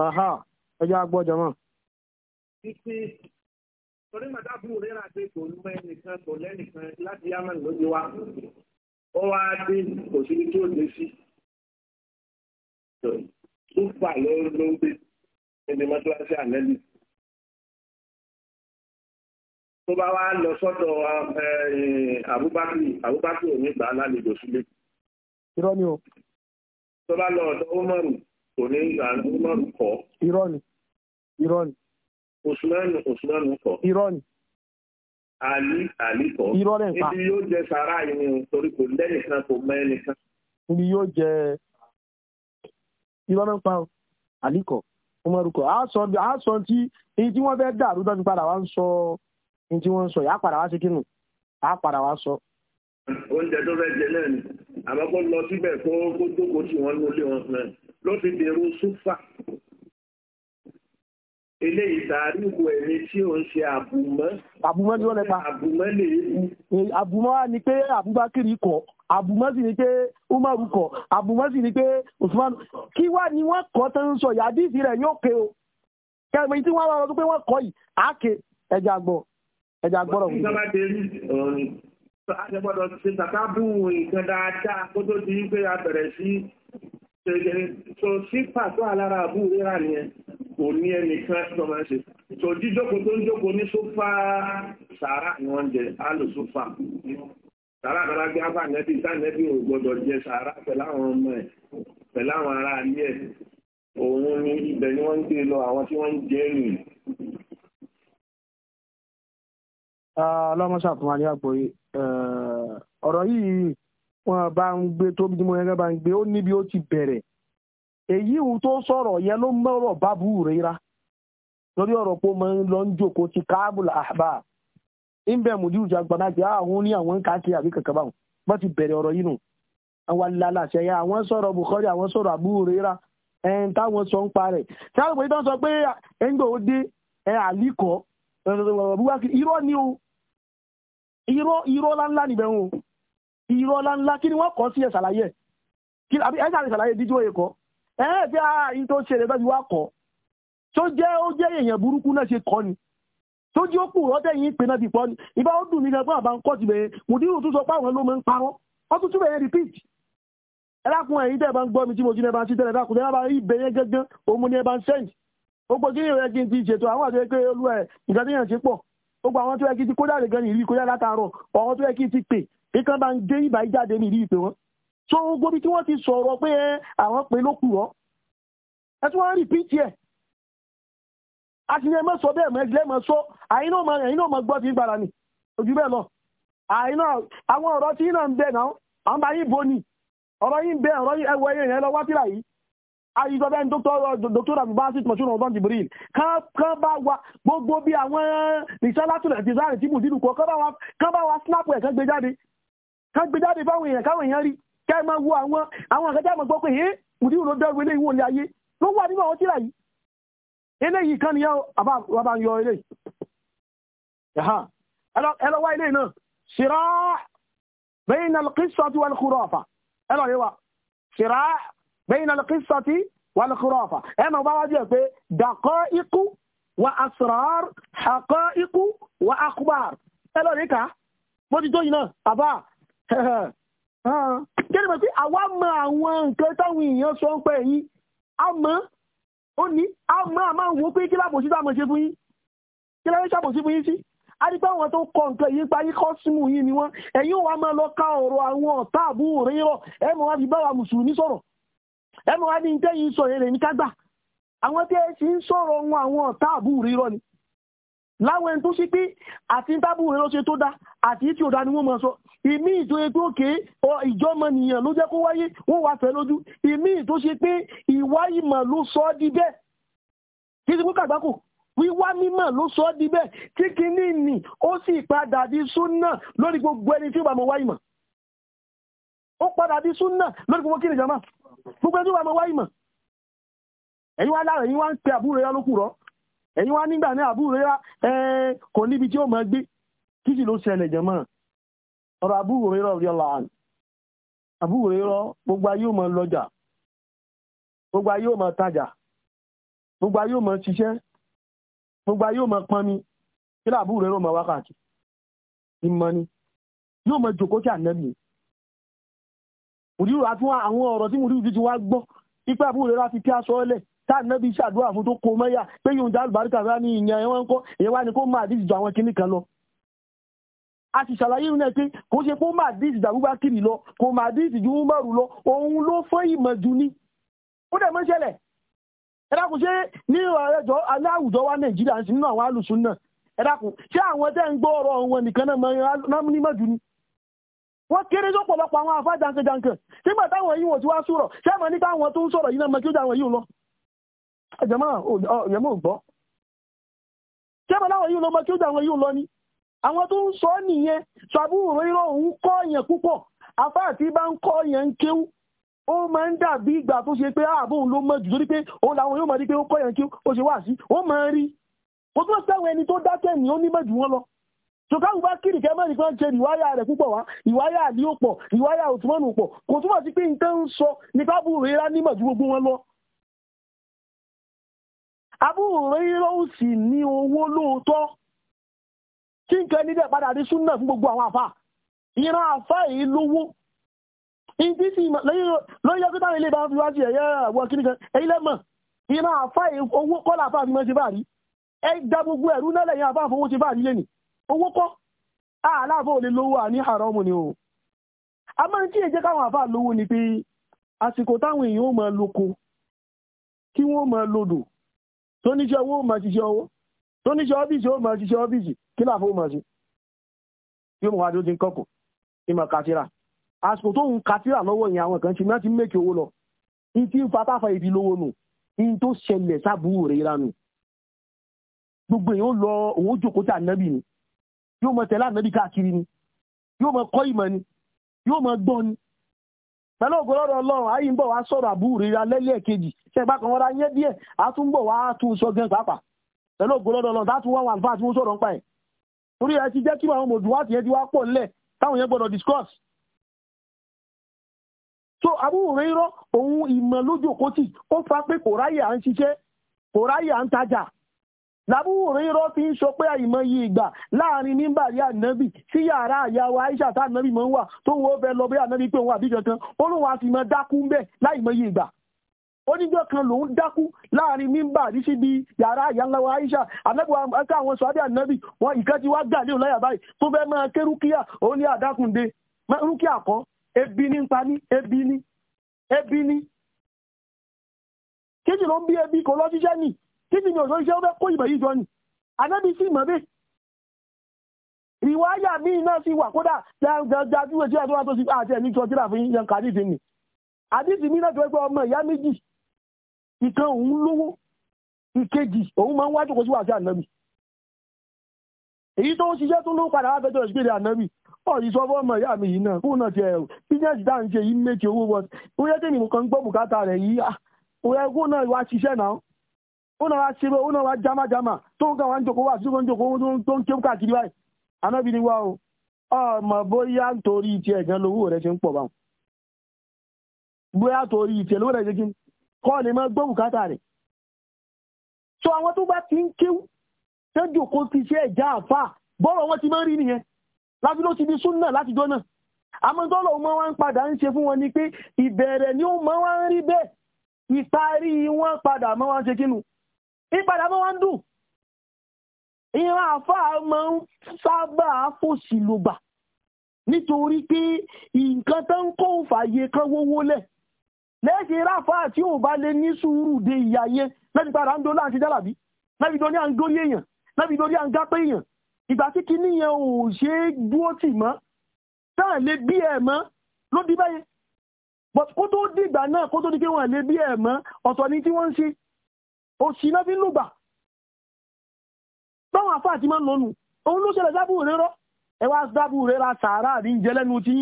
aha ẹ jẹ́ torí fún òré kò kò wa ó wá dé kò tó fà ló ló ń gbé ẹni mọ́tíláṣí ànẹ́lì. tó bá wá lọ sọ́dọ̀ àbúbákì àbúbákì òní gbà á lálejò sílé. irọ́ ni o. tó bá lọ ọ̀dọ̀ ọmọrù òní gbà á kọ́. irọ́ ni irọ́ ni. òṣùmẹ́nu òṣùmẹ́nu kọ́. irọ́ ni. Àlí àlí kọ́. Irọ́ lẹ́ǹpa. Ibi yóò jẹ sàrá yìí ni torí kò lẹ́nìkan kò mọ Ibi yóò jẹ ìwọ́n máa ń pa àlíkọ̀ wọ́n máa rúkọ̀ àásọ tí èyí tí wọ́n fẹ́ dàrú tó ti padà wá ń sọ èyí tí wọ́n ń sọ yìí á padà wá sí kínú á padà wá sọ. oúnjẹ tó fẹ́ jẹ náà ni àmọ́ kó lọ síbẹ̀ kó kó jókòó tí wọ́n lólé wọn fún ẹ ló fi dèrò súfà eléyìí tàríkù ẹni tí ó ń ṣe àbùmọ́ àbùmọ́ ni wọ́n lẹ́pa àbùmọ́ lè é kú àbùmọ́ wa ni pé àbúgbákiri kọ̀ abùmọ́sì ni pé umaru kọ̀ abùmọ́sì ni pé usman kí wá ni wọ́n kọ́ tó ń sọ yìí àdìsí rẹ̀ yóò ké o kẹ́mi tí wọ́n wá lọ pé wọ́n kọ́ yìí àáké ẹja gbọ́ ẹja gbọ́rọ̀ wí. ìjọba ti rí ọ̀run àjẹgbọ́dọ̀ ṣe tàkàbù nǹkan dáadáa kó tó di pé a bẹ̀rẹ̀ sí ṣèjẹrẹ tó sí pàtó alára àbúrò rírà nìyẹn kò ní ẹnìkan tó máa ṣe tó jíjókòó tó ń jókòó ní sófà sàárà ni wọ́n jẹ sàrà kan lágbé ábà nẹ́bí sànẹ́bí ò gbọ́dọ̀ jẹ sàrà pẹ̀lú àwọn ọmọ ẹ̀ pẹ̀lú àwọn ará ayé ẹ̀ òun ni ibẹ̀ ni wọ́n ń gbé lọ àwọn tí wọ́n ń jẹ́ rì. Ah, ọlọ́mọ ṣàfihàn ní àpò eh, ọ̀rọ̀ yìí wọ́n bá ń gbé tóbi tí mo yẹn bá ń gbé ó níbi ó ti bẹ̀rẹ̀ èyí tó sọ̀rọ̀ yẹn ló mọ̀rọ̀ bábú rẹ̀ ra lórí ọ̀rọ̀ pé ó máa ń lọ ń jòkó ti káàbùl àhbáà ńbẹ mùdírù ti agbada pé àwọn ah, ní àwọn ń káàkiri àbí kankan báwọn wọn ti bẹ̀rẹ̀ ọ̀rọ̀ yìí nù àwọn alálàṣẹ yẹn àwọn sọ̀rọ̀ Bukhari àwọn sọ̀rọ̀ Abu Huraira ẹn táwọn sọ ń pa rẹ̀ sáré pé tán sọ pé ah, ẹngbẹ ó dé ẹ àlìkọ irọ́ ni o irọ́ irọ́ láńlá níbẹ̀ wọn irọ́ láńlá kí ni wọ́n kọ́ sí ẹ̀ ṣàlàyé ẹ̀ ṣàlàyé díjú òye kọ́ ẹ̀ ẹ̀ fi àyíntó ṣe rẹ̀ ti wá kọ́ tó jí ó kù rọ́jẹ́ yìí pinna ti pọ́ ni ìbá ó dùn mí gan fún àbá ń kọ́ ti bẹ̀rẹ̀ mùdírù tún sọ páwọn ló máa ń parọ́ ó tún túbẹ̀ yẹn repeat ẹlákùn ẹ̀yìn tẹ́ bá ń gbọ́ mi tí mo jí ní ẹ bá ń sí tẹ́lẹ̀ dákùn tẹ́lẹ̀ bá rí ibẹ̀ yẹn gángan òun ni ẹ bá ń send gbogbo kí ni ìrẹ́jì ti ṣètò àwọn àti ẹgbẹ́ olú ẹ̀ nǹkan tí yẹn ti pọ̀ gbogbo àwọn tó yẹ kí ti kó jáde gan ni ìrí kójá látàárọ̀ ọ̀rọ̀ tó yẹ kí ti pè kíkan bá ń gé ìbá jáde ní ìrí ìpè wọn so gbogbo tí wọ́n ti sọ̀rọ̀ pé àwọn pè ló kù ọ́ ẹ tún wọ́n repeat ẹ̀ a ti lè mọ́ sọ bẹ́ẹ̀ mọ́ ẹgbẹ́ mọ́ sọ àyínà ọmọ ẹ̀yìn ọmọ gbọ́ ti ń gbára ni ojú bẹ́ẹ̀ lọ àyínà àwọn ọ̀rọ̀ tí náà ń bẹ náà àwọn bá yín bo ni ọ̀rọ̀ yín bẹ ọ̀rọ̀ yín ẹwọ ẹyẹ yẹn lọ wá síra yìí àyíjọ bẹ́ẹ̀ dókítà àbúbáṣí mọ̀ṣúnà ọ̀dọ́n jibril kán bá wa gbogbo bí àwọn ìṣálátùlẹ̀ ti láàrin tí mùsùlùmí kọ kán bá wa snap ẹ̀ kán gbé jáde kán gbé jáde fáwọn èèyàn káwọn èèyàn rí kẹ́ máa wo àwọn àwọn àgbẹ̀jáde àmọ́ gbọ́ pé ẹ́ mùsùlùmí ló dẹ́rù ilé ìwọ̀n ilé ayé ló wà nínú àwọn tíra yìí eléyìí kan nìyẹn àbá wọn bá ń yọ eléyìí ẹlọ wá eléyìí náà ṣìrá bayna al-qissati wal-khurafa ẹlọ yẹwà ṣìrá bayna al-qissati wal-khurafa ẹnà bá wájú ẹ pé daqa'iqu wa asrar haqa'iqu wa akhbar ẹlọ yìí ká bó ti tó náà àbá ó ní a máa máa wo pé kí lábòsí tó àmọ̀ ṣe fún yín kí lábẹ́ ṣàbòsí fún yín sí adípẹ́ àwọn tó kọ nǹkan yìí parí kọ́símù yìí ni wọ́n ẹ̀yin ò wá máa lọ ka ọ̀rọ̀ àwọn ọ̀tá àbúrò rẹ̀ rọ̀ ẹ mọ̀ wá fi bá wa mùsùlùmí sọ̀rọ̀ ẹ mọ̀ wá ní tẹ́yìn sọ̀rọ̀ rẹ̀ ní kágbà àwọn tẹ́ ẹ sì ń sọ̀rọ̀ wọn àwọn ọ̀tá àbúrò rẹ̀ rọ̀ ni láwọn ẹni tó sí pé àti tábù rẹ̀ ló ṣe tó dá àti tí ò dá ni wọ́n mọ̀ sọ ìmí ìtò ètò òkè ìjọmọnìyàn ló jẹ́ kó wáyé wọ́n wá fẹ́ lójú ìmí ìtò ṣe pé ìwá ìmọ̀ ló sọ ọ́ di bẹ́ẹ̀ kí ti kú kàgbákò wíwá mímọ̀ ló sọ ọ́ di bẹ́ẹ̀ tí kinní nì ó sì padà di súnà lórí gbogbo ẹni tí ó bá mọ̀ wá ìmọ̀ ó padà di súnà lórí gbogbo kíni jama gbogbo ẹni tí ó bá mọ̀ wá ìmọ̀ ẹ̀yin wá nígbà ní àbúrò rẹ kò níbi tí ó máa gbé kí sì ló ṣẹlẹ̀ jẹ̀mọ́ ọ̀rọ̀ àbúrò rẹ rọ̀ yọ̀ làn àbúrò rẹ rọ̀ gbogbo ayé ò máa lọ́jà gbogbo ayé ò máa tajà gbogbo ayé ò máa ṣiṣẹ́ gbogbo ayé ò máa pọnmi kí làbúrò rẹ rọ̀ wákàtí ìmọ̀ ni yóò máa jòkó sí ànábì mùdírù àti àwọn ọ̀rọ̀ tí mùdírù ti wá gbọ́ ipá àbúrò rẹ láti kí aṣọ ọlẹ̀ táànàbí ṣàdúrà fún tó kó mọ́yà pé yóò já àlùbáríkà rá ní ìyàn ẹ̀wọ̀n ń kọ́ èèyàn wá ní kó máa díjì jọ àwọn kinní kan lọ. a sì ṣàlàyé ìrìn náà pé kò ṣe kó máa díjì jù Abubakar lọ kò máa díjì Umaru lọ òun ló fọ́ ìmọ̀ jù ní. ó dẹ̀ mọ́ ṣẹlẹ̀ ẹ dákun ṣe ní ọ̀rẹ́jọ́ aláwùjọ wa Nàìjíríà ń sin nínú àwọn alùsùn náà ẹ dákun ṣé àwọn tẹ́ ń gbọ́ ọ̀rọ̀ wọn nìkan náà mọ́ jù ní wọ́n kéré lọ́pọ̀lọpọ̀ àwọn àfáà jankan jankan nígbà táwọn yìí wọ́n ti wá sọ̀rọ̀ ṣé àmọ́ nípa àwọn tó ń sọ̀rọ̀ yìí náà mọ́ kí ó dá àwọn yìí lọ àjẹmọ́ òyẹ̀mọ́ ògbọ́ jẹ́mọ́ láwọn yìí ló mọ́ kí ó jàwọn yìí lọ ní àwọn tó ń sọ nìyẹn sàbúrò irọ́ òun kọ́ yẹn púpọ̀ afá àti bá ń kọ́ yẹn ń kéwú ó máa ń dàbí ìgbà tó ṣe pé ààbò òun ló mọ̀ jù torí pé òun làwọn yóò mọ̀ ní pé ó kọ́ yẹn kéwú ó ṣe wá sí ó máa rí kó tó sẹ́wọ̀n ẹni tó dákẹ́ ni ó ní mọ̀ jù lọ sọ̀káwù bá kiri kẹ́mẹ́rin kan ṣe ìwáyà rẹ̀ púpọ̀ wá ìwáyà àdí pọ̀ ìwáyà òtúmọ̀nù pọ̀ kò túmọ̀ sí pé nǹkan ń sọ ní fábùrù ìrá nímọ̀ ju gbogbo wọn lọ abúrúrẹ́ ó sì ní owó lóòótọ́ kí n kẹ́ nílẹ̀ padà rí súnà fún gbogbo àwọn àfà ìran àfà yìí lówó ìdí sí lóyún ọdún táwọn ilé bá fi wá sí ẹ̀yẹ àwọn kí nìkan èyí lẹ́mọ̀ ìran àfà yìí owó kọ́ làfà fi mọ́ sí bá rí ẹ da gbogbo ẹ̀rú náà lẹ́yìn àfà fowó sí bá lẹ́nì owó kọ́ àlàfà ò lè lówó àní haramu o a máa ń tí èjẹ́ káwọn àfà lówó ni pé àsìkò táwọn èèyàn ó máa loko kí wọ́n máa lodò tó níṣẹ́ owó ò máa ṣiṣẹ́ owó tó níṣẹ́ ọ́fíìsì ò máa ṣiṣẹ́ ọ́fíìsì kí láàfó máa ṣe yóò mọ̀ wá dúró ti ń kọ́kọ̀ ní mọ̀ kátírà àsìkò tó ń kátírà lọ́wọ́ ìyẹn àwọn kan ti mẹ́tí mẹ́kì owó lọ ní tí ń fatáfa ìdí lówó nù ní tó ṣẹlẹ̀ sábúrò rẹ̀ lánàá gbogbo èèyàn lọ òun jòkó tà nábì ni yóò mọ tẹ̀lé ànábì káàkiri ni yóò mọ kọ́ ìmọ̀ ni yóò mọ gbọ́ ni pẹ̀lú ògbólọ́rọ̀ ọlọ́run ayé ń bọ̀ wá sọ̀rọ̀ àbúrírà lẹ́lẹ́ kejì ṣẹ̀gbá kan wọ́n ra yé díẹ̀ á tún bọ̀ wá tún sọ gan pàápàá pẹ̀lú ògbólọ́rọ̀ ọlọ́run dátún wọ́n wà nípa tí wọ́n sọ̀rọ̀ ẹ̀ torí ẹ so àbúrò irọ́ òun ìmọ̀ lójú òkótì ó fa pé kò ráyè à lábúrò irọ́ fi ń sọ pé àìmọye ìgbà láàrin mímbàrí ànábì sí yàrá àyàwó aisha tá ànábì mọ́ ń wà tó wọ́n fẹ́ lọ bí ànábì pé òun àbíjọ kan olóhùn a sì mọ dákú ń bẹ̀ láìmọye ìgbà oníjọ́ kan lòun dákú láàrin mímbàrí síbi yàrá àyàwó aisha ànábì ká àwọn sọ abẹ́ ànábì wọn ìkan ti wá gbà léò láyà báyìí tó fẹ́ máa ké rúkìá òun ní àdákùnde rúkìá ebi ní pa ní ebi kíkì ni òjò iṣẹ́ ó fẹ́ kó ìmọ̀ yìí jọ ni anábì sí ìmọ̀ bẹ́ẹ̀ ìwáyà míì náà sì wà kódà jajúwe tí wàá tó sì àti ẹ̀mí jọ tíra fún yan kàdíìsì ni àdíìsì míì náà tó gbé ọmọ ìyá méjì ìkan òun lówó ìkejì òun máa ń wájú kó sí wàásù ànábì èyí tó ń ṣiṣẹ́ tó ló padà wá fẹjọ́ ìṣèkéde ànábì ọ̀rí sọ fún ọmọ ìyá mi yìí náà kóun náà ti ẹ̀rù bíjẹ́sì dáhùn ṣe yìí méje owó wọ́n ó yẹ kí ènìyàn gbọ́ bùkátà rẹ̀ yìí ah, ó yẹ kóun náà wá ṣiṣẹ́ náà ọ̀nà wa ṣe ọ̀nà wa jámájámá tó ń kà wá ń jòkó wá síkò ń jòkó tó ń kéwù káàkiri báyìí anábì ni wá o ọmọ bóyá nítorí tiẹ̀ gan lówó rẹ̀ ṣe ń pọ̀ báwọn bóyá torí tiẹ̀ lówó rẹ̀ ṣe kí kọ́ lè mọ gbọ́ bùkátà rẹ̀ so àwọn tó bá ti ń kéwù tó jòkó ti ṣe ẹ̀já àfà bọ́rọ̀ wọn ti máa ń rí nìyẹn láti ló ti di súnà látijọ́ náà àmọ́ tọ́lọ̀ wọn wá ń padà ń ṣe fún wọn ni pé ìbẹ̀rẹ̀ ni ó máa ń rí bẹ́ẹ̀ ìparí wọn padà máa ń ṣe kínú ìpadà mọ́ wọ́n ń dùn ìran àfáà máa ń sábà fòṣì lùgbà nítorí pé nǹkan tó ń kó fàyè kan wówó lẹ̀ lẹ́sìn ráfáà tí ò bá lè ní sùúrù de ìyá yẹn lẹ́sìn padà ń do láti jálàbí lẹ́bi dorí à ń gorí èèyàn lẹ́bi dorí à ń gápé èèyàn ìgbà tí kinní yẹn ò ṣe é dúró tì mọ́ táà lè bí ẹ̀ mọ́ ló di báyẹn but kó tó dìgbà náà kó tó di pé wọ́n lè bí ẹ̀ mọ́ ọ̀tọ̀ ni tí wọ́n ń ṣe òsì náà fi ń lùgbà báwọn afá àti máa ń lọ́nu òun ló ṣẹlẹ̀ sábù rẹ́rọ́ ẹ wá sábù nje sàárà àbí ń jẹ lẹ́nu tí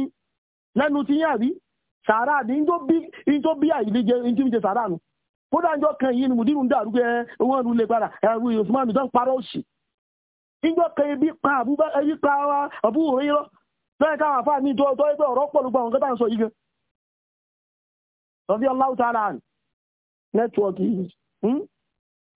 lẹ́nu tí yín àbí sàárà àbí ń tó bí ń ń tí kan yìí ni mùdírù ń dàrú owó ẹrù lè padà ẹrù Usman tó ń parọ́ òsì kan ibi pa àbúbá káwọn ẹgbẹ́ ọ̀rọ̀ pọ̀ àwọn kẹta ń sọ yìí gan.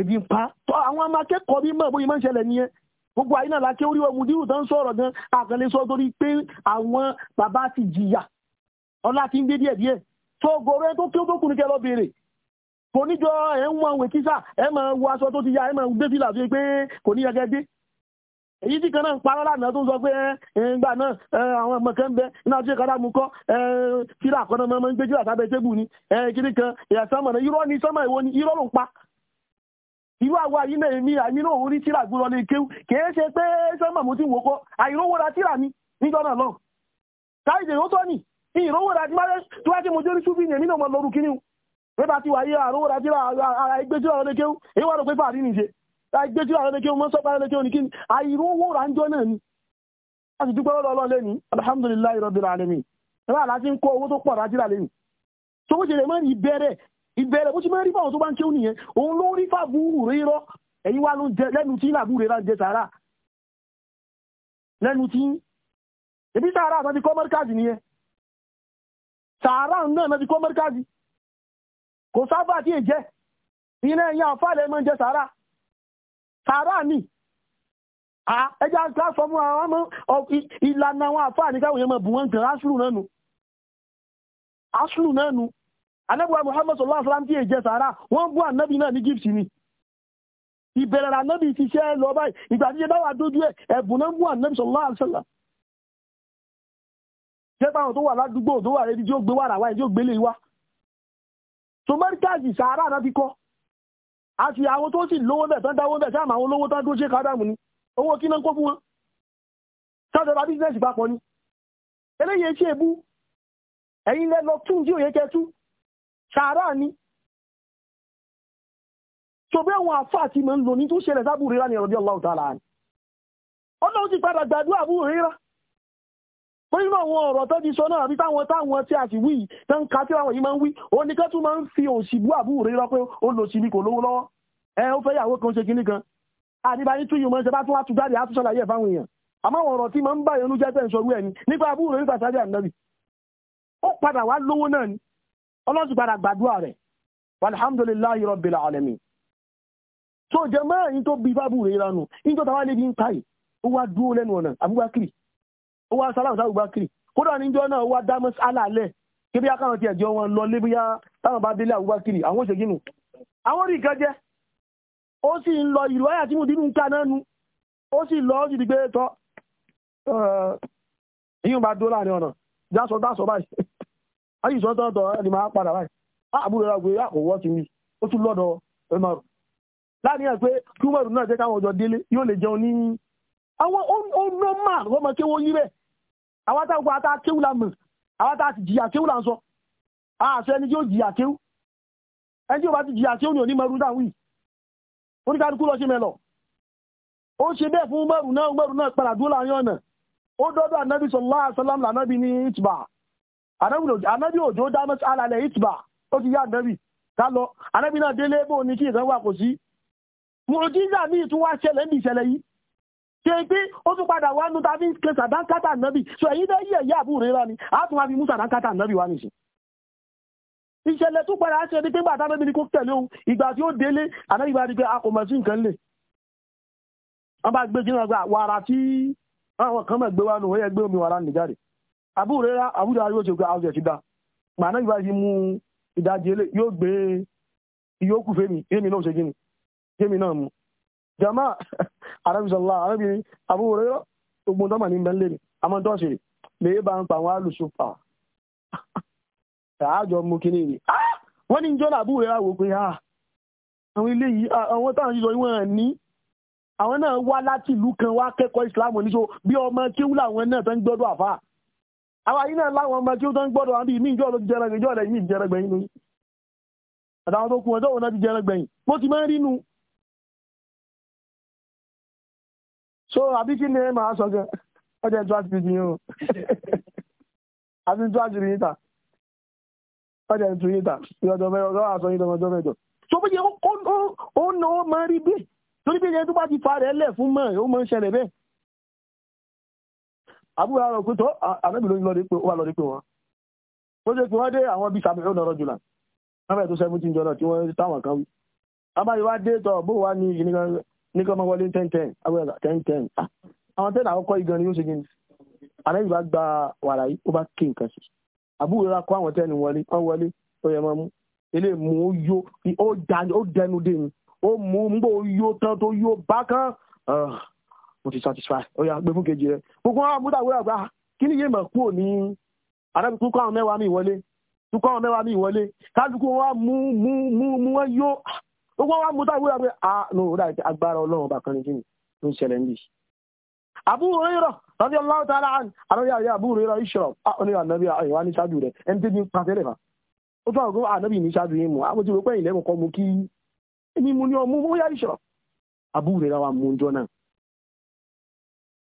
ebi ń pa tọ́ àwọn ọmọ akẹ́kọ̀ọ́ bí mọ̀ bóyá máa ń ṣẹlẹ̀ nìyẹn gbogbo àyínà làkẹ́ orí ọmọ díhù tó ń sọ̀rọ̀ gan àkànlé sọ torí pé àwọn bàbá ti jìyà ọlá ti ń dé díẹ̀ díẹ̀ tó gòrè tó kí ó tó kùnú kẹ́ lọ béèrè kò níjọ ẹ̀ ń wọn òwe kísà ẹ̀ máa wọ aṣọ tó ti ya ẹ̀ máa gbé fìlà fi pé kò ní yẹgẹ́ èyí tí kan náà ń parọ́ lánàá tó ń sọ pé ńgbà náà àwọn ọmọ kan ń bẹ iná tí kan mú kọ́ tíra àkọ́nà máa ń gbé tíra sábẹ́ tébù ni kan ìyàsọ́mọ̀ náà irọ́ ni sọ́mọ̀ ìwo ni irọ́ ló ń pa irú àwa yìí náà èmi àmì náà orí tíra gbúrọ lè kéwú kìí ṣe pé sọ́mà mo ti wò kọ́ àìrówó ra tíra mi níjọ́ náà lọ káyìdè ó tọ́ nì ìrówó ra tíwájú tíwájú mo jẹ́rí ṣúbí ní èmi náà mo lọ́rù kíní pépà ti wà yí àrówó ra tíra àìgbé tíra lọ́lé kéwú èyí wà ló pépà rí nìṣe àìgbé tíra lọ́lé kéwú mọ́ sọ́pá lọ́lé kéwú ní kíní àìrówó ra ń jọ náà ni a sì dúpẹ́ lọ́lọ́ lẹ́ni alhamdulillahi rabbil alamin ẹ̀rọ àlá ti ń kó owó tó pọ̀ rájìlá lẹ́yìn tó ó ṣe lè mọ́ ìbẹ̀rẹ̀ ìbẹ̀rẹ̀ bó ṣe máa rí fáwọn tó bá ń kéwù nìyẹn òun ló rí fàbúrú rírọ́ ẹ̀yin wá ló ń jẹ lẹ́nu tí làbú rẹ̀ ń jẹ sàárà lẹ́nu tí ebi sàárà àti kọ́ mọ́ríkàzì nìyẹn sàárà náà náà ti kọ́ mọ́ríkàzì kò sábà tí èjẹ́ iná ẹ̀yìn àfàlẹ́ máa ń jẹ sàárà sàárà ni ẹjẹ́ àgbà fọmú àwọn ọmọ ìlànà àwọn àfàlẹ́ káwọn yẹn máa bù wọn gan asùlù náà nù asùlù náà nù anábíwá muhammad sallallahu alaihi wasallam tí èjẹ sàárà wọ́n bú ànábì náà ní gift ni ìbẹ̀rẹ̀ ànábì ti ṣẹ́ lọ báyìí ìgbà tí ìjẹba wà dójú ẹ̀ ẹ̀bùn náà bú ànábì sallallahu alaihi wasallam jẹ́ báwọn tó wà ládùúgbò tó wà rẹ́dí tí ó gbé wàrà wáyé tí ó gbélé wá so mẹ́ríkàsì sàárà náà ti kọ́ àti àwọn tó sì lówó bẹ̀ tán dáwó bẹ̀ tí àmà àwọn olówó tán tó ṣe kádàmù ni owó kí náà kó fún wọn sájọba bísínẹ́sì papọ̀ ni eléyìí ṣe èbú ẹ̀yin lẹ́lọ tún tí òye kẹtú sàárà ni ṣòbẹ́ àwọn àfáà ti mọ̀ ń lò ní tó ṣẹlẹ̀ sábù rírà ní ọ̀rọ̀dí ọlọ́wọ́ tààlà ni ọlọ́run ti padà gbàdúrà bú rírà pé nínú àwọn ọ̀rọ̀ tó ti sọ náà àbí táwọn táwọn tí a sì wí tó ń ka tí àwọn yìí máa ń wí oníkan tún máa ń fi òsì bú àbú rírà pé ó lò sí ni kò lówó lọ́wọ́ ẹ ó fẹ́ yàwó kan ṣe kinní kan àdìbá ní túyìí mọ́ ṣe bá tún wá jáde á tún ṣàlàyé èèyàn àmọ́ àwọn ọ̀rọ̀ tí máa ń báyọ̀ nú jẹ́ pẹ́ ìṣòro ẹ̀ ni nípa àbúrò nípa sájà nàbì ó padà wá lówó náà ni ọlọ́sùn padà gbàdúrà rẹ̀ alhamdulillahi rabbil alamin so jẹmọ́ yìí tó bí bábù rẹ̀ ìranù yìí tó tàwà lè bí ń káyì ó wá dúró lẹ́nu ọ̀nà abúgbákiri ó wá sálámù sáà abúgbákiri kódà níjọ́ náà ó wá dá mọ́sálà lẹ̀ kí bí akáwọn ti ẹ̀jọ́ wọn lọ lébíyá táwọn bá délé abúgbákiri àwọn òṣèlú nù àwọn rí ìkan jẹ ó sì ń lọ ìlú ayà tí mo dínú ń ká náà nu ó sì lọ ó sì di gbé tọ́ yíyún bá dó láàrin ọ̀nà jásọ dásọ báyìí àyíṣọ́ tọ́tọ̀ ẹni máa padà wáyé àbúrò rẹ̀ gbé àkọ́wọ́ ti mi ó tún lọ́dọ̀ Umaru láàrin ẹ̀ pé kí Umaru náà jẹ́ káwọn ọjọ́ délé yóò lè jẹun ní àwọn onọ́mà wọ́n mọ kéwọ́ yí bẹ́ẹ̀ àwọn táwọn pa àtà kéwù làmù àwọn táà ti jìyà kéwù là ń sọ àṣẹ ẹni tí ó jìyà kéwù ẹni tí ó bá ti jìyà kéwù ni ò ní mọ rúdà wì oníkálukú lọ ṣe mẹ́lọ ó ṣe bẹ́ẹ̀ fún Umaru náà Umaru náà padà anábì òjò dá mọ́sí alalẹ̀ ìtìbà ó ti yá anábì ká lọ anábì náà délé bó ní kí ìkan wà kò sí. mùjíza mi tún wá ṣẹlẹ̀ ní ìṣẹ̀lẹ̀ yìí ṣe pé ó tún padà wá nu ta fi ń pe sàdánkátà anábì sọ èyí dẹ́ yẹ̀ yá àbúrò rẹ̀ ni a tún wá fi mú sàdánkátà anábì wá nìṣẹ́. ìṣẹ̀lẹ̀ tún padà ṣe ni pé gbàtà anábì ni kò tẹ̀lé òun ìgbà tí ó délé anábì bá rí pé a kò mọ̀ sí nǹkan lè. wọ́n bá gbé jìnnà gba wàrà tí àwọn kan mọ̀ gbé wá nù ó yẹ gbé omi wàrà nìjáde àbúrò rẹ àbúrò ariwo ti gba àwọn ẹ̀sìn dá màánà ìgbà yìí mú ìdajì ilé yóò gbé ìyókù fèmí èmi náà ṣe gíní èmi náà mú jama arábìsọ̀lá arábìnrin àbúrò rẹ ogun tó mà ní bẹ́ńlẹ̀ ni àmọ́ tó ṣe lè bá ń pa àwọn alùsùpà àjọ mú kíní ni ah! wọ́n ní jọ́nà àbúrò rẹ wò pé ah, àwọn ilé yìí ah, àwọn táwọn ṣiṣọ́ ìwọ̀n ní àwọn náà wá láti ìlú kan wá kẹ́kọ̀ọ́ àwọn yìí náà láwọn ọmọ tí ó tán gbọ́dọ̀ àbí mí ìjọ́ ló ti jẹrẹ ìjọ́ rẹ̀ yìí jẹrẹ gbẹ̀yìn lórí àtàwọn tó kún ọjọ́ òun náà ti jẹrẹ gbẹ̀yìn bó ti máa ń rínú so àbí kí ni ẹ máa sọ gan ọjọ́ ìjọ àti ìjì yìí o àti ìjọ àti ìrìn ó náà rí bẹ́ẹ̀ torí bí ẹni ó máa ń ṣẹlẹ̀ àbúrò àwọn òkútọ́ ànábì ló wà lọ́dí pé wọn tó jẹ́ pé wọ́n dé àwọn bíi sàmìlẹ́ ọ̀nà rọ́jùlá lábẹ́ tó sẹ́fún tíjọ náà tí wọ́n táwọn kan wí abáyé wá dé tọ̀ bó wá ní nìkan máa wọlé ten ten agbẹ́gbẹ́ ten ten ah, àwọn ten àkọ́kọ́ igan ni yóò ṣe gini ànábì bá gba wàrà yìí ó bá ké nǹkan sí àbúrò ra kó àwọn ten wọlé wọ́n wọlé ó yẹ máa mú ilé mú ó yó ó dẹnu dé ni ó mú ń gbó yó tán tó yó bákan ah mo ti satisfy ó yà gbé fún kejì rẹ gbogbo àwọn amúdàwé àgbà kí ni yé mọ̀ kúrò ní arábì tún kọ́ àwọn mẹ́wàá mi ìwọlé tún kọ́ àwọn mẹ́wàá mi ìwọlé kálukú wa mú mú mú mú wọn yó gbogbo àwọn amúdàwé àgbà à nù ó dàbí agbára ọlọ́run ọba kan ní kí ni ló ń ṣẹlẹ̀ níbi. Abu Hurairah radiyallahu ta'ala an àwọn yàrá Abu Hurairah ìṣòro ọ̀nà ànábì àyẹ̀wò ní ṣáájú rẹ̀ ẹni tó ti ń pàṣẹ lẹ́fà ó fà ọgọ́ ànábì ní ṣáájú yẹn mu àwọn tí wọ́n pẹ́yìn lẹ́mọ̀kọ́ mu kí ẹni mu ní ọmú ó yá ìṣòro Abu Hurairah wa mú jọ náà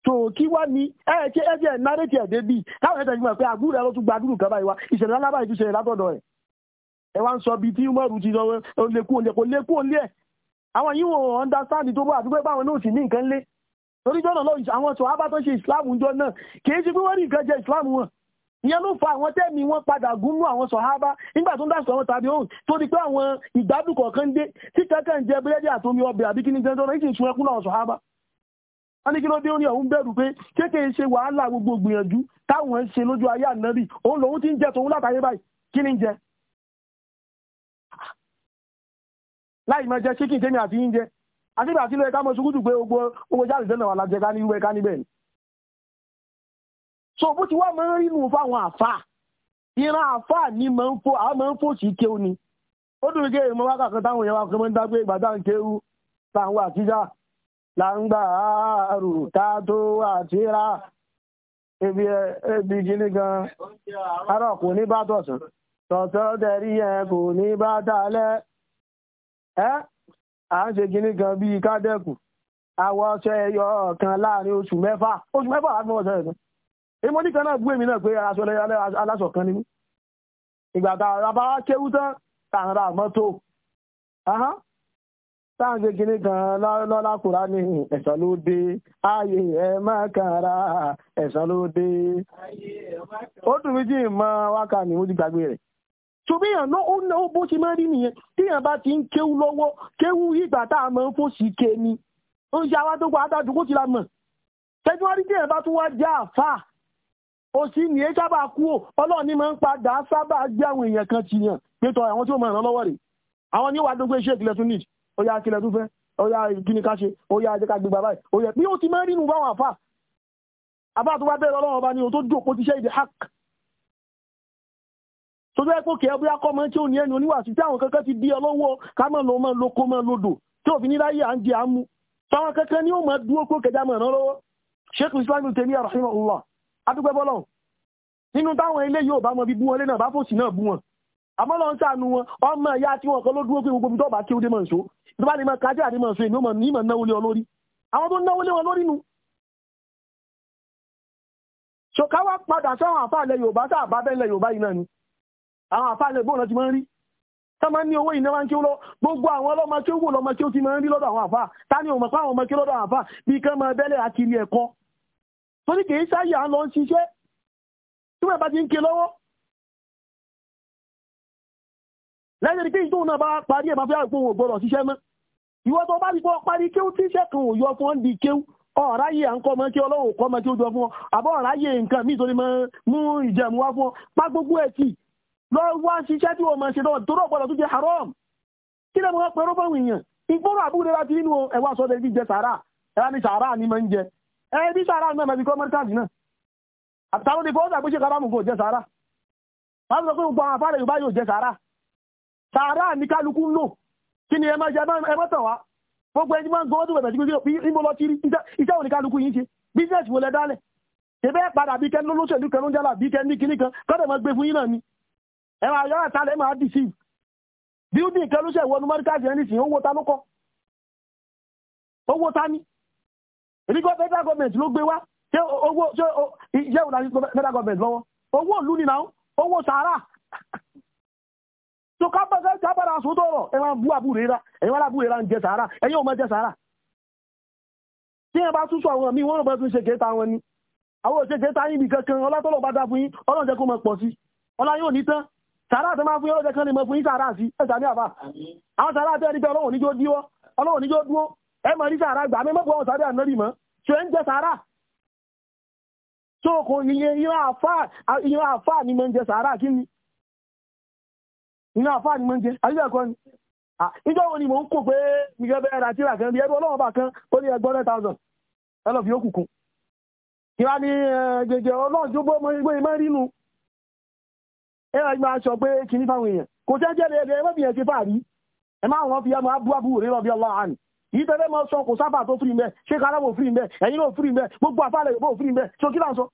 tó kí wá ní ẹ̀ẹ́kẹ́ ẹ̀ẹ́kẹ́ nárétì ẹ̀dẹ́ bíi káwọn ẹ̀ẹ́dẹ́ gbìmọ̀ pé àbúrò ẹ̀rọ tún gbàdúrù kan báyìí wá ìṣẹ̀lẹ̀ alábàáyé tún ṣẹlẹ̀ látọ̀dọ̀ ẹ̀ ẹ̀ wá ń sọ bíi tí umaru ti sọ lékú òǹlẹ̀ kò lékú òǹlẹ̀ ẹ̀ àwọn yìí wọn understand tó bọ́ àdúgbò báwọn náà sì ní nǹkan lé torí jọ́nà lọ àwọn sọ abá tó ṣe islam jọ náà kì í ṣe pé wọ́n rí nǹkan jẹ islam wọn ìyẹn ló fa àwọn tẹ́ẹ̀mí wọn padà gúnmú àwọn sọ̀hábà nígbà tó ń dàsọ̀ àwọn tàbí òun tó di pé àwọn ìgbádùn kọ̀ọ̀kan dé tí kankan jẹ búrẹ́dì àtomi ọbẹ̀ àbí kíní jẹ́ tó náà ìsìn ìṣúná kún àwọn sọ̀hábà wọ́n ní kí ló dé orí ọ̀hún bẹ̀rù pé kéèké ṣe wàhálà gbogbo gbìyànjú táwọn ń ṣe lójú ayé ànábì òun lòun ti ń jẹ tòun látàyè báyìí kí ni ń jẹ. láì máa jẹ chicken tèmi àti yín àti ìgbà tí lóye ká mọ sukúdù pé gbogbo owó jáde sẹ́nà wà lájẹ ká ní ìwé ká níbẹ̀ so bó ti wá máa ń rí nù fáwọn àfà ìran àfà ni máa ń fò àwọn máa ń fò sí kéwù ni ó dùn kí èèmọ wákàtí táwọn na àrù tá tó àtírà ebi jíní gan arọ̀ kò ní bá tọ̀sán Tọ̀tọ̀ tẹ̀rí ẹ kò ní bá tààlẹ́ à ń ṣe gan bi kádẹ́kù àwọ̀ ọṣẹ yọ kan láàrin oṣù mẹ́fà oṣù mẹ́fà kan náà mi náà pé kan ni táwọn ṣe kinní kan lọ́lá Kùránì ẹ̀san ló dé ayé ẹ̀ máa kára ẹ̀san ló dé. ó dùn mí jí ìmọ̀ wákà ní mo ti gbàgbé rẹ̀ tòbíyàn náà ó náwó bó ṣe máa rí nìyẹn tíyàn bá ti ń kéwú lọ́wọ́ kéwú ìgbà tá a máa ń fòsì ké ni ó ń ṣe àwa tó adájú kó ti la mọ̀ tẹ́jú wá rí tíyàn bá tún wá jẹ́ àfà òsì nìyẹn sábà kú ò ọlọ́run máa ń padà sábà gbé àwọn èèyàn kan ti yàn pétọ àwọn tí ó máa ràn lọ́wọ́ rè àwọn ní wàá dógbé iṣẹ́ tún nìyí ó yá kílẹ̀ tó fẹ́ ó yá kí ni ká ṣe ó yá ẹjẹ́ ká gbé bàbá yìí ó yẹ bí ó ti máa ń rínú báwọn àfà àbá tó bá bẹ́ẹ̀ lọ́wọ́ ọba ni o tó jòkó ti ṣe ìdí hack tó bẹ́ẹ̀ pò kẹ́ bóyá kọ́ mọ́ tí ò ní ẹni oníwàsí tí àwọn kankan ti di ọlọ́wọ́ ká mọ̀ lọ́ mọ́ lóko mọ́ lodò tí òfin níláyé à ń jẹ àmú táwọn kankan ni ó mọ̀ dúró pò kẹjá mọ̀ rán lọ́wọ́ sheikh islam ibn taymiyyah rahimahullah adúgbẹ́bọ́lọ́ nínú táwọn ilé yóò bá mọ bí bú wọn lé náà bá fòsì náà bú wọn àmọ́ lọ́n sànù wọn ọmọ ìyá tí wọn kan ló dúró pé gbogbo tó bá kí ó dé mọ̀ nsó tó bá ní mọ̀ kájà ní mọ̀ nsó èmi mọ̀ ní mọ̀ náwó lé wọn lórí àwọn tó náwó lé wọn lórí nu. so ká wá padà sáwọn àfáàlẹ Yorùbá sáà bá bẹ́ẹ̀ lẹ Yorùbá yìí náà ni àwọn àfáàlẹ gbọ́n ti máa ń rí tá máa ń ní owó ìnáwó ń kí ó lọ gbogbo àwọn ọlọ́mọ kí ó wò lọ́mọ kí ó ti máa ń rí lọ́dọ̀ àwọn àfáà ta ni òun mọ̀ pé àwọn ọmọ kí lọ́dọ̀ àwọn àfáà bí kán máa bẹ́lẹ̀ àkiri ẹ̀kọ́ torí kì í sáyà lọ ń ṣiṣẹ́ tí wọ́n bá ti ń ké lọ́wọ́ lẹ́yìn rí kí ìjọ náà bá parí ẹ̀ máa fi àgbò òun gbọ́dọ̀ ṣiṣẹ́ mọ́ ìwọ tó bá ti bọ́ parí kéwú tí iṣẹ́ kan ò yọ fún ọ́n di kéwú ọ̀rá yìí à ń kọ́ ọmọ kí ọlọ́run kọ́ ọmọ kí ó jọ fún ọ àbọ̀ ọ̀rá yìí nǹkan míì torí mú ìjẹ̀mú wá fún ọ pa gbogbo ẹ̀ tì lọ wá ṣiṣẹ́ tí o mọ̀ ṣe náà torí ọ̀pọ̀lọ̀ tó jẹ́ haram kí lẹ́mọ̀ pé rọ́bọ̀ ni sàárà ni máa ń jẹ ẹbí sàárà náà mẹ́bí kọ́ mẹ́ríkàdì náà àtàwọn ìfọwọ́sà pé ṣe kárámù kò jẹ sàárà wọ́n sọ pé gbọ́n sàárà ní kálukú ń lò kí ni ẹ máa jẹ ẹ máa tàn wá gbogbo ẹni máa ń gbọ́dọ̀ bẹ̀rẹ̀ sí pé ìmọ̀ lọ kiri iṣẹ́ òní kálukú yìí ṣe bísíǹsì wo lẹ dálẹ̀ ṣẹbẹ́ padà bí kẹ́ni lólóṣèlú kan ló ń jálà bí kẹ́ni kìíní kan kọ́dọ̀ máa gbé fún yín náà ni ẹ̀rọ ayọ́rọ̀ àtàlẹ̀ máa dì sí bíúdì kan ló ṣe ìwọ́nu mọ́ríkàsì ẹni sì owó ta ló kọ́ owó ta ni èmi gbọ́ federal government ló gbé wá ṣé owó ṣé ìjẹ́ òun federal government lọ́wọ́ owó ìlú ni náà owó sàárà tó kápẹ́sẹ̀ jábára sódọ̀rọ̀ ẹ máa bú àbúrera ẹ̀yin wàlá àbúrera ń jẹ sàárà ẹ̀yin ò máa jẹ sàárà tí ẹ bá túnṣọ àwọn míì wọ́n lọ́ bá tún ṣe kéta wọn ni àwọn òṣèṣe ta yín ibì kankan ọlátọ́lọ́ bá dá fún yín ọlọ́run jẹ́ kó máa pọ̀ sí ọlá yóò ní tán sàárà tó máa fún yín ọlọ́jẹ́ kan lè mọ fún yín sàárà sí ẹ sàmì àbá àwọn sàárà tẹ́ ẹni pé ọlọ́run níjó díwọ́ ọlọ́run níjó dúó ẹ mọ̀ ní sàárà gbà mí mọ́pọ̀ sàárà ànárì mọ́ ṣe ń jẹ sàárà tó kò ìyẹn àfà ni mo ń jẹ sàárà kí ni iná àfáà ni mo ń jẹ àyíká ẹ̀kọ́ ni ìjọ wo ni mò ń kó pé mi fẹ́ bẹ́ẹ̀ ra tíra kan bí ẹbí ọlọ́wọ́ bá kan ó ní ẹgbọ́n nine thousand ẹ lọ fi yókù kún ìwà ni gègé ọlọ́run tó bó ọmọ ìgbé ìmọ̀ rínú ẹ rà gba aṣọ pé kìíní fáwọn èèyàn kò tẹ́ jẹ́ lẹ́ẹ̀dẹ́ ẹ mọ́bìyàn ti fàárí ẹ máa wọn fi ẹmọ abú abú rírọ bí ọlọ́run àná yìí tẹ́lẹ̀ mọ́ sọ kò sáfà tó fìrí mbẹ́ ṣé karamọ́ fìrí mbẹ́ ẹ̀yin náà fìrí mbẹ́ gbogbo àfàlẹ̀ yòókù fìrí mbẹ́ so kí láǹsọ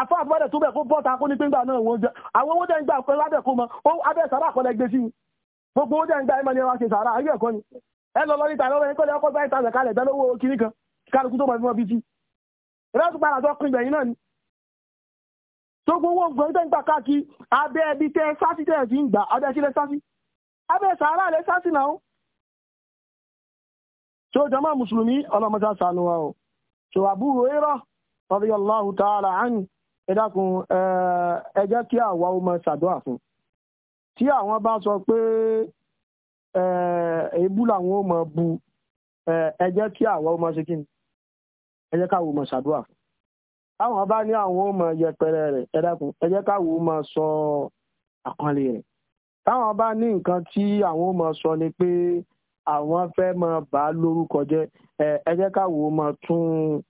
afọ́ àbúrẹ́dẹ̀ tó bẹ̀ kó bọ́ta kó ní pé ń gbà náà wọ́n jẹ́ àwọn owó jẹ́ ń gbà pẹ́ lábẹ́ kó mọ abẹ́ sàrà àkọlẹ̀ gbé sí gbogbo owó jẹ́ ń gbà ẹ̀mọ́ ni wọ́n ṣe sàrà ayé ẹ̀kọ́ ni ẹ lọ lọ́rí ìtàlọ́wọ́ ẹni kọ́lẹ̀ ọkọ̀ bá ìtàlẹ̀ kalẹ̀ bẹ́ lówó kiri kan kálukú tó mọ̀ fún ọbí sí ìrẹ́sù padà tó pin gbẹ̀yìn náà ni tó gbowó gbọ́n tẹ́ ń gbà káàkiri abẹ́ ẹbí tẹ́ sásì tẹ́ ti ń gbà abẹ́ sílẹ̀ sásì abẹ́ sàrà lẹ́ sásì náà tó jọmọ́ mùsùlùmí ọlọ́mọdé sànù wa o tó àbúrò ẹ̀rọ radiyallahu ta'ala anhu ẹ dákun ẹ jẹ́ kí àwa ó máa ṣàdúrà fún tí àwọn bá sọ pé èébú làwọn ó máa bu ẹ jẹ́ kí àwa ó máa ṣe kí ni ẹ jẹ́ káwọn máa ṣàdúrà fún táwọn bá ní àwọn ó máa yẹpẹrẹ rẹ̀ ẹ dákun ẹ jẹ́ sọ rẹ táwọn bá ní nǹkan tí àwọn ó máa sọ ni pé àwọn fẹ́ máa ba lórúkọ jẹ́ ẹ jẹ́ káwọn máa tún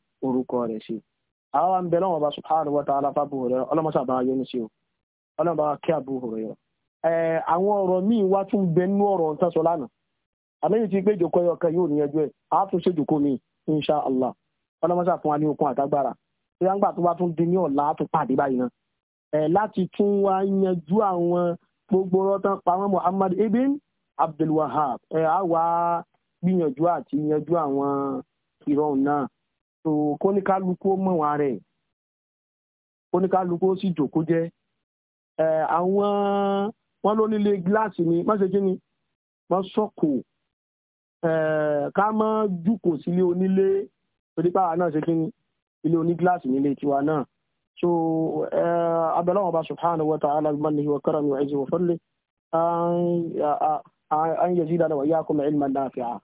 àwọn ń bẹ lọ́wọ́ ọba subhanahu wa ta'ala fábù rẹ̀ ọlọ́mọṣà bá yọ ní sí o ọlọ́mọba kí àbú rẹ̀ yọ. àwọn ọ̀rọ̀ míì wá tún bẹ nínú ọ̀rọ̀ ń tẹ́sọ lánàá àmẹ́yìn tí pé jòkó ẹyọ kan yóò níyanjú ẹ̀ á tún ṣe jòkó mi insha allah ọlọ́mọṣà fún wa ní okun àtagbára bóyá ńgbà tó bá tún di ní ọ̀la á tún pàdé báyìí náà láti tún wá yanjú àwọn gbogbo rọ́tán pàmò Muhammad ibn Abdul Wahab àwa gbìyànjú àti yanjú àwọn ìrọ̀rùn náà so kóníkálukú mọ̀ wọn rẹ̀ kóníkálukú sì jòkó jẹ́ ẹ àwọn wọn ló nílé gíláàsì ni má ṣe kí ni wọn sọ̀kò ẹ ká má jùkọ̀ sílé onílé torí náà ṣe kí ni ilé oní gíláàsì nílé tiwa náà so ẹ abẹ́lẹ́ wọn bá subhanahu wa ta'ala mannihi wa karami wa izi wa fadli an yazidana wa iyyakum ilman nafi'a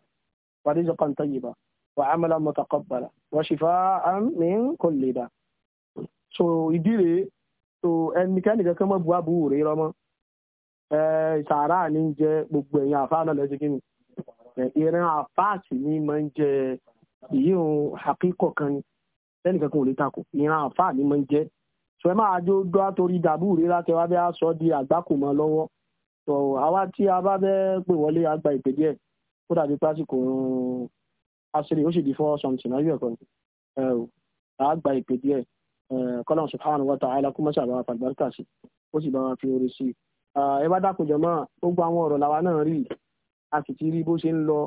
wa rizqan tayyiba. وعملا متقبلا وشفاء من كل داء so ìdí rèé so ẹnikẹ́ni kankan mọ́ bu aburú rèé rọmọ ẹ sàárà ní ń jẹ gbogbo ẹ̀yìn àfáà náà lọ́sí kínní ìran àfáà sì ní máa ń jẹ èyí ò àkíkọ̀ kan ni ẹnì ò lè takò ìran àfáà ní máa ń jẹ so ẹ máa jó dọ́ torí dàbú rèé láti wá bẹ́ a di àgbákò mọ́ lọ́wọ́ so àwa tí a bá bẹ́ pè wọlé àgbà ìpè díẹ̀ kó dàbí pásíkò asiri ó sì di four something ayé ẹ̀kọ́ ni ẹ o àá gba ìpè díẹ̀ kọ́lọ́n subhanahu wa ta'ala kó mọ́sàbá wa fàgbáríkà sí ó sì bá wa fi oore sí i ẹ bá dákun jọmọ́ gbogbo àwọn ọ̀rọ̀ làwa náà rí a sì ti rí bó ṣe ń lọ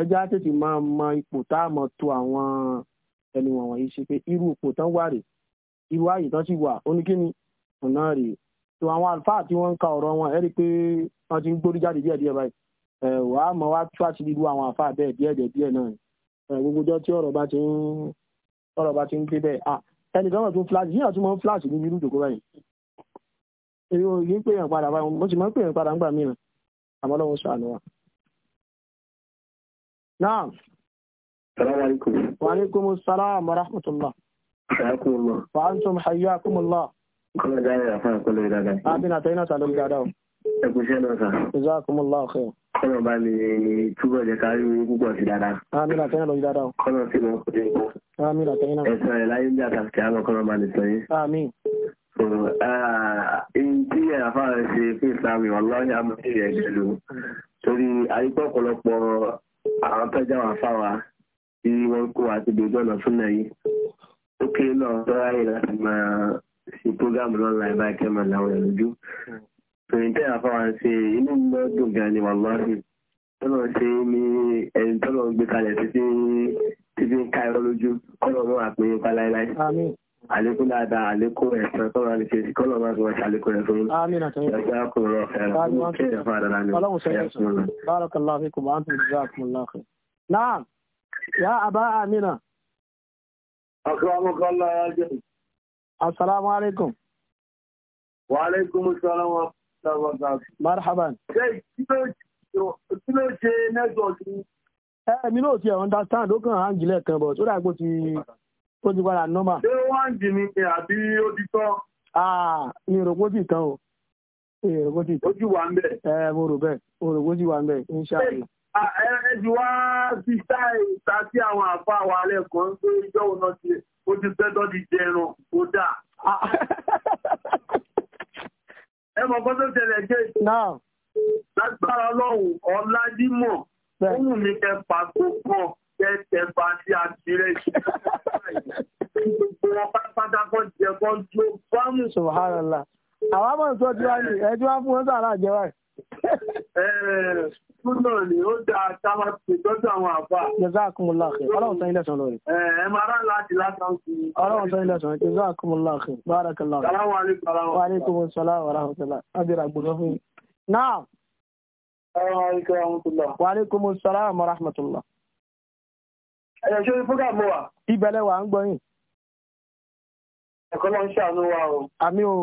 ẹjẹ́ á tètè máa mọ ipò tá a mọ̀ tó àwọn ẹni wọ̀nyí ṣe pé irú ipò tán wà rèé irú ààyè tán sì wà oníkíni ọ̀nà rè tó àwọn àlùfáà tí wọ́n ń ka ọ̀rọ̀ wọn ẹ̀rí pé wọ́n ti ń gbórí jáde díẹ̀ báyìí ẹ̀ wàá mọ̀ wá tú àti irú àwọn àlùfáà bẹ́ẹ̀ díẹ̀ díẹ̀ náà ni gbogbo ọjọ́ tí ọ̀rọ̀ bá ti ń ọ̀rọ̀ bá ti ń gbé bẹ́ẹ̀ à ẹnì kan náà tún flash yíyà tún mọ́ flash ní irú ìjòkó báyìí èyí ò yí ń pè yàn padà báyìí mo sì máa ń pè yàn padà ńgbà mìíràn àmọ́ lọ́wọ́ sàánú wa. náà. salaamu alaykum. salaam wa rahmatulah. ṣàkóso. wa antum hayyakumullah. kọ́lá dáhùn àfáà kọ́lá ìdáadáa. àbínà tẹ́yìn náà sàlọ́ ìdáadáa o. ẹ kọ́nà bá mi túbọ̀ jẹ́ ká rí orí púpọ̀ sí dáadáa. àmì ìlà tẹ́yìn lọ sí dáadáa o. kọ́nà sí mọ́ kò dé kó. àmì ìlà tẹ́yìn náà. ẹ̀sán ẹ̀ láyé ń bí àtàkì àmọ́ kọ́nà bá mi sọ yín. àmì. ẹ̀yìn tí àfa rẹ̀ ṣe fún ìsàmì ọlọ́yà mọ́ sí rẹ̀ pẹ̀lú torí àyíkọ́ ọ̀pọ̀lọpọ̀ àwọn tọ́jà wà fà wá tí wọ́n kó àti dojú ọ̀nà fún náà yìí ó kéré náà tọ́ tòyìntẹ́ àfáwọn ṣe inú gbọ́dùn gan ni wà lọ́rùn tọ́lọ̀ ṣe ní ẹni tọ́lọ̀ gbé kalẹ̀ títí títí ń ka ẹ̀rọ lójú kọ́lọ̀ mọ́ àpéyìn pa láíláí àlékún dáadáa àlékún ẹ̀sán tọ́lọ̀ ní fèsì kọ́lọ̀ máa fi wọ́n ṣe àlékún ẹ̀sán ẹ̀sán ọkùnrin ọ̀fẹ́ ẹ̀sán fún àdáná ni ẹ̀sán. bárakàlá fi kùbà asalaamualeykum. wa salaam wa marhaban. kí ló ṣe nẹ́tíwọ̀kì ni. ẹ mi náà ti understand ó kàn án jìnlẹ̀ kan bọ̀ tó dàgbò ti ó ti padà nọ́mà. ṣé wọ́n ń jì ní àbí ó ti tán. mi ò rò pé ó ti tán o mi ò rò pé ó ti tán. ó ti wà ń bẹ̀. ẹ mo rò bẹ́ẹ̀ mo rò pé ó ti wà ń bẹ̀ inṣàlẹ̀ ẹ̀ẹ́dì wá sí táì ta sí àwọn àfa wa lẹ́kọ̀ọ́ ń pé ìjọ́wọ́ náà ti ó ti fẹ́ dọ́ di jẹun ó dà. ẹmọ kan tó ṣẹlẹ̀ jẹ́ lágbára ọlọ́run ọ̀làdímọ̀ ohun mi kẹ pàtó kan kẹ tẹ̀fà sí àtìrẹ́ gbogbo wọn pátápátá kan jẹ kan jó bámú. àwọn amọ̀ nǹkan tí wàá ní ẹjọ́ wá fún wọn sáà náà jẹ́ Fúnà ni ó dáa táwa ti tọ́jú àwọn àfà. Jazakumullah khair. Ọlọ́run sọ ilẹ̀ sọ lórí. Ẹ máa rán láti lásán sí. Ọlọ́run sọ ilẹ̀ sọ lórí. Jazakumullah khair. Barakallah. Salamu alaykum. Wa alaykum salaam wa rahmatullah. Abira gbọ́dọ̀ fún mi. Náà. Salamu alaykum wa rahmatullah. Wa alaykum salaam wa rahmatullah. Ẹ̀yọ̀ ṣe ní fúgà mọ́ wa. Ibẹ̀lẹ̀ wa ń gbọ́yìn. Ẹ̀kọ́ lọ ń ṣàánú wa o. Àmì o.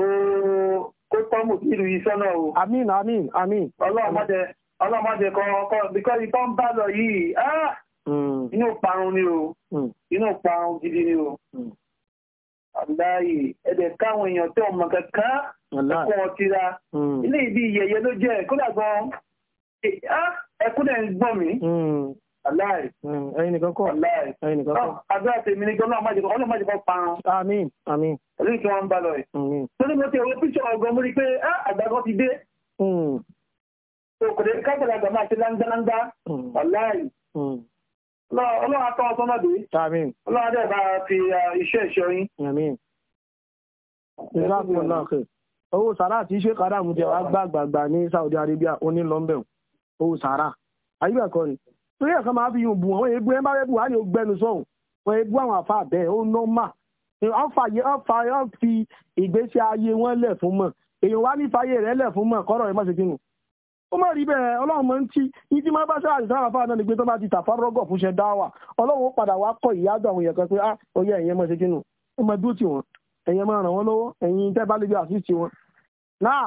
Ooo kó tọ́mù sí ìlú iṣẹ́ náà o. àmín àmín àmín. ọlọ́mọdé ọlọ́mọdé kan ọkọ bíkọ́ ìtọ́ ń bá lọ yìí ah! hmm. inú parun ni o hmm. inú parun gidi ni o. àdáyé hmm. ẹ̀dẹ̀ káwọn èèyàn tó mọ̀ kankan ẹ̀kọ́ wọn ti ra ilé ibi ìyẹ̀yẹ ló jẹ́ kó dàgbọ́n eh, ah! ẹ̀kú dẹ̀ ń gbọ́n mi aláì. Hmm, ẹyin nìkan kọ́ ẹyin nìkan kọ́. Ah, àdúrà tèmi ni gbọ́dọ̀ máa jẹ ọlọ́run máa jẹ kọ́ parun. àmín àmín. èyí tí wọ́n ń bá lọ yìí. torí mo ti ọ̀rọ̀ píṣọ̀ ọ̀gbọ́n mo rí i pé àgbàgbọ́ ti dé. òkòdè hmm. kájọ̀lá àgbà máa ṣe láńgbáláńgbá hmm. aláì. ọlọ́run atọ́ ọsán náà dé. àmín. ọlọ́run adé bá fi iṣẹ́ ìṣọ́ yín. àmín. owó sàrà àti iṣẹ́ káràmù jẹ́ wàá gbàgbàgbà ní Saudi Arabia ó ní lọ́ńbẹ̀ owó sàrà ayé bẹ́ẹ̀ kọ́ ni torí ẹ̀kan máa fi yùn bù wọ́n egbò ẹ̀ bá rẹ́ bù wá ní ogbẹ́nu sọ̀hún wọ́n egbò àwọn àfa bẹ́ẹ̀ ó nọ́mà ọ̀fà yẹ ọ̀fà yẹ fi ìgbésí ayé wọn lẹ̀ fún mọ̀ èèyàn wá ní fàyè rẹ̀ lẹ̀ fún mọ̀ kọ́rọ̀ ẹ̀ má ṣe kínu. ó má rí bẹ́ẹ̀ ọlọ́run mọ̀ ń tí ìdí má bá sáà sáà fáà náà ni pé tó bá ti tàfà rọ́gọ̀ fún ṣe dá wà ọlọ́run ó padà wá kọ́ ìyáàdọ̀ àwọn èèyàn kan pé ah oyè ẹ̀yẹn má ṣe kínu ó má dúró tì wọ́n ẹ̀yẹn má ràn wọ́n lọ́wọ́ ẹ̀yin tẹ́ bá lè bí àfíìsì wọn. náà.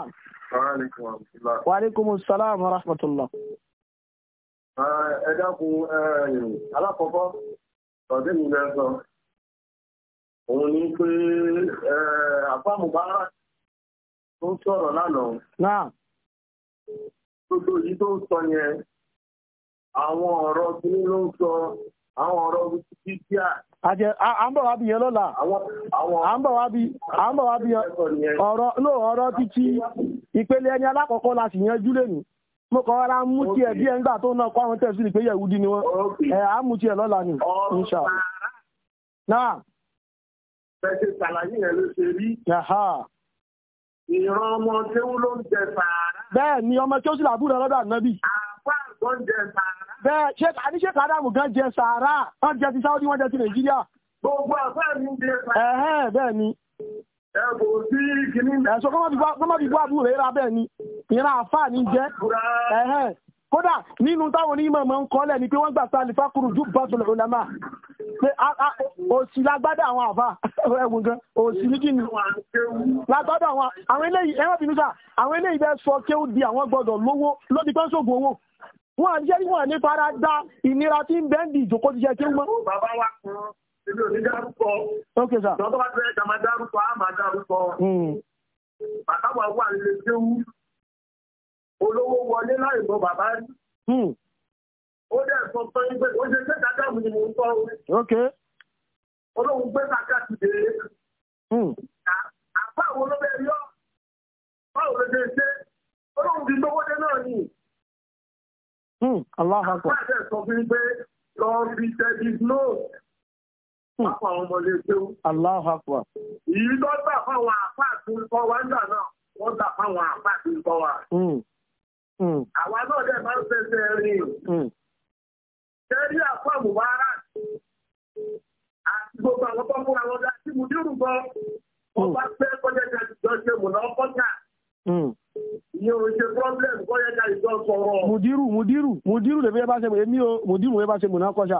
wa alaikum salaam wa rahmatullah. Eh, ẹ dákun eh, alákọ̀ọ́kọ́ ọ̀dẹ́ mi lẹ́ sọ òun ní pé eh, àpámùbárà tó sọ̀rọ̀ lánàá gbogbo yìí tó ń sọ yẹn àwọn ọ̀rọ̀ kìíní ló ń sọ àwọn ọ̀rọ̀ bíbíà. àjẹ à ń bọ̀ wá bí yẹn lọ́la à ń bọ̀ wá bí à ń bọ̀ wá ọ̀rọ̀ ló ọ̀rọ̀ títí ìpele ẹni alákọ̀ọ́kọ́ la sì yanjú lẹ́nu. mo kàn rárá mú tiẹ̀ díẹ̀ nígbà tó náà kó àwọn tẹ̀sí ni pé yẹ̀wúdí ni wọ́n ẹ̀ á mú tiẹ̀ lọ́la ni insha náà. pẹ̀sẹ̀ sàlàyé yẹn ló ṣe rí. ìran ọmọ kéwú ló ń jẹ sàárà. bẹ́ẹ̀ ni ọmọ kéwú sì làbúrò lọ́dọ̀ ànábì. àpá àgbọ̀ ń jẹ sàárà. bẹ́ẹ̀ ṣé àní ṣé kàdámù gan jẹ sàárà wọ́n jẹ ti sáwọ́dí wọ́n jẹ ti nàìjíríà. gbogbo àpá mi ń jẹ sàárà. ẹ̀bùn sí kìíní. ẹ̀sọ́ kọ́mọ́ ti gbọ́ àbúrò rẹ̀ rà bẹ́ẹ̀ ni ìran àfáà ní jẹ́ kódà nínú táwọn onímọ̀ mọ̀ ń kọ́lẹ̀ ni pé wọ́n gbà sa alifakuru ju bọ́ọ̀sùn lọ́lọ́mà pé òsì lágbádá àwọn àfà ẹ̀wùn gan òsì ní kíni lágbádá àwọn àwọn eléyìí ẹ̀wọ̀n bínú sà àwọn eléyìí bẹ́ẹ̀ sọ kéwù di àwọn gbọ́dọ̀ lówó lóbi pẹ́ sóògùn owó wọn àti jẹ́rí wọn ní fara dá ìnira tí ń bẹ́ẹ̀ èmi ò ní dárúkọ. ok sir. lọ́tọ́ bá tẹ̀lé ìjàmbá dárúkọ á máa dárúkọ. Hmm. bàbá wa wà lè déwú olówó wọlé láì mọ bàbá rí. Hmm. ó dẹ̀ sọ pé pé ó ṣe ṣé kàdámù ni mò ń tọ́ orí. ok. olóhùn gbé kàkà ti dé. Hmm. àbá àwọn olóbẹ̀ yọ báwo ló ṣe ṣe olóhùn ti lówó dé náà ni. aláhàkọ. àbá àti ẹ̀sọ́ fi pé lọ́ọ́ fi tẹ̀sí náà pápá hmm. àwọn ọmọ lẹ́gbẹ́ ó. Allahu Akbar. Ìyí ló gbà fáwọn àpá àtúnkọ wa nígbà náà, wọ́n gbà fáwọn àpá àtúnkọ wa. Hmm. Hmm. Àwa náà dẹ̀ máa ń fẹsẹ̀ rìn. Ṣẹ́rí àpá Mùbárà àti gbogbo àwọn tó múra wọn láti mú dírù gan. Wọ́n bá fẹ́ kọjá ìjà ìjọ ṣe mùnà kọjá. Ìyẹn ò ṣe problem kọjá ìjà ìjọ sọ̀rọ̀. Mùdírù, mùdírù, mùdírù lè fi ẹ bá ṣe mùnà kọjá.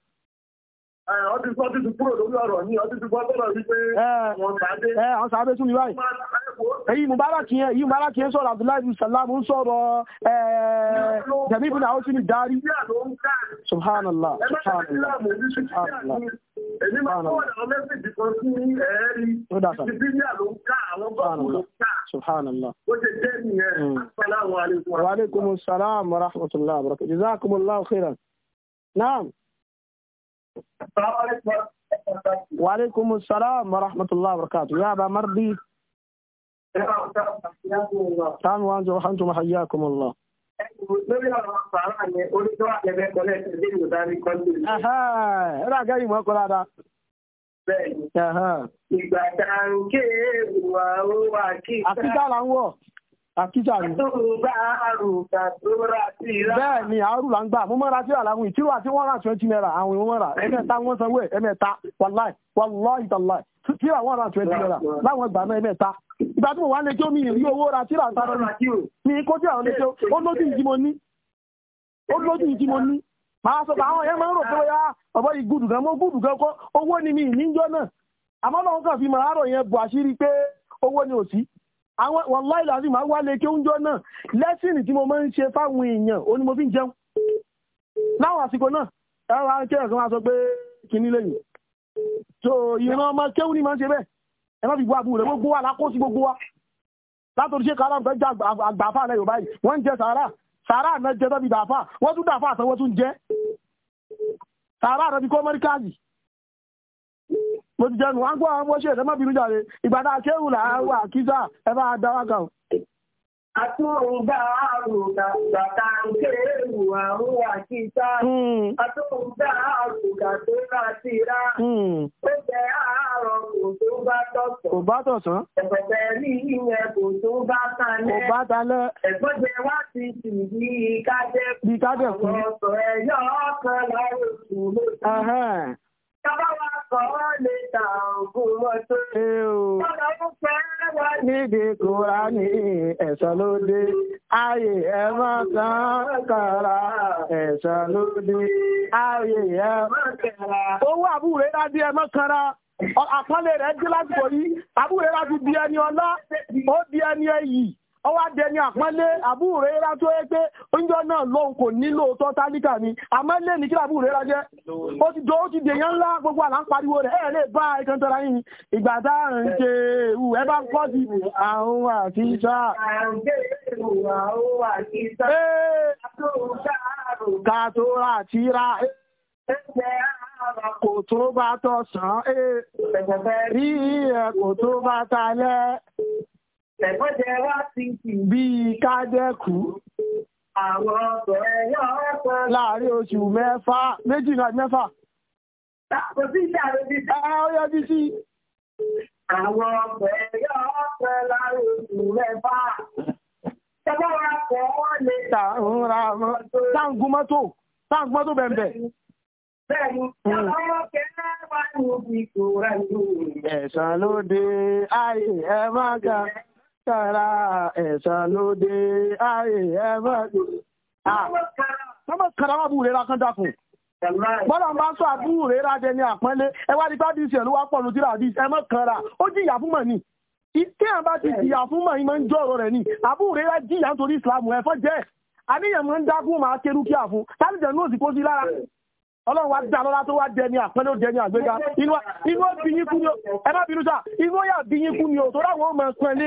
ọdún sọ́ọ́ tuntun kúrò lórí ọ̀rọ̀ ní ọdún tuntun gbọ́dọ̀ wípé wọ́n sáré. ẹ ọ̀n sáré sún mi báyìí. èyí mubarak yẹn èyí mubarak yẹn sọ̀rọ̀ abdullahi bin salam ń sọ̀rọ̀ jẹ̀mí bin àwọn sí mi dárí. subhanallah subhanallah subhanallah. èmi máa ń sọ̀rọ̀ àwọn mẹ́sìgì kan sí ẹ̀ẹ́rì ìdíbíyà ló ń ká àwọn bọ́ọ̀lù ló ń ká. subhanallah. ó ṣe jẹ́ nìyẹn. Hmm. asalaamualeykum. wa aleykum salaam wa rahmatulah. jazakumullahu khairan. naam. وعليكم السلام ورحمة الله وبركاته يا أبا مرضي كان وانزل وحنتم وحياكم الله Ẹ̀rọ àgẹ́rì mọ́ ما lára. Bẹ́ẹ̀ni. Ìgbà tàǹkì èèwà ó àkídà ni. bẹ́ẹ̀ ni àárù là ń gbà mo mọ́ra sí àlàáhùn ìtírò àti wọ́n rà twenty naira àwọn mọ́ra ẹ̀mẹ́ta wọ́n sanwó ẹ̀ ẹ̀mẹ́ta wàláì wàláì tàláì wọ́n rà twenty naira láwọn ìgbà náà ẹ̀mẹ́ta ìgbà tí wà owó ra kó wọn ó lójú àwọn wàláì làásì máa wá lè ké oúnjọ náà lẹ́sìnì tí mo máa ń ṣe fáwọn èèyàn ó ní mo fi ń jẹun láwọn àsìkò náà ẹ̀rọ akẹ́kẹ́ kan máa sọ pé kínní lẹ́yìn tó ìran ọmọ kéwù ni máa ń ṣe bẹ́ẹ̀ ẹ má fi gbọ́ àbúrò rẹ̀ gbogbo wa lákòóso gbogbo wa látòrí ṣe kàrà fẹ́ jẹ́ àgbàfà alẹ́ Yorùbá yìí wọ́n ń jẹ sàárà sàárà náà jẹ tọ́bi dàfà wọ́n tún dàfà àtàwọn tún jẹ sàárà rẹ̀ bí kọ́ mo a jẹnu wọn gbọ́ àwọn ọmọ jàre ìgbà tá a kéwù là á a dá wákà o. Àtúngbà àrùkà bàtà kéwù àwọn àkíta. Hmm. Àtúngbà àrùkà tó bá ti hmm. kò tó bá tọ̀sán. ìyẹn kò jẹ kan Tọ́bá wa kọ̀ọ́ lè tààgùn mọ́tò. Tọ́lá ó fẹ́ wá nídìí kúrá ní ẹ̀sọ́ lóde. Ayé ẹ má kàn kàrà ẹ̀sọ́ lóde. Ayé ẹ má kàrà. Owó àbúrò rẹ̀ dá ẹ má kàrà àpọ́nlé rẹ̀ dí lásìkò yìí àbúrò rẹ̀ ti di ẹni ọlá ó di ẹni ẹyì. ọwọ́ adẹni àpọ́nlé àbúrò rẹ́rá tó yẹ pé oúnjẹ náà lóhun kò nílò tọ́ tálíkà ni àmọ́ lè ní kí àbúrò rẹ́rá jẹ́ ó ti jọ ó ti dèyàn ńlá gbogbo àlá ń pariwo rẹ̀ ẹ̀ lè bá ẹ̀kan tọ́ra yìí ìgbà tá à ń ṣe ewu ẹ bá ń kọ́ sí àwọn àti ìṣá. kàtó àti ra kò tó bá tọ̀sán rí ẹ̀ kò tó bá talẹ́. Tẹ̀mọ́jẹ wá ti kì bíi kádẹ́kù. Àwọn ọkọ̀ ẹ̀yọ́ ọkọ̀. Láàárín oṣù mẹ́fà, méjì náà mẹ́fà. Kò sí ìṣe àrẹ Ẹ ó yẹ sí. Àwọn ọkọ̀ ẹ̀yọ́ ọkọ̀ láàárín oṣù mẹ́fà. Tẹ̀mọ́ra kọ̀ wọ́n lè. Tàǹra mọ́. Táǹgù mọ́tò. Táǹgù mọ́tò bẹ̀m̀bẹ̀. Hmm. Ẹ̀sán ló dé, ayé ẹ máa ga kára ẹ̀sán lóde ayé ẹ má lò. Mọ́mọ́ kára wà búrẹ́ ra kán dákun. ń bá sọ àbúrẹ́ ra jẹ ní àpọ́nlé. Ẹ wá di tábìlì ìṣẹ̀ ló wá pọ̀ lójú rà bíi ẹ má kanra. Ó jìyà fún mọ̀ ni. Ìkéyàn bá ti jìyà fún mọ̀ ni máa ń jọ̀rọ̀ rẹ̀ ni. Àbúrẹ́ ra jìyà nítorí Ìsìlámù ẹ̀fọ́ jẹ́ àníyàn máa ń dákún máa kérú kí àfún tálíjẹ̀ ní òsì sí lára ọlọ́run wá dá lọ́lá tó wá jẹ ní àpẹẹlẹ́ òjẹ ní àgbéga inú ó bí yín kú ni ó ẹ má bínú sá inú ó yà bí yín kú ni ó tó ráwọn ọmọ ẹ̀sán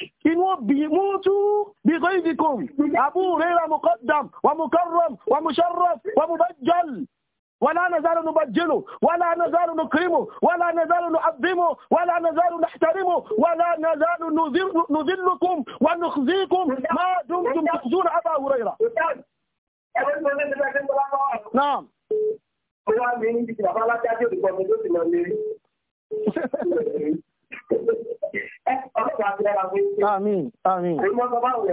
inú òbí mútú bí kò yìí kò Abu Hurairah muqaddam wa mukarram wa musharraf wa mubajjal ولا نزال نبجله ولا نزال نكرمه ولا نزال نعظمه ولا نزال نحترمه ولا نزال نذلكم ونخزيكم ما دمتم تخزون أبا هريرة نعم Àmín, àmín. Ìmọ̀ sọ báwo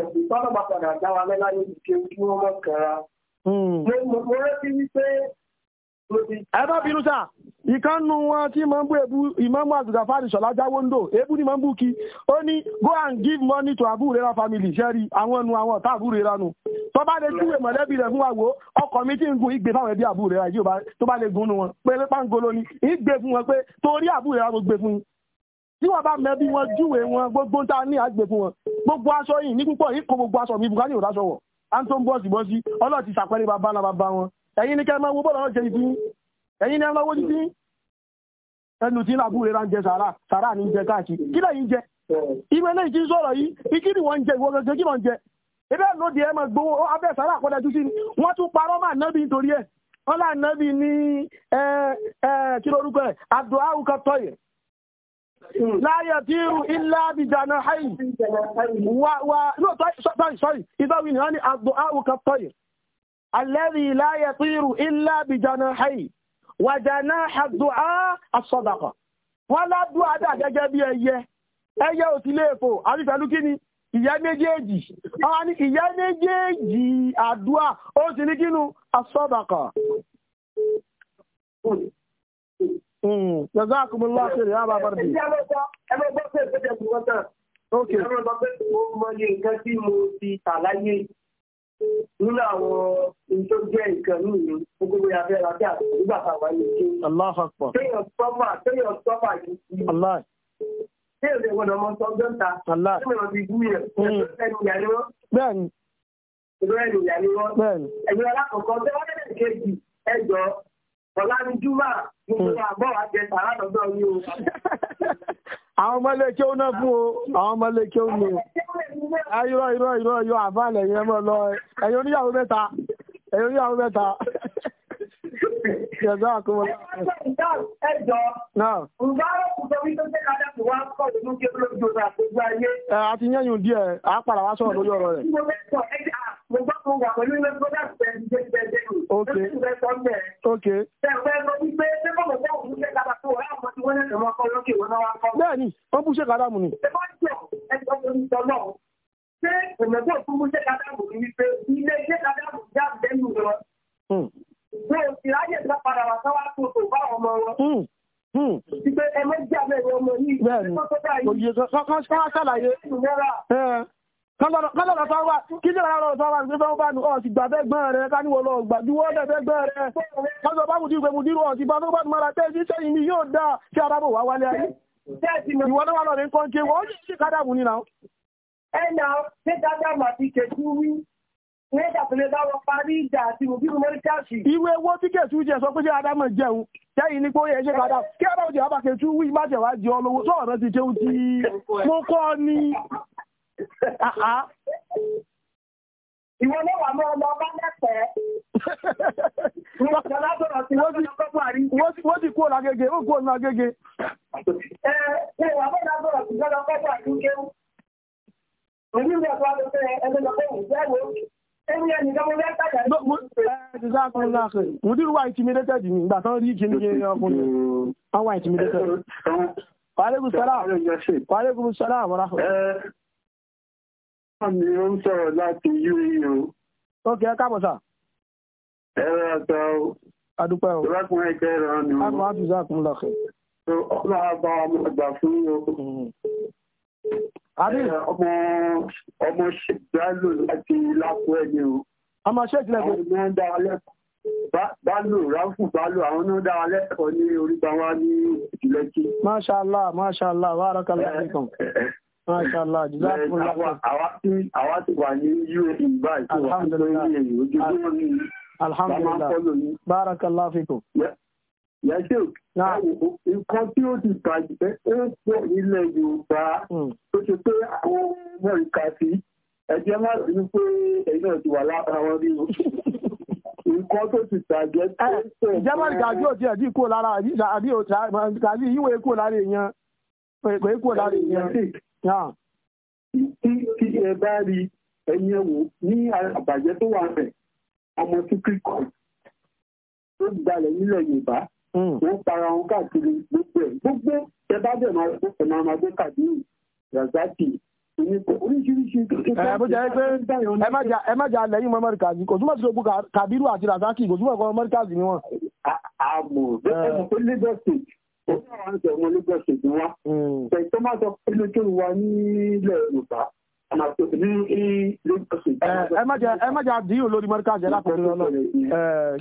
Ẹ bá bínú sá, ìkànnù wọn tí máa bú ebú ìmọ̀mú àgùdà fáàdì jáwó ńdò, ebú ni máa bú kí. Ó ní go and give money to Abu Rera family ṣẹ́rí àwọn ẹnu àwọn ọ̀tá Abu Rera nu. Tó bá lè júwe mọ̀lẹ́bí rẹ̀ fún wa wo, ọkọ̀ mi ti ń gun ìgbé fáwọn ẹbí Abu Rera yìí tó bá lè gun nu wọn. Pé pàǹgolo ni, ìgbé fún wọn pé torí Abu Rera mo gbé fún yín tí wọ́n bá mẹ́bí wọn júwe wọn gbogbo ta ní àgbè fún wọn gbogbo aṣọ yìí ní púpọ̀ yìí kó gbogbo aṣọ mi bùkálí ò láṣọ wọ̀ à ń tó ń bọ́ọ̀sì bọ́ọ̀sì ọlọ́ọ̀ ti sàpẹ́rẹ́ bàbá náà bàbá wọn ẹ̀yin ní kẹ́mọ́ owó bọ́ọ̀lọ́ jẹ́ ìdí ẹ̀yin ní ẹ̀rọ owó títí ẹnu tí làbú rẹ̀ ń jẹ sàrà sàrà ní jẹ káàkiri kí lẹ́yìn jẹ ìwé lẹ́yìn tí ń sọ̀rọ̀ yìí ikí ni wọ́n ń jẹ ìwọ gẹ́gẹ́ kí wọ́n jẹ ebe ẹ̀ lóde ẹ̀ mọ̀ gbowó abẹ́ sàrà àkọ́dájú sí ni wọ́n tún parọ́ máa nábì nítorí ẹ̀ wọ́n láà nábì ní ẹ̀ ẹ̀ kí lórúkọ ẹ̀ àdùn áwùkọ́ tọ́yẹ̀ láyé tí irú ilá àbìjànà haì wà no sorry sorry ìbáwí ni wọ́n ni àgbò áwùkà tọ́yì alẹ́rí láyé tí irú ilá àbìjànà haì wà jànà àdùá àsọ̀dàkọ̀ wọ́n ládùú àdá gẹ́gẹ́ bí ẹyẹ ẹyẹ ò sí léèfò àrífẹ́lú kí ni ìyá méjèèjì àwọn ni ìyá méjèèjì àdúà ó sì ní kínú àsọ̀dàkọ̀ jazakumullah khair ya bàbá rẹ̀. ẹ ok nínú àwọn tó jẹ́ nǹkan nìyí gbogbo ya fẹ́ ra bí nígbà táwa yìí ṣe. Allahu akbar. téèyàn sọ́fà téèyàn sọ́fà yìí. aláì. téèyàn lè wọ̀nà ọmọ sọ́jọ́ ta. téèyàn ti bú yẹn. Hmm. ẹnu ìyá ni wọ́n. bẹ́ẹ̀ni. ẹnu ìyá ni wọ́n. bẹ́ẹ̀ni. ẹ̀yin alákọ̀ọ́kọ́ tẹ́wọ́n ọ̀la ni o. àwọn ọmọlẹ́kẹ́ ó fún o àwọn ọmọlẹ́kẹ́ ó ní o. irọ́ àbálẹ̀ yẹn mọ́ lọ ẹ̀yin oníyàwó mẹ́ta Jazakumullah. Ẹjọ́. Náà. Ǹjẹ́ àwọn kùsọ̀ wípé ṣé ká dàpọ̀ wá kọ̀ lójú kí ló jọ ra gbogbo ayé? Ẹ a ti yẹ́yìn díẹ̀, a padà wá sọ̀rọ̀ lórí ọ̀rọ̀ rẹ̀. Mo gbọ́ mo wà pẹ̀lú ilé Bọ́dà Bẹ́ẹ̀dẹ́gbẹ́dẹ́. Ok. Ok. Ṣẹ̀fẹ̀ lọ wípé ṣé bọ́ọ̀lù bá òun ṣe kára tó ọ̀rẹ́ àwọn tí wọ́n lè tẹ̀wọ́ kọ́ lókè wọn náà kára mu ni. Ṣé wọ́n jọ ẹgbẹ́ orí Ṣé ìmọ̀gbọ́n fún mú ṣe ni wípé ilé ṣe kára jáde lù lọ? wọn ò sì ráyè ká padà wá sáwá tó tó bá ọmọ wọn. Hmm. Hmm. Ìgbẹ́ ẹmọ kí ní ọ̀rọ̀ sọ́wọ́ ní sọ́wọ́ bá nù ọ̀ sì gbàfẹ́ gbọ́n rẹ̀ káníwọ̀ lọ gbà bẹ̀fẹ́ gbọ́n rẹ̀. Kọ́lọ̀ bá mùdí ìgbẹ̀mù dírò ọ̀sìn bá tó bá nù mara tẹ́sí sẹ́yìn mi yóò dáa kí arábò wá wálé ayé. Ìwé owó tí kẹ̀sù jẹ sọ pé ṣé Adámọ̀ jẹun, tẹ́yìn ní pé ó yẹ ṣe padà. Kí ẹ bá òjò àbá kẹ̀sù wí má jẹ̀wá jẹ ọlọ́wọ́ tó ọ̀rọ̀ ti jẹun kọ́ ni. Ìwọ ló wà mọ́ ọmọ ọba lẹ́pẹ̀ẹ́. Wọ́n ti kú ọ̀nà agége, ó kú ọ̀nà agége. Ẹ ẹ wà mọ́ ọ̀nà agọ́rọ̀ sí Mùdírù wà intimidated ni ìgbà tán rí kìí ní ọkùnrin. Wọ́n wà intimidated. Wàlégùn sọ́lá. Wàlégùn sọ́lá àmọ́ra. Ẹ̀ẹ́ mi ó ń sọ̀rọ̀ láti UAE o. Ókè ẹ káàbọ̀ sà. Ẹ̀rọ ọ̀tọ̀ o. Adúpẹ́ o. Ìrákùnrin kẹrọ ni o. Àmọ́ àtúnṣe àkùnlọ̀kẹ̀. Ọlọ́run bá wa mọ̀ gbà fún o. Mm-hmm ọmọ ọmọ ṣègbálò láti lápò ẹni o. ọmọ ṣègbálò. àwọn náà ń dára lẹ́kọ̀ọ́ bálò ráfù bálò àwọn náà ń dára lẹ́kọ̀ọ́ ní oríta wa ní ìpínlẹ̀ kí. masha allah masha allah wa ara kala nìkan. masha allah jùlọ fún mi. àwa ti àwa ti wà ní uae báyìí. alhamdulilayi alhamdulilayi barakallahu yàtọ̀ nǹkan tí ó ti bàjẹ́ ó pọ̀ nílẹ̀ yorùbá tó hmm. ṣe pé àwọn ọmọ ìka sí ẹ̀jẹ̀ má rí i pé ẹ̀yin náà ti wà lára wọn ní o nǹkan tó ti bàjẹ́ tó eh, pọ̀. ìjẹ́ má nìkan àbí òtí ẹ̀dí kúrò lára àbí òtí àbí ìwé kúrò lára èèyàn pé kúrò lára èèyàn. tí ẹ bá rí ẹyin ẹwò ní àbàjẹ́ tó wà rẹ̀ ọmọ tí kíkọ́ tó gbalẹ̀ nílẹ̀ yorùbá wọ́n hmm. para wọn káàkiri gbogbo ẹ̀ gbogbo ẹ bá bẹ̀ máa gbé ẹ̀ máa gbé kàdúrù razaki oríṣiríṣi. àbújá yẹ pé ẹ má jà lẹ́yìn mọ́ mọ́ríkàzì kò túmọ̀ sí ogun kàbírù àti razaki kò túmọ̀ kọ́ mọ́ríkàzì ni wọ́n. àmọ́ eh. bẹ́ẹ̀ ni pé Lagos state òun àwọn ọmọ Lagos state ni wọ́n. tẹ̀sán máa sọ pé lókèrè Yorùbá Eh, ẹ má jẹ ẹ má jẹ àdín olórí mọ́ríkà jẹ lápẹ̀lú ọ̀nà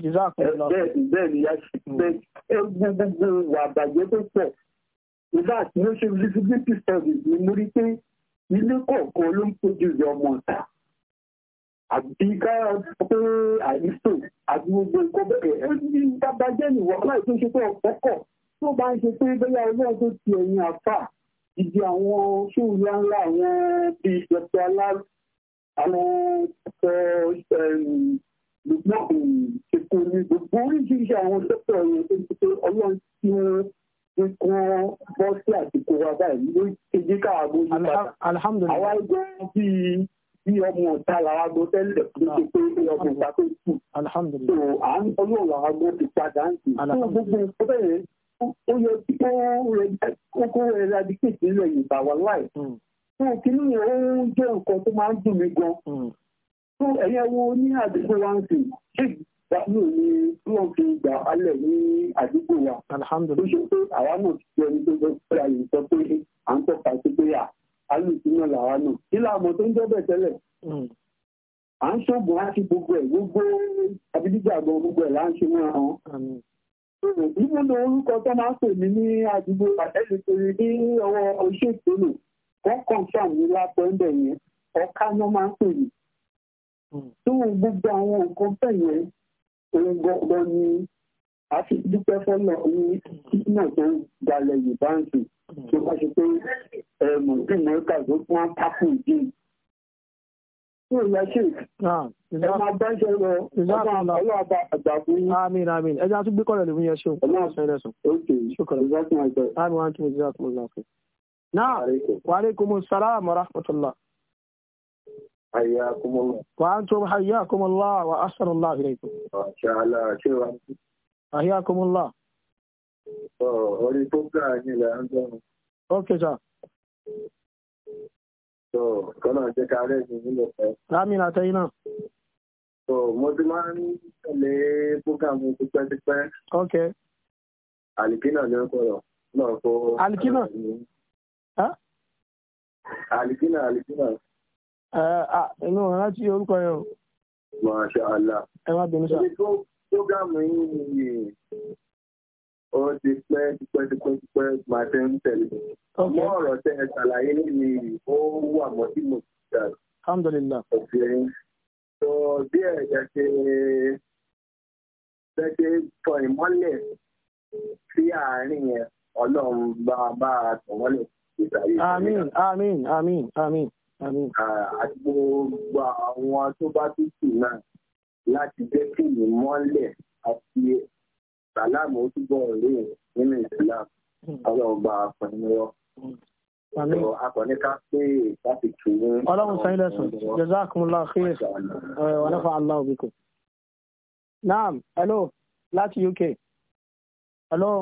ìjọ àkùnrin lọ. bẹ́ẹ̀ ni gbogbo wà bàjẹ́ tó pọ̀ ìgbà tí ó ṣe visibility service ni mo rí pé ilé kọ̀ọ̀kan ló ń produce ọmọ ọ̀tá àbí ká pé àìsàn àti gbogbo nǹkan bẹ́ẹ̀ ní dábàjẹ́ nìwọ̀n láì tó ṣe pé ọ̀pọ̀ kọ̀ tó bá ń ṣe pé bóyá ọlọ́run tó ti ẹ̀yìn àfáà ibi àwọn ṣóò ńláńlá àwọn bíi dr aláàbò àwọn ọkọ̀ gbogbo ètò ní gbogbo oríṣiríṣi àwọn sẹ́kọ̀ yẹn tó ti pé ọlọ́run tí wọ́n ti kọ́ bọ́ sí àsìkò wa báyìí ló ti jí káàbọ̀ yí padà. alhamdulilayi àwa gbọ́ bíi bí ọmọ ọ̀tá làwa gbọ́ tẹ́lẹ̀ tó ti pé ọmọ ọ̀tá tó kù. alhamdulilayi so à ń ọlọ́run làwa gbọ́ ti padà ń sìn. alhamdulilayi so gbogbo ìfọ́bẹ̀rẹ̀ ó yẹ kó kókó eradicate nílẹ̀ yorùbá wà láì. tó kínní yẹn ó jẹ́ nǹkan tó máa ń dùn mí gan. tó hmm. ẹ̀yẹ wo ní àdúgbò wa ń sìn ṣé ìgbàlù ni wọ́n fi gbà alẹ̀ ní àdúgbò wa. ó ṣe pé àwa náà ti jẹ́ ẹni tó fẹ́ fẹ́ àyè sọ pé à ń tọ́ka sí pé à alùpùpù náà làwa náà kí làwọn tó ń jẹ́ bẹ̀ tẹ́lẹ̀ hmm. à ń ṣoògùn á gbogbo ẹ̀ gbogbo abidjan Nínú lo orúkọ tó máa ń pè mí ní àdúgbò àtẹ́lẹ́sẹ̀rẹ̀ ní ọwọ́ oṣèkìlò, wọ́n kọ̀ǹfàm ní lápẹ́ńdẹ̀ yẹn, ọ̀ká ló máa ń pè mí. Tóun gbogbo àwọn nǹkan bẹ́ẹ̀ yẹn, òun gbọ́dọ̀ ni a fi dúpẹ́ fọ́nà ní náà tó ń dalẹ̀ Yorùbá ń sìn. Tó bá ṣe pé ẹ̀mọ̀ bí mọ̀ọ́kà tó fún wọn pápú Amin amin. Ẹ jẹ́ àtúgbé kọ́lẹ̀ lèmi yẹn ṣe òun. Ọlọ́run ṣe ẹlẹ́sùn. Ok. Ṣókòrò. Amin wa tún ìjọba tó lọ fún. Náà wa aleykum salaam wa rahmatulah. Hayyakumullah. Wa antum hayyakumullah wa ahsanullah ilaykum. Masha Allah ṣé wa. Hayyakumullah. Orí tó káà ní ìlànà. Ok sir. so kọ́nà jẹ́ ka rẹ̀ ní nílò fẹ́. lámìnà àtẹ̀yìn náà. so mo ti máa ń tẹ̀lé programu tipẹ́tipẹ́. ok. alikina ni ó náà kó. alikina. alikina alikina. ẹ ẹ inú orúkọ yẹn o. ẹ má bínú sá. yìí ni ti pẹ́ tipẹ́tipẹ́ tipẹ́ máa ti ọmọ ọ̀rọ̀ tẹ ẹ ṣàlàyé nínú ó wà mọ́ tí mo ti dà. alhamdulilah. ọ̀sẹ̀ tó bí ẹ̀jẹ̀ ṣe ṣẹ́ṣe tọ ìmọ́lẹ̀ sí àárín yẹn ọlọ́run bá bá a tọ̀ mọ́lẹ̀ ìsàlẹ̀. àmín àmín àmín àmín àmín. àti gbogbo àwọn tó bá tútù náà láti jẹ́ kí ìmọ́lẹ̀ àti sàlámù ó túbọ̀ rí nínú ìsìlámù hmm. ọlọ́run bá a pẹ̀lú wọn akọ̀níká pé láti tù wọ́n. ọlọ́run sanyí lẹ́sùn jazakumullahu khair wa nafa'allahu bikum. naam hello láti uk hello.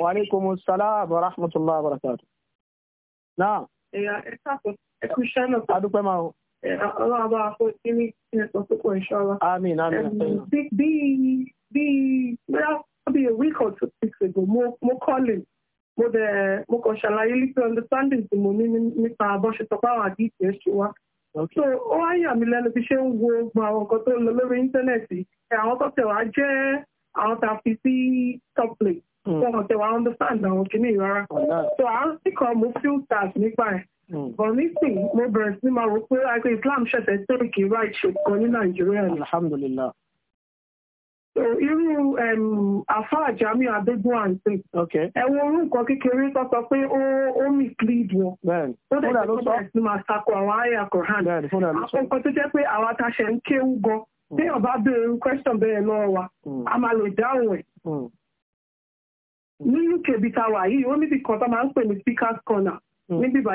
wa aleykum salaam wa rahmatullahi wa barakatuh. naam. adúpẹ́ máa o. ọlọ́run bá a fún mi ní ẹ̀sán tó kọ̀ ìṣọ́ra. àmín àmín. bí bí bí bóyá be a week or two weeks ago mo mo calling, mo dẹ̀ mo kàn ṣàlàyé little understanding tí mo ní nípa bó ṣe tọpá àwọn àdìsí ẹ̀ ṣe so ó wá yà mí lẹ́nu bí ṣe ń wo gbogbo àwọn nǹkan tó ń lọ lórí íńtánẹ́ẹ̀tì àwọn tó tẹ̀ wá jẹ́ àwọn tá a fi sí top plate hmm. wọn tẹ̀ wá understand àwọn kìíní rárá. so àwọn tí kan mo feel that nípa ẹ̀ hmm. but nísìn mo bẹ̀rẹ̀ sí máa rò pé àìpé Islam ṣẹ̀ṣẹ̀ tẹ̀kì right ṣe kan ní Nàìjíríà. alhamdulilayi. irú àfáà jami adégún àǹtí ẹ̀wọ̀n orúkọ kékeré tó sọ pé ó mislead wọn ó dẹ̀ máa sako àwọn àyà àkókò tó jẹ́ pé àwọn hmm. question bẹ́ẹ̀ lọ́wọ́ wa hmm. a máa lè dáhùn ẹ̀ hmm. ní UK ta wà yìí ó níbi kan tó máa ń pè ní speakers corner níbi wà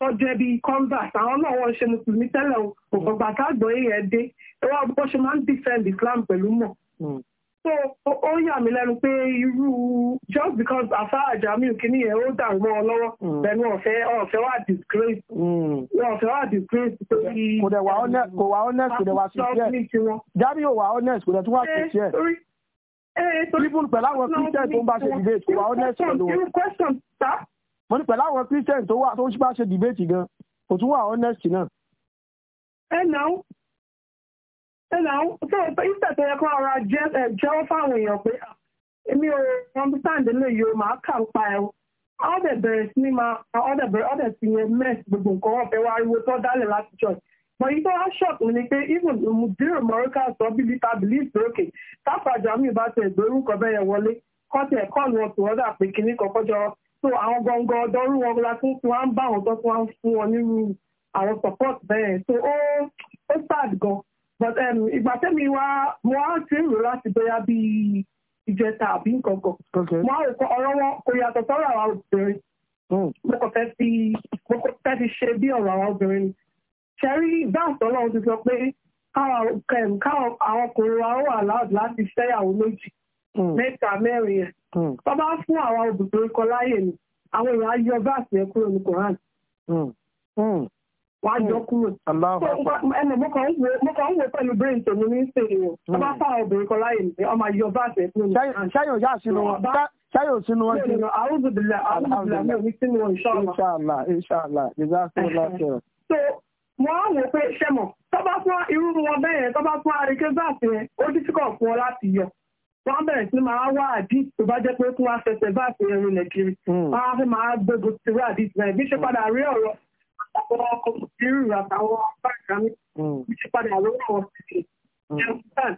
tó jẹ́ bíi convert àwọn náà wọ́n ṣe mùsùlùmí tẹ́lẹ̀ o kò gbà káàgbọ́ èèyàn dé ẹ bó ṣe máa ń defend Islam pẹ̀lú mọ̀. Hmm. so ó yà mí lẹ́nu pé irú just because afa ajami kìíní yẹn ó dàrú mọ́ ọ lọ́wọ́ pẹ̀lú ọ̀fẹ́ ọ̀fẹ́ wà disgrace hmm. ọ̀fẹ́ wà disgrace tó fi kò dẹ̀ wà honest kò dẹ̀ wà sincere jábí ò wà honest kò dẹ̀ tún wà eh, sincere eh, even pẹ̀lú àwọn christian tó ń bá ṣe debate kò wà honest pẹ̀lú mo ní pẹ̀lú àwọn christian tó wà tó ń bá ṣe debate gan kò tún wà honest náà. ẹ nà ẹ nà o ara fáwọn èèyàn pé ah, èmi ò understand lè yọ màá kà ń pa ẹ̀ ọ̀dẹ̀ bẹ̀rẹ̀ sí ni máa ọ̀dẹ̀ gbogbo nǹkan wọn fẹ́ wá ariwo tó dálẹ̀ láti but yìí tó ni pé even sọ ta belief lókè táfàjà mi bá so àwọn gbọ̀ngàn ọ̀dọ́rú wọn la tún tún wá ń bá àwọn tó tún wá ń fún wọn nínú àwọn support bẹ́ẹ̀ so ó ó sad gan but um, ìgbà tẹ́mi wá mo wá ti ń rò láti bóyá bíi ìjẹta àbí nǹkan kan mo á rò pé ọ̀rọ̀ wọn kò yàtọ̀ sọ́rọ̀ àwọn obìnrin hmm. mo kàn fẹ́ fi mo kàn fẹ́ fi ṣe bí ọ̀rọ̀ àwọn obìnrin ni ṣẹ́rí báàsì ọlọ́run ti sọ pé um, káwọn àwọn ọkùnrin wa ó wà láti fẹ́yàwó méjì hmm. mẹ́ta mẹ́rin yẹn. Hmm. tó bá fún àwọn obìnrin kan láyè ni àwọn èèyàn á yọ báàsì ẹ kúrò ní Quran hmm. Hmm. wọ́n á yọ kúrò. ẹnì mo kàn ń wo pẹ̀lú brain tèmi ní sèé o tó bá fún àwọn obìnrin kan láyè ni ọmọ yọ báàsì ẹ kúrò ní Quran. ṣáyọ̀ yá sínú wọn ṣáyọ̀ sínú wọn ti. àwùjọ bìlẹ̀ àwùjọ bìlẹ̀ mi ò ní sínú wọn inshallah. inshallah inshallah wọ́n á wò pé ṣẹ́mọ̀ tó bá fún irú wọn bẹ́ẹ̀ yẹn tó bá fún arike báàsì yẹn ó dísíkọ̀ fún ọ láti yọ wọ́n bẹ̀rẹ̀ sí máa wá àdìs tó bá jẹ́ pé kí wọ́n fẹsẹ̀ bá àṣẹ ẹ̀rù nẹ̀ kiri hmm. wọ́n á fẹ́ máa gbégo ti rí àdìs náà bí ṣe padà rí ọ̀rọ̀ àwọn ọkọ̀ ìrù àtàwọn báńkà mi hmm. bí ṣe padà rí ọ̀rọ̀ ṣìṣe jẹ́rùsán.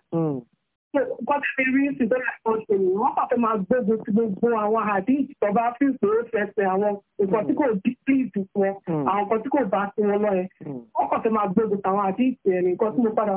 kọ́tà fi rí ìsìndọ́là kan ṣe ni wọ́n pàfẹ́ máa gbégo ti gbogbo àwọn àdìs tó bá fi ìṣòro fẹsẹ̀ àwọn nǹkan tí kò bí hmm. píìsì fún ọ àwọn nǹkan tí kò bá sí wọn lọ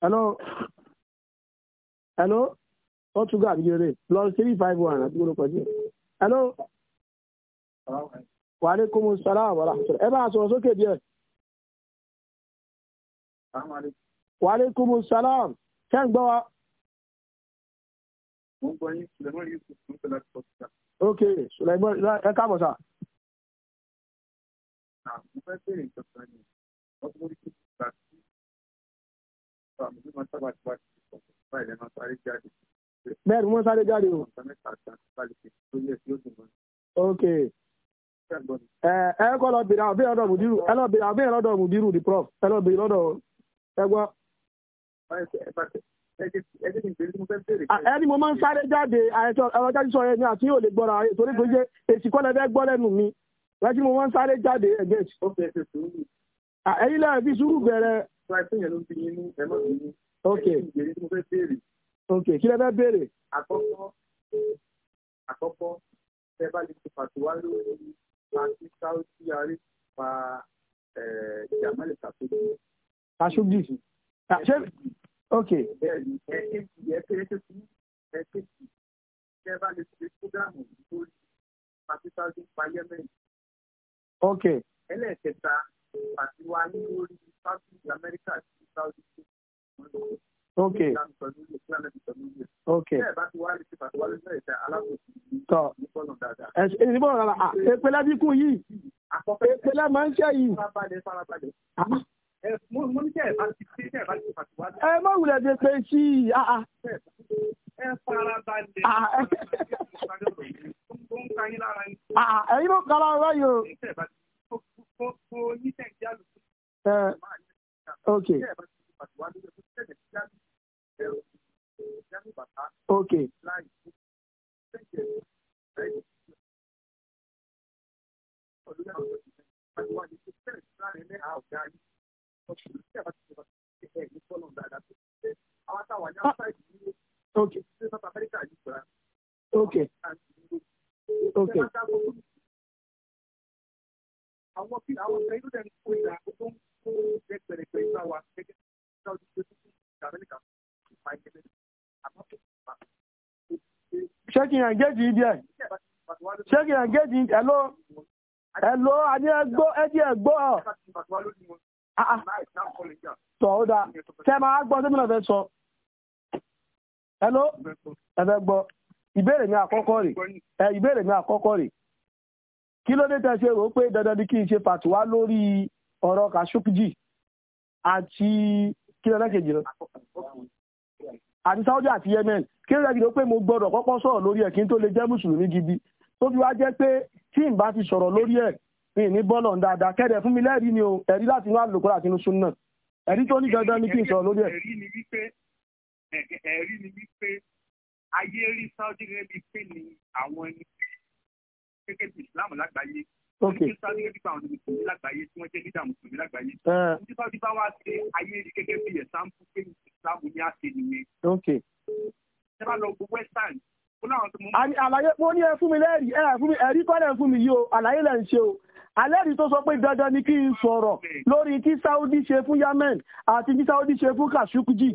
hello hello ó tún gà bíi rè plus three five one àti gbọ́dọ̀ pẹ̀lú hello wa aleykum salaam wa rahmatulah ẹ bá a sọ̀rọ̀ sókè díẹ̀ wa aleykum salaam kẹ́ ń gbọ́ wa. ok Sulaiman ẹ káàbọ̀ sá mo fẹ́ ìjọba ni wọ́n mú ní kí n gbà sí bẹ́ẹ̀ ni wọ́n sáré jáde o. ok ẹ kọ́ lọ bèrè àbí ọ̀dọ̀ mùdírù ẹ lọ bèrè àbí ọ̀dọ̀ mùdírù the prof ẹ lọ bèrè lọ́dọ̀ ẹ gbọ́. ẹni mo máa ń sáré jáde àìsàn ẹ̀rọ jáde sọ yẹn ni àti yóò lè gbọ́ra torí kò jẹ́ èsì kọ́lẹ̀ bẹ́ẹ̀ gbọ́ lẹ́nu mi lẹ́sìn mo máa ń sáré jáde ẹ̀gẹ́sì. ẹ̀yin lẹ́yìn fi sùúrù bẹ̀rẹ̀ ṣáà ìpín yẹn ló ń fi yín ní ẹ̀mọ́ mi ní. ok ìbéèrè tí mo fẹ́ béèrè. ok kí lẹ fẹ́ béèrè. àkọ́kọ́ àkọ́kọ́ ẹ bá lè fi pàtó wá lórí pàtí sáúsì àárẹ̀ pa jamal kàfíńtì. aṣojú ṣe ok. ẹ̀ẹ́dẹ̀ẹ̀dì ẹ̀ẹ́dẹ̀ẹ̀dì ẹ̀ẹ́dẹ̀ẹ̀dì ẹ bá lè fi fúgàmù lórí pàtí sáúsì pa yẹ́mẹ̀rì. ok. ẹlẹ́ẹ̀kẹta. Okay àti wa ní orí fásitì amẹ́ríkà àti saudi ok ok tọ ẹni bọ́ọ̀rọ̀ rà èpèlè dínkù yìí èpèlè máa ń ṣe yìí. ẹ má wulẹ̀ de pé sí i. Ah, ah. ẹ fara balẹ̀ ah, ẹ̀yin ló kára ọ̀rọ̀ yìí o gbogbo onítẹ̀jì àlùkò. ok ok. Okay àwọn kí àwọn ọ̀sẹ̀ inú dẹ̀rù kó ìlà tó ń kó ẹgbẹ̀rẹ̀ pé ìgbà wà gẹ́gẹ́ náà ti ṣe fún amẹ́ríkà ìfà ìjẹ́lẹ̀ àmọ́ kò fà. ṣé kí n gẹ́jì ibi ẹ̀ ṣé kí n gẹ́jì ẹ̀ló ẹ̀ló àní ẹgbọ́ ẹ̀dí ẹ̀gbọ́ ah, ah. ọ̀. tọ́ ó dáa kẹ́ ẹ máa gbọ́ sẹ́mi náà fẹ́ sọ ẹ̀ló ẹ̀fẹ́ gbọ́ ìbéèrè mi àkọ́kọ́ rè ìbéèrè mi àkọ́kọ́ rè kí ló dé tẹ́ ṣe rò ó pé dandan ni kí n ṣe fàtúwá lórí ọ̀rọ̀ Khashoggi àti kí lọ́dọ̀ kejì rẹ̀ àti Saudi àti Yemen kí lọ́dọ̀ kejì rẹ̀ pé mo gbọ́dọ̀ kọ́kọ́ sọ̀rọ̀ lórí ẹ̀ kí n tó lè jẹ́ mùsùlùmí gidi tó fi wá jẹ́ pé tí n bá ti sọ̀rọ̀ lórí ẹ̀ mi ní bọ́ọ̀lù dáadáa kẹ́dẹ̀ fún mi lẹ́rìí ni o ẹ̀rí láti inú àlùkò àti inú súnà ẹ̀rí tó ní dandan ni kí n sọ̀rọ̀ lórí ẹ̀. ẹ̀rí ni wípé ayé rí Saudi Arabia pé ni gẹ́gẹ́ bí Islam lágbàáyé ok ní sáà gẹ́gẹ́ bí àwọn mùsùlùmí lágbàáyé tí wọ́n jẹ́ nídà mùsùlùmí lágbàáyé ní sáà bí bá wá ṣe ayé rí gẹ́gẹ́ bí ẹ̀sánpù pé Islam ní àṣẹ nìyẹn. ok ṣé bá lọ gbogbo western ó láwọn àlàyé mo ní ẹ fún mi lẹ́rìí ẹ fún mi ẹ̀rí kọ́ lẹ́ fún mi yìí o àlàyé lẹ́ ń ṣe o alẹ́rìí tó sọ pé dandan ni kí n sọ̀rọ̀ lórí tí Saudi ṣe fún Yemen àti tí Saudi ṣe fún Khashoggi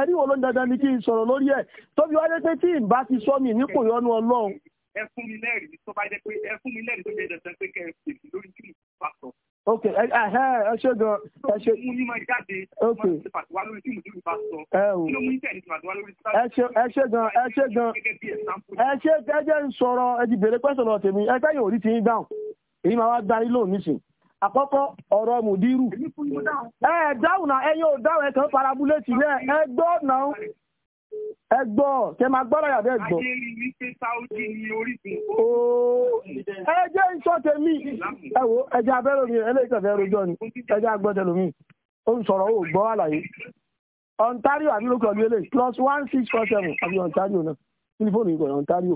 ẹ̀rí wo ló ń dandan ni kí n sọ̀rọ̀ lórí ẹ̀ tóbi wáyé pé tí ìbá ti sọ mi ní kò yọnu Ọlọ́run ẹ fún mi lẹ́rìí tó bá jẹ́ pé ẹ fún mi lẹ́rìí tó jẹ́ dandan pé kẹ́ ẹ fèsì lórí kí n bá sọ. ok ẹ ẹ ṣe gan ẹ ṣe. mo ní máa jáde ok mo ti pàtó wá lórí tí mo ti bá sọ. ẹ o kí ló mú tẹ̀ ní pàtó wá lórí tí mo ti bá sọ. ẹ ṣe gan ẹ ṣe gan ẹ ṣe ẹ jẹ́ ń sọ̀rọ̀ ẹ ti bèrè pẹ́sẹ̀ lọ tèmi ẹ fẹ́ yóò rí ti yín dáhùn èyí máa wá darí lóun nísìn àkọ́kọ́ ọ̀rọ̀ mùdírù ẹ dáhùn náà ẹ yóò dáhùn ẹ kàn parabulé tì ẹ gbọ́ kẹ máa gbọ́dọ̀ yàtọ̀ ẹ gbọ́. ayélujára ní pé saudi ni orísun. ooo ẹ jẹ́ iṣọ́ tèmi ẹ wo ẹja abẹ́rẹ́ mi eléyìí kẹfẹ́ rojọ́ ni ẹja agbọ́tẹ lomi ó ń sọ̀rọ̀ ó gbọ́ àlàyé ontario àbí lókè ọdún eléyìí plus one six four seven àbí ontario náà tẹlifóònù yìí kọ̀ ontario.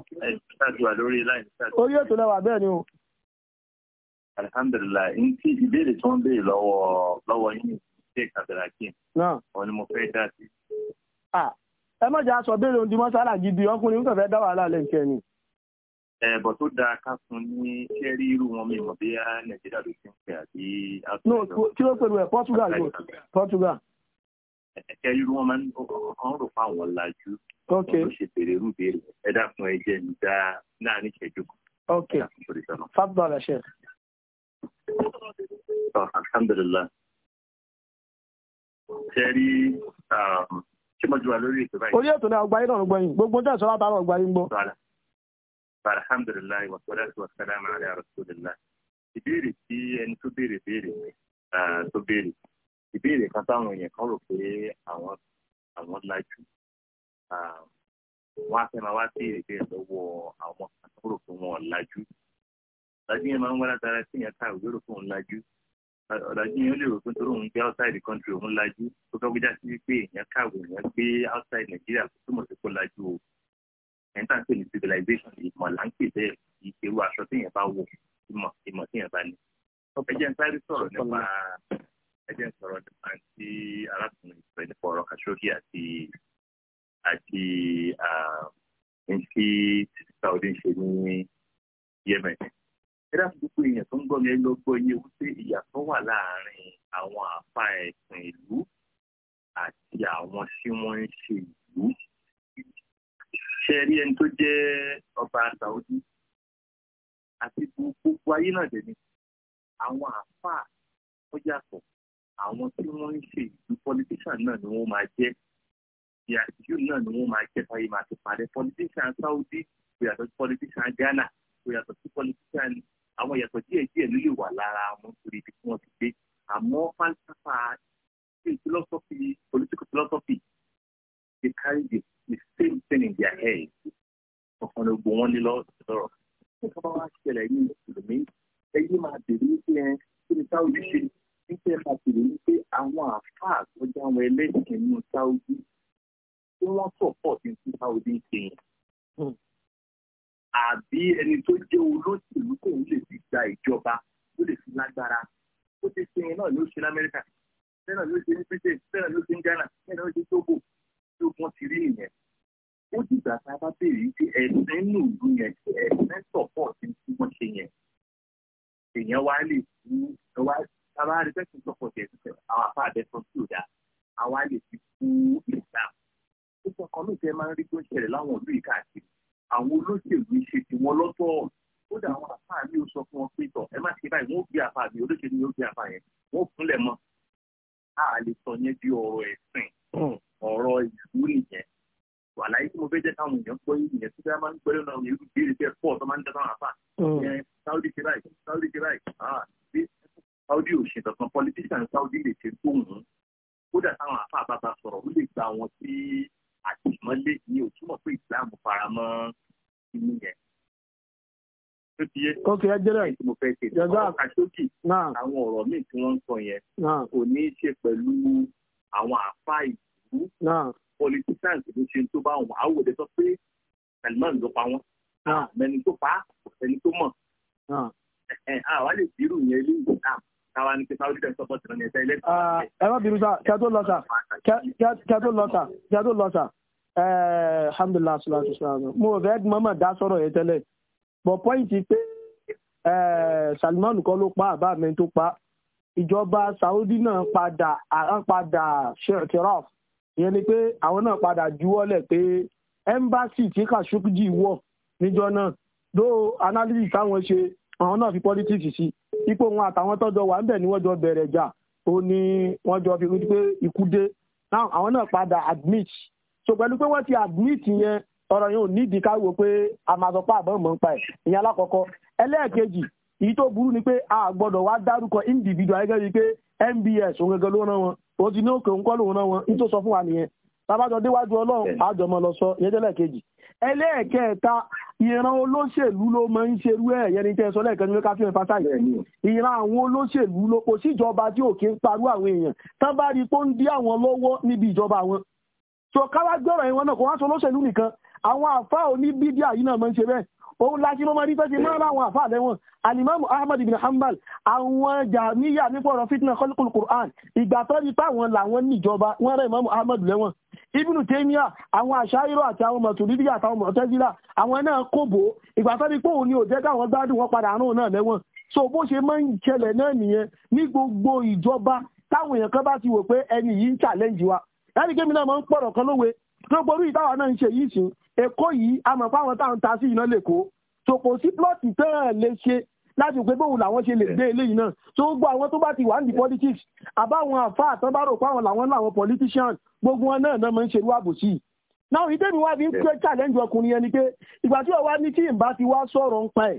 orí ètò lẹ́wà bẹ́ẹ̀ ni o. alihamdulilayi n kí ìbéèrè tí wọ́n béèrè lọ́wọ́ lọ́wọ́ yín ṣe kàbẹ̀rẹ̀ kí n. náà. ah ẹ má jà sọ béèrè ohun mọ́sálà gidi ọkùnrin ń kànfẹ́ dá wàhálà lẹ́ǹkẹ́ ni. ẹ̀bọ̀ tó dáa ká fún ní kẹ́rí irú wọn mi mọ̀ bí nàìjíríà ló ti ń pè àbí. no kí ló pẹ̀lú ẹ̀ Portugal ló Portugal. ẹ̀kẹ́ irú wọn máa ń kàn rò fáwọn lajú. ok wọ́n ṣe béèrè irú béèrè ẹ dákun ẹ jẹ́ mi dá láàrin ìṣẹ́jú kan. ok fàbọ̀lá ṣe. alhamdulillah. ṣe rí um, ṣé mo jùlọ lórí ètò báyìí. orí ètò náà ọgbà yín náà gbọ́ yín gbogbo tẹ̀ sọ́lá tààrà ọgbà yín gbọ́. alhamdulilayi wa salatu wa salam ala rasulillah ìbéèrè tí ẹni tó béèrè béèrè tó béèrè ìbéèrè kan táwọn èèyàn kan rò pé àwọn àwọn lajú wọn á fẹ́ máa wá béèrè béèrè lọ́wọ́ àwọn kan rò pé wọn lajú lajú yẹn máa ń wá látara sí yẹn ká ìwé rò pé òun lajú ọ̀làjú yẹn lè rò pé nítorí òun gbé outside the country òun lajú tó fẹ́ gbéjà sí pé èèyàn kàwé èèyàn gbé outside Nàìjíríà kó túmọ̀ sí kó lajú o ẹni tá à ń pè ní civilization ìmọ̀ là ń pè bẹ́ẹ̀ ìṣerú aṣọ téèyàn bá wọ̀ ìmọ̀ ìmọ̀ téèyàn bá ní. ọ̀pẹ jẹ́ nsáré sọ̀rọ̀ nípa ẹjẹ́ sọ̀rọ̀ nípa ti arákùnrin ìfẹ́ nípa ọ̀rọ̀ Khashoggi àti àti ntí Saudi ṣe ní Yemen ẹ̀dá gbogbo èèyàn tó ń gbọ́ mi ẹ lọ gbọ́ iye wípé ìyàtọ̀ wà láàárín àwọn àfa ẹ̀sìn ìlú àti àwọn tí wọ́n ń ṣe ìlú. ṣe rí ẹni tó jẹ́ ọba Saudi àti gbogbo ayé náà jẹ́ ni àwọn àfa ó yàtọ̀ àwọn tí wọ́n ń ṣe ìlú politician náà ni wọ́n máa jẹ́ ìyàtìjú náà ni wọ́n máa jẹ́ báyìí máa ti pàdé politician Saudi kò yàtọ̀ Ghana kò sí politician àwọn ìyàtọ̀ díẹ̀ díẹ̀ ló lè wà lára wọn torí ibi tí wọ́n ti gbé àmọ́ falsafa philosophy political philosophy they carry the, the same thing in their head ọ̀kan ló gbọ́ wọn ní lọ́rọ̀ ṣé kí wọ́n wá ṣẹlẹ̀ ní mùsùlùmí ẹ̀yin máa bèrè wípé ẹ kí ni táwọn yìí ṣe níṣẹ́ máa bèrè wípé àwọn àáfàá tó já àwọn ẹlẹ́sìn nínú táwọn yìí tí wọ́n sọ̀pọ̀ sí táwọn yìí ṣe yẹn àbí ẹni tó jẹ́ olóṣèlú kò ń lè fi gba ìjọba ó lè fi lágbára ó ti ṣe yẹn náà ló ṣe ní Amẹ́ríkà bẹ́ẹ̀ náà ló ṣe ní Britain bẹ́ẹ̀ náà ló ṣe ní Ghana bẹ́ẹ̀ náà ló ṣe ní Togo tó ti rí nìyẹn ó dìgbà tá a bá béèrè pé ẹ̀sìn inú ìlú yẹn ṣe ẹ̀sìn sọ̀pọ̀ sí tí wọ́n ṣe yẹn èèyàn wá lè fún ẹwà tábà rí bẹ́ẹ̀ tó sọ̀pọ̀ sí ẹ̀sìn àwọn afá àbẹ́sọ tí ò dáa àwa lè fi fún ìgbà ó sọ kan ló fẹ́ máa ń rí tó ń ṣẹlẹ̀ láwọn ìlú yìí àwọn olóṣèlú ṣe ti wọn lọ́tọ̀ kódà àwọn àfáà mi ò sọ fún wọn pé tọ̀ ẹ má ṣe báyìí wọn ò gbé àfáà mi olóṣèlú yóò gbé àfáà yẹn wọn ò kúnlẹ̀ mọ́ a lè sọ yẹn di ọ̀rọ̀ ẹ̀sìn ọ̀rọ̀ ìlú nìyẹn àlàyé tí mo fẹ́ jẹ́ káwọn èèyàn gbọ́ yìí nìyẹn tí wọ́n máa ń gbẹ́rẹ́ náà irú ìbéèrè bẹ́ẹ̀ pọ̀ tó máa ń dáná àfáà yẹn mm. sáúdì ṣe báyìí sáúdì ṣe báyìí àtìmọ́lé ni ò túmọ̀ pé islam faramọ́ inú yẹn. tó ti yé ok ajẹ́rẹ́ ẹ̀ tí mo fẹ́ ṣe ọ̀rọ̀ kàṣókì àwọn ọ̀rọ̀ míì tí wọ́n ń sọ yẹn kò ní í ṣe pẹ̀lú àwọn àfa ìlú politicians ló ṣe tó bá wọn àwòdẹ sọ pé Salman ló pa wọn mẹni tó pa kò sẹ́ni tó mọ̀ àwọn lè bírù yẹn lóyún náà táwa ní pé sáwọ́dí tẹ̀ sọ́pọ̀tì lọ́nà ẹ̀sẹ̀ ilé. Ah, ẹ má bínú sá kí a tó lọ sá kí a tó lọ sá kí a tó lọ sá eh, alhamdulilah salatu salam mo fẹ́ mọ́mọ́ dá sọ̀rọ̀ yẹn tẹ́lẹ̀ bọ̀ pọ́ìntì pé eh, Salman kọ́ ló pa àbá mi tó pa ìjọba Saudi náà padà padà ṣèrọf ìyẹn ni pé àwọn náà padà juwọ́lẹ̀ pé ẹ́mbáàsì tí Khashoggi wọ̀ níjọ náà dó analysis táwọn ṣe àwọn náà fi politics sí i ipò wọn àtàwọn tọ́jọ wà ń bẹ̀ ni wọ́n jọ bẹ̀rẹ̀ jà ó ní wọ́n jọ fi pé ikú dé now àwọn náà padà admit so pẹ̀lú pé wọ́n ti admit yẹn ọ̀rọ̀ yẹn ò nídìí ká pé a máa sọ pé àbọ̀ mọ̀ ń pa ẹ̀ ìyẹn alákọ̀ọ́kọ́ ẹlẹ́ẹ̀kejì èyí tó burú ni pé a gbọ́dọ̀ wá dárúkọ individual gẹ́gẹ́ bíi pé MBS òun gẹ́gẹ́ ló rán wọn ó ti ní òkè òun kọ́ lòun rán wọn ní tó sọ fún wa nìyẹn tábàjọ déwájú ọlọ́run àjọmọ lọ sọ ìyẹn tẹ́lẹ̀kejì ẹlẹ́ẹ̀kẹta ìran olóṣèlú ló máa ń ṣerú ẹ̀ yẹn ní tẹ́sán lẹ́ẹ̀kan ní ká fi hàn fásáì ìran àwọn olóṣèlú ló kò síjọba tí òkè ń parú àwọn èèyàn tán bá rí i pé ó ń dí àwọn lọ́wọ́ níbi ìjọba àwọn so káwá gbọ́rọ̀ yẹn náà kò wá sọ olóṣèlú nìkan àwọn àfáà oníbídíà yìí náà máa ń ṣe bẹ́ẹ̀ òun láti ló máa rí tọ́jú máa láwọn àfáà lẹ́wọ̀n alimamu ahmad ibn hanbal àwọn jàmíyà nípa ọ̀rọ̀ fitna khalqul quran ìgbà tó rí táwọn làwọn níjọba wọ́n rẹ̀ imamu ahmad lẹ́wọ̀n ibn taymiya àwọn àṣàyírò àti àwọn mọ̀tòlídì àtàwọn mọ̀tẹ́sílà àwọn náà kóbò ìgbà tó rí pé òun ni ò jẹ́ káwọn gbádùn wọn padà àrùn náà lẹ́wọ̀n so bó ṣe máa ń ṣẹlẹ̀ náà nìyẹn ní gbogbo ìjọba táwọn èèyàn kan bá ti wò pé ẹni yìí ń challenge wa ẹnì kémi náà máa ń pọ̀rọ̀ kan lówe gbogbo orí ìtawà náà ń ṣe yìí sìn èkó yìí a mọ̀ fáwọn táwọn ta sí iná lẹ́kọ̀ọ́ so kò sí plọ́ọ̀tì tán lè ṣe láti pé bóun làwọn ṣe lè gbé eléyìí náà tó gbọ́ àwọn tó bá ti wà ní politics àbáwọn àfa àtọ́bárò páwọn làwọn làwọn politician gbogbo wọn náà náà máa ń ṣerú àbòsí náà ìdẹ́mi wá fi ń pé challenge ọkùnrin yẹn ni pé ìgbà tí ọwá ní tí ìbá ti wá sọ̀rọ̀ ń pa ẹ̀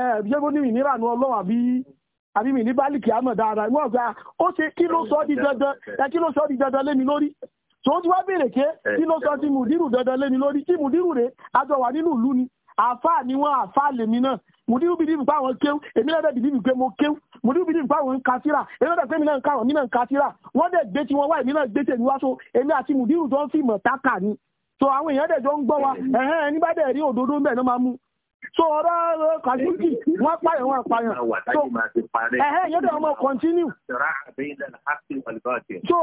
ẹ̀ ṣé kó ní ìnira nu ọlọ́run àbí àbí mi ní bálíkì àmọ̀ dáadáa wọ́n gba ó ṣe kí ló sọ ọ́ di dandan ẹ kí ló sọ ọ́ di dandan lé mi lórí tó ti wá béèrè ké eh, kí ló sọ eh, ti mùdírù dandan lé mi lórí tí mùdírù rè àjọ wà nínú ìlú ni àfáà ni wọn àfáà lèmi náà mùdírù bìdìbì pé àwọn kéwù èmi náà bìdìbì pé mo kéwù mùdírù bìdìbì pé àwọn ń ka síra èmi náà pé mi náà ń ka àwọn mi náà ń ka síra wọn dẹ̀ gbé tiwọn wá èmi náà gbé tèmi wá so èmi àti mùdírù jọ ń fìmọ̀ táka ni so àwọn èèyàn dẹ̀ jọ ń gbọ́ wa eh, ẹ̀hẹ́n ẹni bá dẹ̀ rí òdodo ń bẹ̀ náà máa mú so ọ̀rọ̀ kàṣíkì wọ́n pààyàn wọ́n pààyàn so ẹ̀hẹ́ yẹ́dọ̀ ọmọ continue so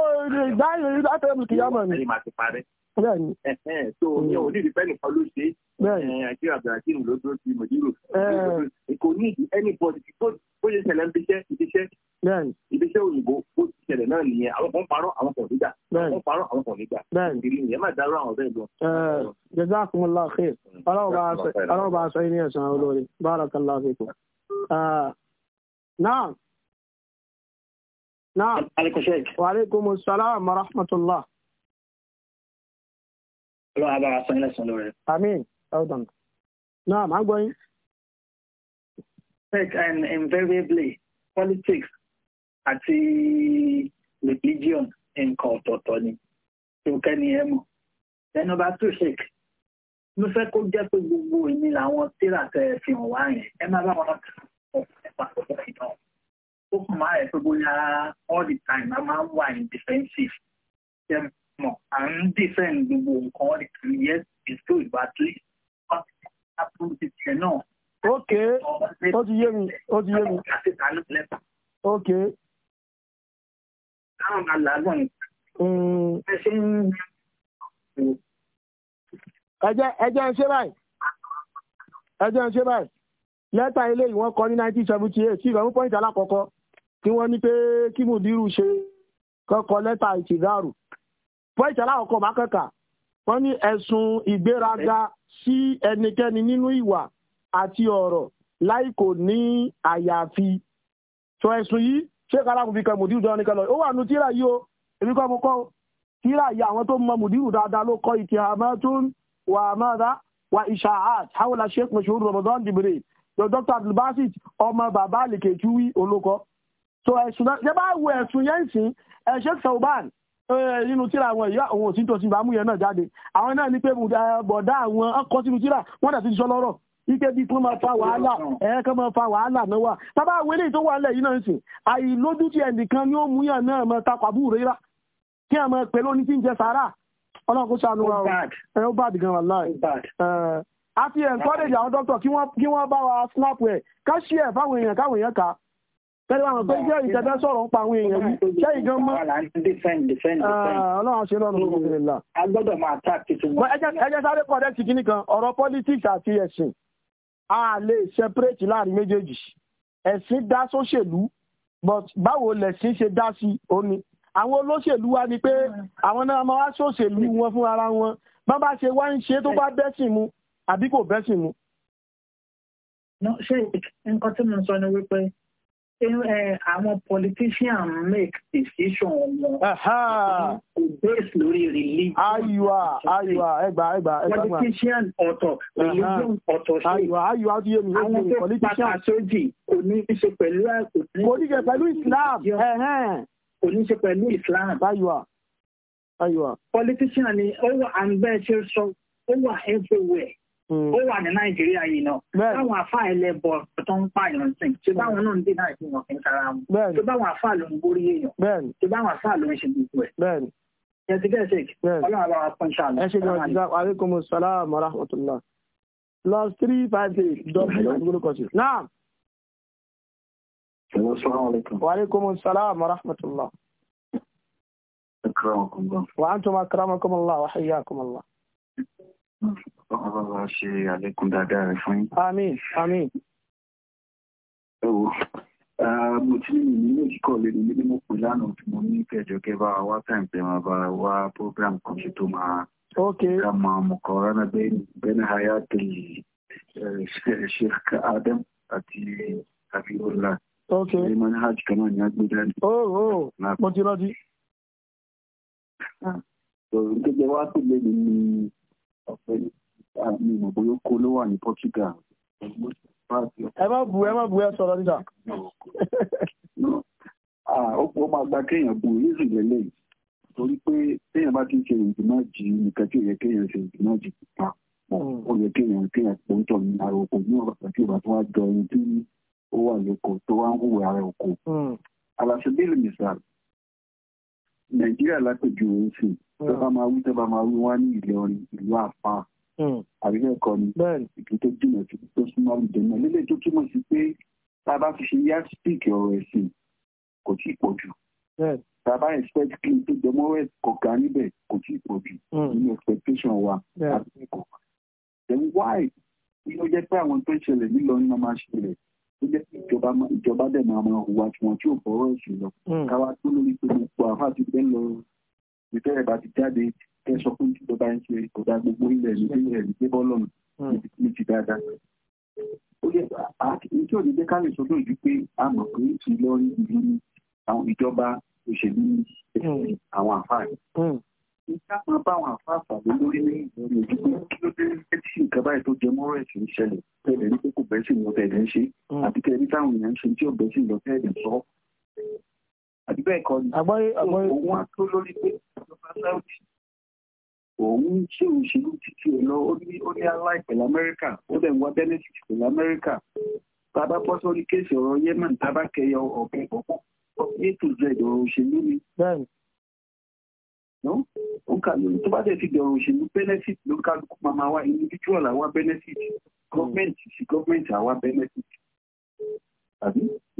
ìgbà yìí látọ̀rọ̀ mi kìí yá mọ̀ bẹ́ẹ̀ni. so mm. ní òní ìdífẹ́ nìkan ló ṣe é àti abdulhakeem ló dúró sí modiru eh. kò ní ìdí anybody bó ṣe ṣẹlẹ̀ níbi iṣẹ́ ibi iṣẹ́ ibi iṣẹ́ òyìnbó bó ti ṣẹlẹ̀ náà nìyẹn àwọn kan parọ́ àwọn kan nígbà àwọn parọ́ àwọn kan nígbà ìdílé nìyẹn má dárò àwọn bẹ́ẹ̀ lọ. Eh, jazakumullahu khair aláwọ̀ mm. bá a sọ ilé ẹ̀sán olórí barakallahu fikum. Eh, naam naam wa alaikumus salam wa rahmatullah ọlọ́run abára san ilẹ̀ sàn lórí. àmín and invariably politics àti religion in ọ̀tọ̀ọ̀tọ̀ ni tó kẹ́ni ẹ mọ̀ ẹnu bá tún ṣèkì mo fẹ́ kó jẹ́ pé gbogbo èmi làwọn tíra tẹ fi hàn wá yẹn ẹ má bá wọn lọ tẹ̀sán nípa ọ̀pọ̀ ìtàn ó kàn all the time I'm máa ń defensive mọ̀ à ń dìfẹ́ǹ gbogbo nǹkan ọ̀rẹ́ kan yẹ ètò ìbátúlé àpòjì tiẹ̀ náà. ok ó ti yé mi ó ti yé mi. ok. táwọn alágbọ̀n ni. Hmm. ẹ ṣe ń. ẹ jẹ́ ẹ jẹ́ ń ṣe báyìí ẹ jẹ́ ń ṣe báyìí lẹ́tà eléyìí wọ́n kọ ní nineteen seventy eight tí ìrọ̀rùn pọ́ìntì alákọ̀ọ́kọ́ tí wọ́n ní pé kí mùdírù ṣe kọ́kọ́ lẹ́tà ìtìdáàrù pọ́ìtì aláwọ̀kọ́ máa kẹ́kà wọ́n ní ẹ̀sùn ìgbéraga sí ẹnikẹ́ni nínú ìwà àti ọ̀rọ̀ láì kò ní àyàfi sọ ẹ̀sùn yìí ṣé kálákùn fi kan mùdíù jọ nìkan lọ ó wà nù tíra yìí o èmi kọ́ mo kọ́ tíra yìí àwọn tó mọ mùdíù dáadáa ló kọ́ ìtì àmọ́tún wà àmọ́dá wà ìṣàhàt hawla sheikh mashur ramadan jibril the doctor abdulbasit ọmọ bàbá àlèkè tuwi olókọ so ẹ̀sùn náà ṣé bá wo ẹ̀sùn yẹn sìn ẹ̀ sheikh sauban Eh, nínú tíra àwọn ìyá òun òsì tó ti bá mú yẹn náà jáde àwọn náà ní pé bọ̀dá àwọn ọkọ̀ sínú tíra wọ́n dà sí sọ lọ́rọ̀ ike bí kí wọ́n máa fa wàhálà ẹ̀ẹ́ kan máa fa wàhálà náà wà tábà àwọn eléyìí tó wà lẹ̀ yìí náà ń sìn àìlójútì ẹnìkan ni ó mú yàn náà máa takọ̀ àbú rírà kí ẹ̀ máa pẹ̀lú oní tí ń jẹ sàárà ọlọ́run ṣàánú wa ó bàdì gan wàláì a fi encourage àwọn dókítà kí wọ́n bá wa snap ẹ̀ ká ṣí ẹ̀ fáwọn èèyàn káwọn èèyàn kà á Tẹ́lẹ̀ àwọn tó jẹ́ ìjẹta sọ̀rọ̀ ń pa àwọn èèyàn yìí. Ṣé ìjọ mọ́? Ah, Ọlọ́run ṣe lọ́nà ọmọ ìrìn là. A gbọ́dọ̀ máa tá kìtì wọn. sáré kọ̀ dẹ́sì kìíní kan, ọ̀rọ̀ politics àti ẹ̀sìn. A lè separate láàrin méjèèjì. Ẹ̀sìn dá sóṣèlú, but báwo lẹ̀sìn ṣe dá sí òní? Àwọn olóṣèlú wa ni pé àwọn náà máa wá sóṣèlú wọn fún ara wọn. Bá bá ṣe wá ń ṣe tó bá bẹ́sìn mu àbí kò bẹ́sìn mu. Ṣé nǹkan tí mo sọ ni wípé àwọn politician make decision wọn. kò base lórí religion. ayiwa ayiwa ẹgbàá ẹgbàá ẹgbàá. politician ọ̀tọ̀ religion ọ̀tọ̀ ṣe. ayiwa ayiwa ti yé mi yé mi politician. àwọn tó pàtàkì sójì kò ní í ṣe pẹ̀lú àìkú. kò ní í ṣe pẹ̀lú Islam. kò ní í ṣe pẹ̀lú Islam. ayiwa ayiwa. politician ni ó wà àǹgbẹ́ ṣe sọ ó wà everywhere ó wà ní nàìjíríà yìí náà báwọn àfáà ẹlẹ́bọ tó ń pààyàn sí ṣe báwọn náà ń dé náà ìpín ọ̀fìn kára mu ṣe báwọn àfáà ló ń borí èèyàn ṣe báwọn àfáà ló ń ṣe gbogbo ẹ̀. ẹ ti bẹ́ẹ̀ ṣe ọlọ́run àbáwá fún ṣáàlù. ẹ ṣe jọ ìjà aleykum salaam wa rahmatulah plus three five eight double nine gbólókọ sí. naam. wa aleykum salaam wa rahmatulah. wa antum akramakum allah wa hayyakum allah ọlọ́run bá wa ṣe àlékún dáadáa rẹ̀ fún yín. àmín àmín. ẹ wo mo ti ní ìlú méjì kọ́ lé ní nínú pé lánàá tí mo ní kẹjọ kẹba wá time pé máa bá wá program kan ṣe tó máa ká máa mọ̀ kọ́ rárá bẹ́ẹ̀ni àyà tèlè Sheikh Adam àti Abiola. ok ní mo ní hajj kan náà ní agbègbè dání. ó oh, ó oh. mo ti rántí. Ah. nítorí wá pè lé mi ní ọ̀pẹ yìí. Ah, mi mọ̀ bóyá oko ló wà ní Portugal. ẹ má bu ẹ má bu ẹ sọ̀rọ̀ níta. Ah, ó máa gba kéèyàn bu yéésù lélẹ̀ torí pé téèyàn bá ti ń ṣe ìdùnnà jì nìkan tí ò yẹ kéèyàn ṣe ìdùnnà jì pa ó hmm. yẹ kéèyàn kéèyàn pò ń tọ̀ ní ara oko ní ọ̀rọ̀ pàtàkì ìgbà tó wá jọ ẹni tí ó wà lóko tó wá ń hùwà ara oko. Hmm. aláṣẹ bílẹ̀ mìsàl nàìjíríà lápèjú oṣù tó hmm. bá máa wí tó bá máa wí wá ní ìlú àpá Hmm. àbí bẹ́ẹ̀ kọ́ ni ìpín tó jìnnà sí tó súnmọ́ àlùjẹ náà lélẹ̀ tó túmọ̀ sí pé tá a bá fi ṣe yastik ọ̀rọ̀ ẹ̀sìn kò tí ì pọ̀ jù tá a bá expect kí n tó jọmọ́ rẹ̀ kọ̀ọ̀ká níbẹ̀ kò tí ì pọ̀ jù hmm. nínú expectation wa àti ìkọ̀ then why ni ó jẹ́ pé àwọn tó ń ṣẹlẹ̀ nílọrin náà máa ṣẹlẹ̀ ó jẹ́ pé ìjọba ìjọba dẹ̀ máa máa hùwà tí wọ́n tí ò bọ́rọ̀ ẹ̀sìn lọ hmm. káwá tó lórí pé gbogbo àfáà ti ẹ sọ fún ìjọba ń ṣe ìkọ̀dá gbogbo ilẹ̀ ní ilẹ̀ ní pé bọ́ọ̀lù hmm. ní ti dáadáa. ó yẹ kí òde jẹ́ ká lè sọ pé a mọ̀ pé Ìlọrin ìlú ni àwọn ìjọba òṣèlú ni hmm. àwọn àfáàní. Hmm. ìjà máa bá àwọn àfáàfà ló lórí ní ìlú ojú pé kí ló dé ẹ tí nǹkan báyìí tó jẹ mọ́rọ̀ ẹ̀sìn ń ṣẹlẹ̀ tẹ̀lé ní pé kò bẹ́ẹ̀ sì lọ tẹ̀lé ń ṣe àti tẹ̀lé táwọn èèyàn ń ṣe tí ò bẹ́ẹ̀ sì lọ tẹ̀lé sọ àti bẹ́ẹ̀ ni òun ṣe òṣèlú títí ẹ lọ ó ní ó ní aláì pẹ̀lú amẹ́ríkà ó dẹ̀ ń wá bẹ́nẹ́fìtì pẹ̀lú amẹ́ríkà bàbá bọ́ sórí kéèsì ọ̀rọ̀ yemen bàbá kẹyọ ọ̀bẹ ìbọ̀kọ́ ètò ìdọ̀rọ̀ òṣèlú ni. ó kà lóyún tó bá dẹ̀ ti dọ̀rọ̀ òṣèlú benefit ló kálukú màmá wa individual àwa benefit government sí government àwa benefit.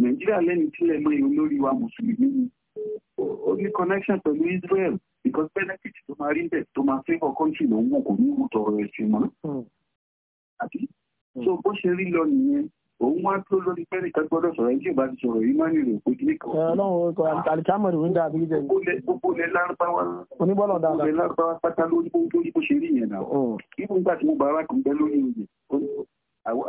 nàìjíríà lẹ́ni tílẹ̀ mọ́ olórí wa mùsùlùmí ni ó ní connection pẹ̀lú israel because benefit tó máa rí ń bẹ̀ tó máa favour country ló ń wò kò ní wù tọrọ ẹ̀sìn mọ́ hmm. àbí hmm. so bó ṣe rí lọ nìyẹn òun wá tó lórí pẹ́ẹ́nì kan gbọ́dọ̀ sọ̀rọ̀ ẹ̀jẹ̀ bá ti sọ̀rọ̀ yìí má nílò pé kí ní kan. ọlọ́run orúkọ alikámọ̀rì ń dàbí jẹ. gbogbo lẹ lárúbáwá oníbọ̀lọ̀ dáadáa gbogbo lẹ lárúbáwá pátá lórí bó ṣe rí yẹn náà. ibùgbà hmm. tí mo bá arákùnrin bẹ lórí oyè àwọn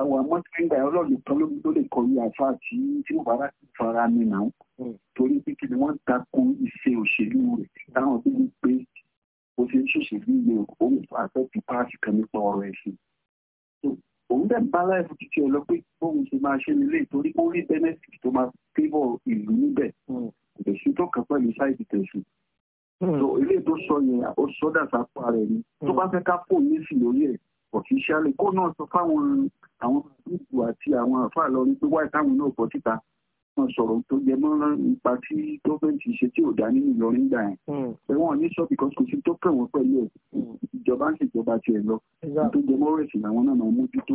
àmọ́ tí ń gba ẹ̀rọ lọ́ọ̀lù tán lórí ló lè kọrí àfa àti tí mo bá rà sí fara mi nà ń hmm. torí pé kí ni wọ́n tako iṣẹ́ òṣèlú rẹ̀ táwọn bí mi pé o ṣe ń ṣòṣèlú ilé òun àfẹ́ ti páàsì kan nípa ọ̀rọ̀ ẹ̀sìn òun dẹ̀ bá láìpẹ́ títí ẹ lọ pé bóun ṣe máa ṣe nílé torí ó rí benefit tó máa favour ìlú níbẹ̀ hmm. kò lè ṣe tó kàn pẹ̀lú ṣáìdì tẹ̀sùn. Hmm. so ilé tó sọ yẹn ó sọ dàsá pa rẹ̀ ni tó bá fẹ́ ká fóun ní officially kó náà sọ fáwọn àwọn gúúpù àti àwọn àfáà lọrin pé wáyé táwọn náà bọ́ síta wọn sọ̀rọ̀ tó jẹ mọ́ nípa tí gọ́ọ̀mẹ̀ntì ṣe tí ò dá nínú Ìlọrin gbà yẹn hmm. pé wọ́n ní sọ because kò sí tó kàn wọ́n pẹ̀lú ẹ̀ hmm. ìjọba ń ṣèjọba tiẹ̀ lọ tó jẹ mọ́ rẹ̀ làwọn náà máa mójútó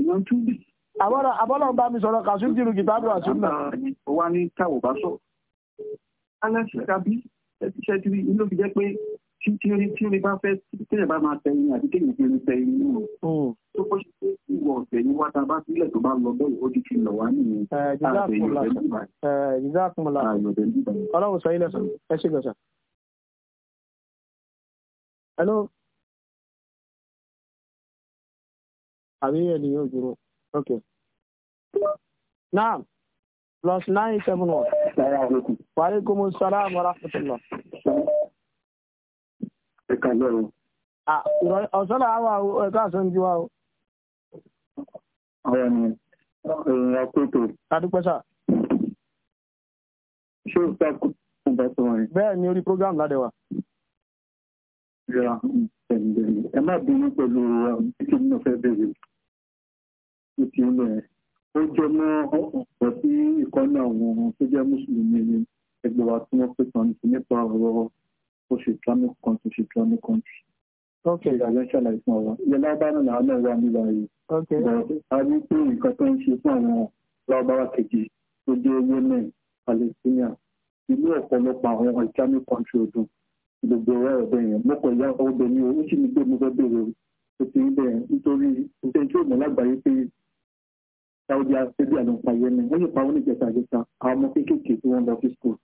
èèyàn tún bì. àbọ̀lọ̀ bá mi sọ̀rọ̀ kà sún jìrù kìtàbù àsúnà. ó wá ní táwọ̀ bá sọ. alẹ́sì tàbí ẹ̀tíṣẹ́ tí inú fi jẹ́ pé tí tí orin tí orin bá fẹ́ téèyàn bá máa tẹ ẹyin àti téèyàn fi orin tẹ ẹyin nù. Hmm. tó kọ́ sí pé ìwọ̀ ọ̀sẹ̀ ni wá ta bá sílẹ̀ tó bá lọ bẹ́ẹ̀ ó ti fi lọ̀ wá nìyẹn. Eh, jazakumullah eh, ah, ọlọ́run sọ ilẹ̀ ẹ ṣe gbẹ̀sà. hello. àbí ẹ̀dùn yóò dúró ok naam plus nine seven one. wàhálẹ́kùmù sàlámù rahmatullah. ẹ kà lọ́rùn. ọ̀sán àwọn ẹ̀ka àṣọ́njú wa o. ọ̀rọ̀ mi èèyàn pètò. o fẹ́ kó bá tó wọn. bẹ́ẹ̀ ni orí program ládẹ́wà. ẹ má bínú pẹ̀lú títí um, nínú fẹ́ bẹ̀rẹ̀ ìpínlẹ̀ ó jọ mọ́ ọ̀pọ̀ sí ìkọ́nà àwọn tó jẹ́ mùsùlùmí ní ẹgbẹ́ wa tí wọ́n pè tán nípa ọ̀rọ̀ oṣù islamic country oṣù islamic country. Okay. Ìyàgbẹ́ ṣàlàyé fún ọ̀rọ̀. Ilé lábánà làwọn náà wà nígbà yìí. Okay. A rí pé nǹkan tó ń ṣe fún àwọn lábáwá kejì tó jẹ́ Yemen, Palestina, ìlú ọ̀pọ̀lọpọ̀ àwọn Islamic country ọdún. Gbogbo ọ̀rọ̀ ọ̀bẹ yẹn. Mo kọ̀ ìyá ọ̀bẹ ni o, ó sì ní gbé mi fẹ́ bèrè o. Ó ti ń bẹ̀rẹ̀ nítorí ìtẹ́jú òmùlágbàáyé pé Saudi Arabia ló ń pa Yemen wọ́n yìí pa wọ́n ní ìjẹta ìjẹta àwọn ọmọ kéékèèké tí wọ́n lọ sí school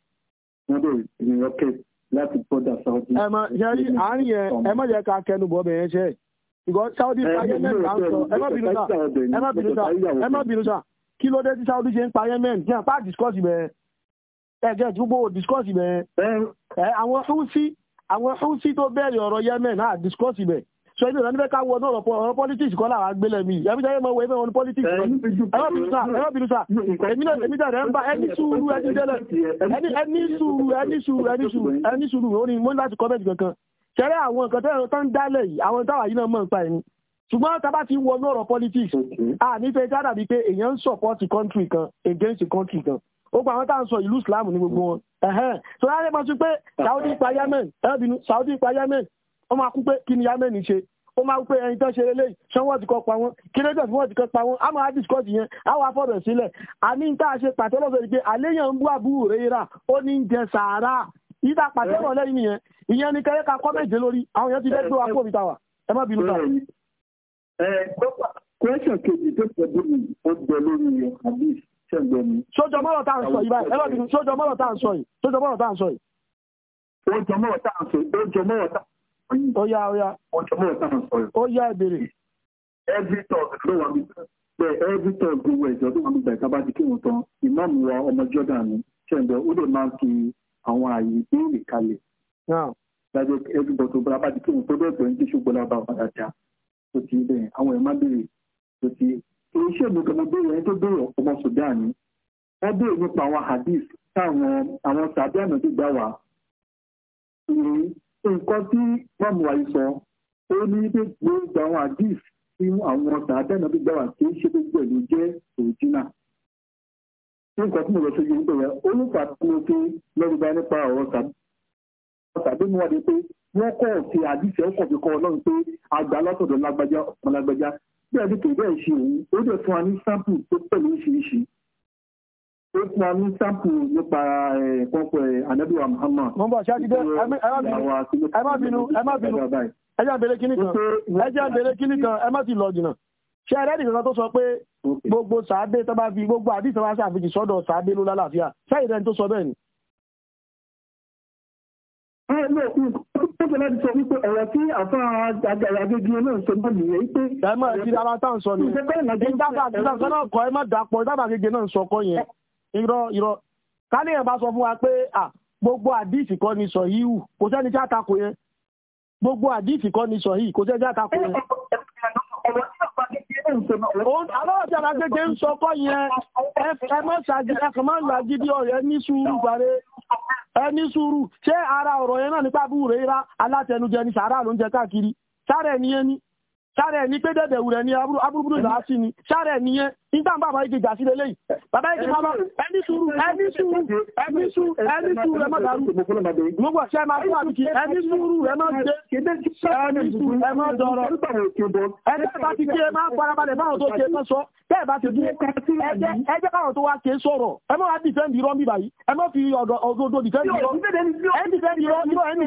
wọ́n bẹ̀rẹ̀ ní rocket láti bọ́dà Saudi. ẹ má ṣe rí àárín yẹn ẹ má yẹ ká kẹnu bọ́ bẹ̀rẹ̀ ṣe ìgò Saudi pa Yemen là ń sọ ẹ má bínú sà ẹ má bínú sà ẹ má bínú sà kí ló dé tí Saudi ṣe ń pa Yemen jẹ́ àpá discourse bẹ́ẹ̀ ẹ jẹ́ ìdúgbò discourse bẹ́ẹ̀ àwọn Houthi àwọn Houthi tó bẹ̀rẹ̀ ọ̀rọ̀ Yemen náà discourse bẹ́ẹ̀ so ibi ìrànlẹ́ fẹ́ ká wọ náà ọ̀rọ̀ politics kọ́ làwọn agbélẹ̀ mi ẹbí jẹ́ mọ̀ wẹ́ẹ́ mẹ́wọ́n politics ẹ̀rọ bínú sà ẹ̀rọ bínú sà èmi dẹ̀rẹ̀ ń bá ẹni sùúrù ẹni dẹ́lẹ̀ ẹni sùúrù ẹni sùúrù ẹni sùúrù ẹni sùúrù ó ní mo ní láti kọ́mẹ́ntì kankan ṣẹlẹ̀ àwọn nǹkan tó ń dálẹ̀ yìí àwọn táwa yìí náà mọ̀ nípa ẹ̀mí ṣùgbọ́n tábà ti wọ náà ọ̀rọ̀ politics à nífẹ̀ẹ́ tá dàbí pé èèyàn ń support country kan against country kan ó gba àwọn tá à ń sọ ìlú Islam ní gbogbo wọn. sọ yára ẹ máa sọ pé Saudi pa Yemen ẹ bínú Saudi pa Yemen ó máa kú pé kí ni yámẹ́ni ṣe ó máa pé ẹni tán ṣe eléyìí sanwó ọtí kan pa wọn kílódé tí wọn ti kan pa wọn a máa discourse yẹn a wá fọ̀rọ̀ sílẹ̀ àní tá a ṣe pàtó lọ́sọ̀ ni pé àléyàn ń bú àbúrò rẹ̀ rà ó ní ń jẹ sàárà yíta pàtó lọ lẹ́yìn nìyẹn ìyẹn ni kẹ́yẹ́ ká kọ́ méje lórí àwọn yẹn ti fẹ́ gbé wa kó mi ta wà ẹ má bínú ta. ẹ kúrẹ́sàn kejì tó tẹ̀ bó mi ó gbẹ lórí àbí ṣẹ̀gbẹ́ mi. sójọ mọ́rọ̀ tá à ń sọ yìí báyìí ẹ má bínú sójọ mọ́rọ̀ tá mọ́rọ̀ tá à ń sọ yìí. Ọya ọya. Ọjọ́ mẹ́rin sáà sọ yìí. Ó yá ìbéèrè. Every talk ló wà mí. Bẹ́ẹ̀ every talk gbogbo ẹ̀jọ́ tó wà mí bẹ̀ẹ̀ tábà ti kí wọn tán. Ìmáàmù wa ọmọ Jordan ni Ṣẹ̀ǹdẹ̀ ó lè máa ń fi àwọn ààyè ìbéèrè kalẹ̀. Dájọ́ everybody tó bá ti kí wọn tó bẹ́ẹ̀ bẹ̀rẹ̀ ní ṣùgbọ́n lábàá padà já. Tó ti bẹ̀rẹ̀ àwọn ẹ̀ má béèrè. Tó ti kìí ṣe mi kan béèrè ẹni tó béèrè ọmọ Sudan ni. Wọ́n béèrè nípa àwọn hadith táwọn nǹkan tí mọ́mù wáyé sọ ó ní pé gbogbo àwọn àdìs tí àwọn ọ̀tà àbẹ́nà gbígbà wà kì í ṣe gbogbo ẹ̀ ló jẹ́ òjìnà nǹkan tí mo lọ sójú nípa rẹ̀ olùfà tí mo fi lọ́rù bá nípa ọ̀rọ̀ tàbí mo wà dé pé wọ́n kọ́ fi àdìs ẹ̀ kọ̀ fi kọ́ ọlọ́run pé àgbà lọ́sọ̀dọ̀ lágbájá ọmọ lágbájá bí ẹni ó fún wa ní sáàpù nípa ẹ̀kọ́kọ̀ ànábìwà Muhammad. mo ń bọ̀ ṣáájú dé ẹ má bínú ẹ má bínú ẹ jẹ́ àbẹ̀rẹ̀ kíní kan ẹ jẹ́ àbẹ̀rẹ̀ kíní kan ẹ má ti lọ jìnnà ṣé ẹ̀rẹ́ nìkan tó sọ pé gbogbo sàádé tó bá fi gbogbo àdìs tó bá ṣàfihàn sọ́dọ̀ sàádé ló lálàáfíà sẹ́yìn rẹ̀ tó sọ bẹ́ẹ̀ ni. ẹ ló ń tẹ́tẹ́ láti sọ wípé ọ̀rọ̀ tí àfa agagagi náà sọ náà nìyẹn wípé. ẹ má ti ara tá à ń sọ nìyẹn. ìdábàá àti ìdábàá náà kọ ẹ má dàpọ̀ ìdábàá gègé náà ń sọ kọ yẹn. irọ́ irọ́ káníyàn bá sọ fún wa gbogbo àdìsí kọ́ ni sọ yìí wù kò sẹ́ni tí gbogbo àdìsí kọ́ ni sọ yìí kò sẹ́ni tí àtakò yẹn. Àlọ́wọ́ tí a bá kéke ń sọ kọ́ yẹn ẹ mọ́ ṣáájú ẹ kàn máa ń lo ọ̀rọ̀ ẹ ní sùúrù ẹ ní sùúrù ṣé ara ọ̀rọ̀ yẹn náà nípa àbúrò rẹ̀ ra alátẹnujẹ ni sàárà ló ń jẹ káàkiri ẹ̀ ẹ̀ ní ìtàn bàbá igi jà sí lélẹ́yìí bàbá igi bàbá ẹni suru, ẹni sùúrù ẹni sùúrù ẹni sùúrù ẹ má dàrú gbogbo ṣe máa fún àbíkí ẹni sùúrù ẹ má dé ẹni sùúrù ẹ má dọ̀rọ̀ ẹni bá ti ké máa farabalẹ̀ báwọn tó ké máa sọ bẹ́ẹ̀ bá ti dúró ẹjẹ́ káwọn tó wá ké sọ̀rọ̀ ẹ má wá dìfẹ́ǹdì irọ́ bíbá yìí ẹ má fi ọ̀dọ̀ dìfẹ́ǹdì irọ́ ẹni dìfẹ́ǹdì irọ́ ẹni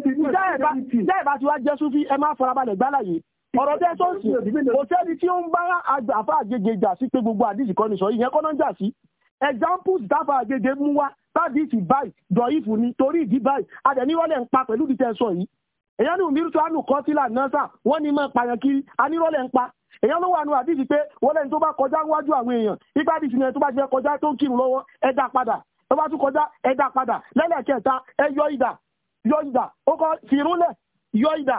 dìfẹ́ǹdì irọ́ ọ̀rọ̀ tẹ́ tó ń sìn kò sẹ́ni tí ó ń bá àgbàfà àgègè jà sí pé gbogbo àdìsí kan nìṣọ́ ìyẹn kọ́ náà jà sí examples táfà àgègè mú wá táàdì ìtì báyìí dọ̀yìfù ni torí ìdí báyìí adẹ̀nirọ́lẹ̀ ń pa pẹ̀lú ìdíjẹ́ sọ yìí èyàn ní òmìnir tó ánù kọ́tílà náà sà wọ́n ní mọ́ pààyàn kiri anírọ́lẹ̀ ń pa èyàn ló wà nù àdìsí pé wọ́n lẹ́ni tó bá kọjá wájú àwọn èèyàn ipá àdìsí yẹn tó bá ti kọjá tó ń kírun lọ́wọ́ ẹ dá padà tó bá tún kọjá ẹ dá padà lẹ́lẹ̀kẹta ẹ yọ ìdà yọ ìdà ó kọ fìrúnlẹ̀ yọ ìdà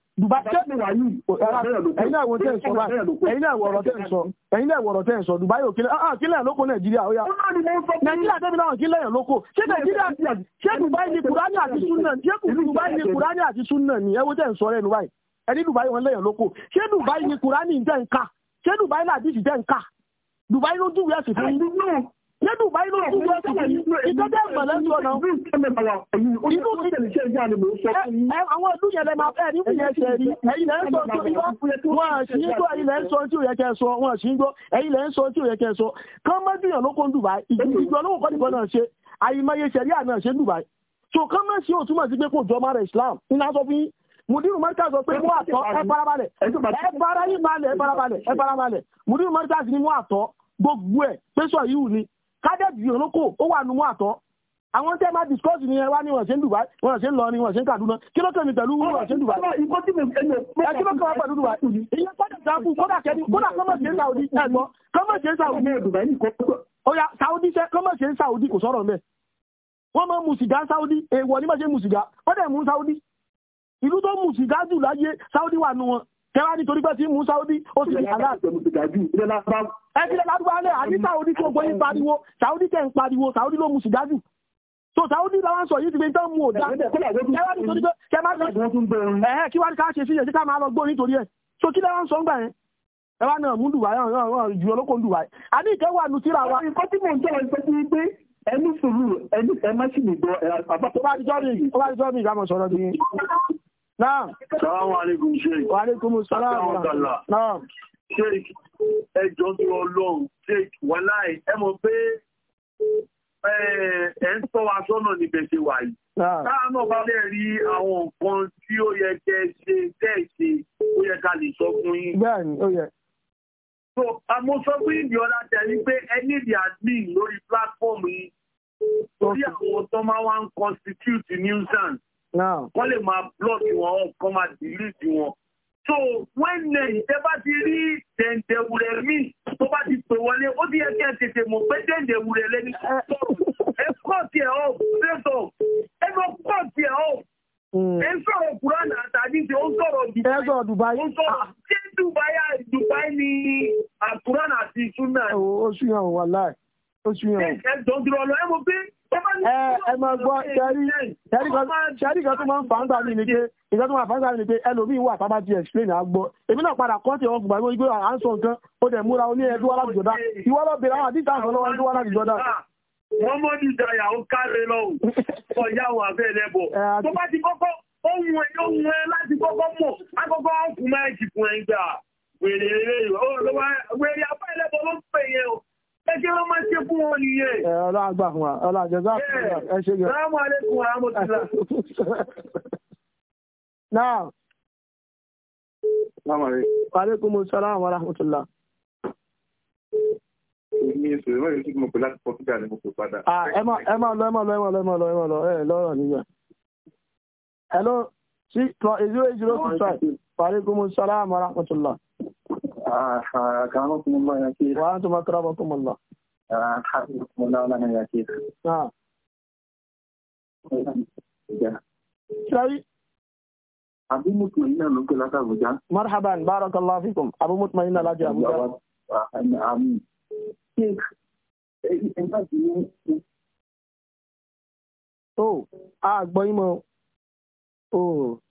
Dubai òkèlè àkílẹ̀ ah, ah, lóko Nàìjíríà ó yá. Nàìjíríà tẹ́bi náà kílẹ̀ lóko. Ṣé Nàìjíríà ṣé Dubai ni Kùránì àti Súnà ṣé Dubai ni Kùránì àti Súnà ni ẹwọ́ tẹ̀ ń sọ rẹ̀ Dubai. Ẹni Dubai wọn lẹ́yìn lóko. Ṣé Dubai ni Kùránì ń tẹ̀ ń kà? Ṣé Dubai ni àdìsí tẹ̀ ń kà? Dubai ló dùn yẹ̀sì fún yín na Dubai ló ti wá sí ìtọ́jẹ́ ìmọ̀lẹ́ sọ náà. Inú ti àwọn ìlú yẹn lẹ máa fẹ́ ní ìyẹn ṣe rí. Ẹ̀yin lẹ́ ń sọ tí ó yẹ wọ́n àṣì ń gbọ́, ẹ̀yin lẹ́ ń sọ tí ó yẹ kẹ́ sọ, wọ́n àṣì ń gbọ́, ẹ̀yin lẹ́ ń sọ tí ó yẹ kẹ́ sọ. Kán má dìyàn lóko Dubai, ìjọ lówó kọ́ nìkan náà ṣe, àyìmáyé ṣẹ̀ríà náà ṣe Dubai. So kán má ṣe òtúmọ̀ sí pé kò jọ máa rẹ̀ Islam. Iná sọ fún mudiru marika sọ pé mú àtọ ẹ farabalẹ̀ ẹ fara yín balẹ̀ ẹ farabalẹ̀ ẹ farabalẹ̀ mudiru marika sì ni mú àtọ gbogbo ẹ pé sọ yìí wù ni kádẹ́ẹ̀tì ìrókò ó wà nù mọ́ àtọ́ àwọn tẹ́ máa discuss ni wá ní wọ́n ṣe ń Dubai wọ́n ṣe ń lọ ni wọ́n ṣe ń Kaduna kí ló kàn mí pẹ̀lú wọ́n ṣe ń Dubai. ẹ kí ló kàn wá pẹ̀lú Dubai. ìyẹn kọ́dà sáfù kọ́dà kẹ́ni kọ́dà kọ́mọ̀ ń Saudi ẹ̀gbọ́n kọ́mọ̀ ń Saudi. oya Saudi ṣe kọ́mọ̀ ṣe ń Saudi kò sọ̀rọ̀ mẹ́. wọ́n máa mu sìgá Saudi èèwọ̀ ní máa musiga. mu sìgá Saudi. ìlú tó mu Saudi wà nù wọn kẹwàá nítorí pé tí ẹ̀sílẹ̀ ládùúgbàlẹ̀ àní sàódì tí ogbóyin pariwo sàódì tẹ̀ ń pariwo sàódì ló mu sìgá jù so sàódì làwọn sọ yìí ti fi tán mu òdà kẹwàá nítorí pé kẹ má lọ ẹ̀hẹ́ kí wá ní ká ṣe sílẹ̀ sí ká máa lọ gbó nítorí ẹ̀ so kí lẹ́wọ́n sọ ń gbà yẹn ẹwà náà mú lùwà ju olóko lùwà yẹn àní ìkẹwà nu síra wa. nǹkan tí mò ń tẹ̀wọ̀ ṣe ti pé ẹni sùúrù ẹni ẹ má sì lè gbọ́ ẹ àbá. tó bá dijọ́ mi tó bá dijọ́ mi ìdámọ̀ sọ̀rọ̀ ni. naam. salaamaleykum sheik. wa aleykum salaam sheik ẹjọ́ ń lọ lọ́hùn sheik wàláì ẹ mọ̀ pé ẹ̀ ń tọ́ wa sọ́nà níbẹ̀ ṣe wà yìí. Ah. táà náà bá lè rí àwọn nǹkan tí ó yẹ kẹ́ ṣe tẹ́ ṣe ó yẹ ká lè sọ fún yín. bẹ́ẹ̀ni ó yẹ. so àmọ́ sọ fún ìdí ọ̀la tẹ̀lé pé ẹ ní admin lórí platform yìí torí àwọn tó máa wá ń constitute nuisance. wọ́n lè máa block wọn up kọ́ máa delete wọn so when tẹ bá ti rí dẹ̀ǹdẹ̀wùrẹ̀ mi tó bá ti pè wọlé ó ti yẹ kí ẹ tètè mọ̀ pé dẹ̀ǹdẹ̀wùrẹ̀ lẹ́ni ẹ pọ̀ tiẹ̀ ọ̀ pẹ́sọ̀ ẹ lọ pọ̀ tiẹ̀ ọ̀ ẹ sọ̀rọ̀ kúránà àtàdé ṣe ó sọ̀rọ̀ Dubai ẹ sọ̀rọ̀ Dubai ó sọ̀rọ̀ ṣé Dubai Dubai ni àkúránà àti ìṣúná. ó sì hàn wà láì oṣù yẹn. ẹ máa gbọ́ ṣẹ́rí kan tó máa ń fà ń gbà mí ni pé ìgbà tó máa fà ń gbà mí ni pé ẹlòmíín wà tábà ti explain àgbọ̀ èmi náà padà kọ́ ti ọ̀hún gbàgbé wípé à ń sọ nǹkan ó dẹ̀ múra ó ní ẹdú wà láti jọ̀dá ìwọ́ lọ bèrè àwọn àdìsá àwọn ọlọ́wọ́ ẹdú wà láti jọ̀dá. Ah, wọ́n mọ́ ní ìdáyà ó kárẹ̀ lọ ọ̀yá àwọn àfẹ́ ẹlẹ́bọ̀ tó bá ti kọ́kọ́ ó wù ẹ́ ó wù ẹ́ láti kọ́kọ́ Ẹjẹ́ ló máa ṣe fún wọn nìyẹ. Ẹ ọlọ́gbà fún wa, ọlọ́jọ́gbà fún wa, ẹ ṣe gẹ̀. Ṣáàmù alẹ́kùn wa, mo ti rà. Náà. Lámàrí. Alẹ́kùn mo sọ́lá àwọn aráhùntúlá. Èmi ìṣòro ìwọ̀n yóò tí mo pè láti Portugal ni mo pè padà. Ẹ máa lọ, ẹ máa lọ, ẹ máa lọ, ẹ máa lọ, ẹ máa lọ, ẹ lọ́rọ̀ nígbà. فكرمكم الله يا شيخ وأنتم أكرمكم الله حفظكم الله لنا يا شيخ نعم شاي أبو مطمئنة لك لك أبوجا مرحبا بارك الله فيكم أبو مطمئنة لك أبوجا آمين شيخ ó àgbọ̀yìn mọ́ ó.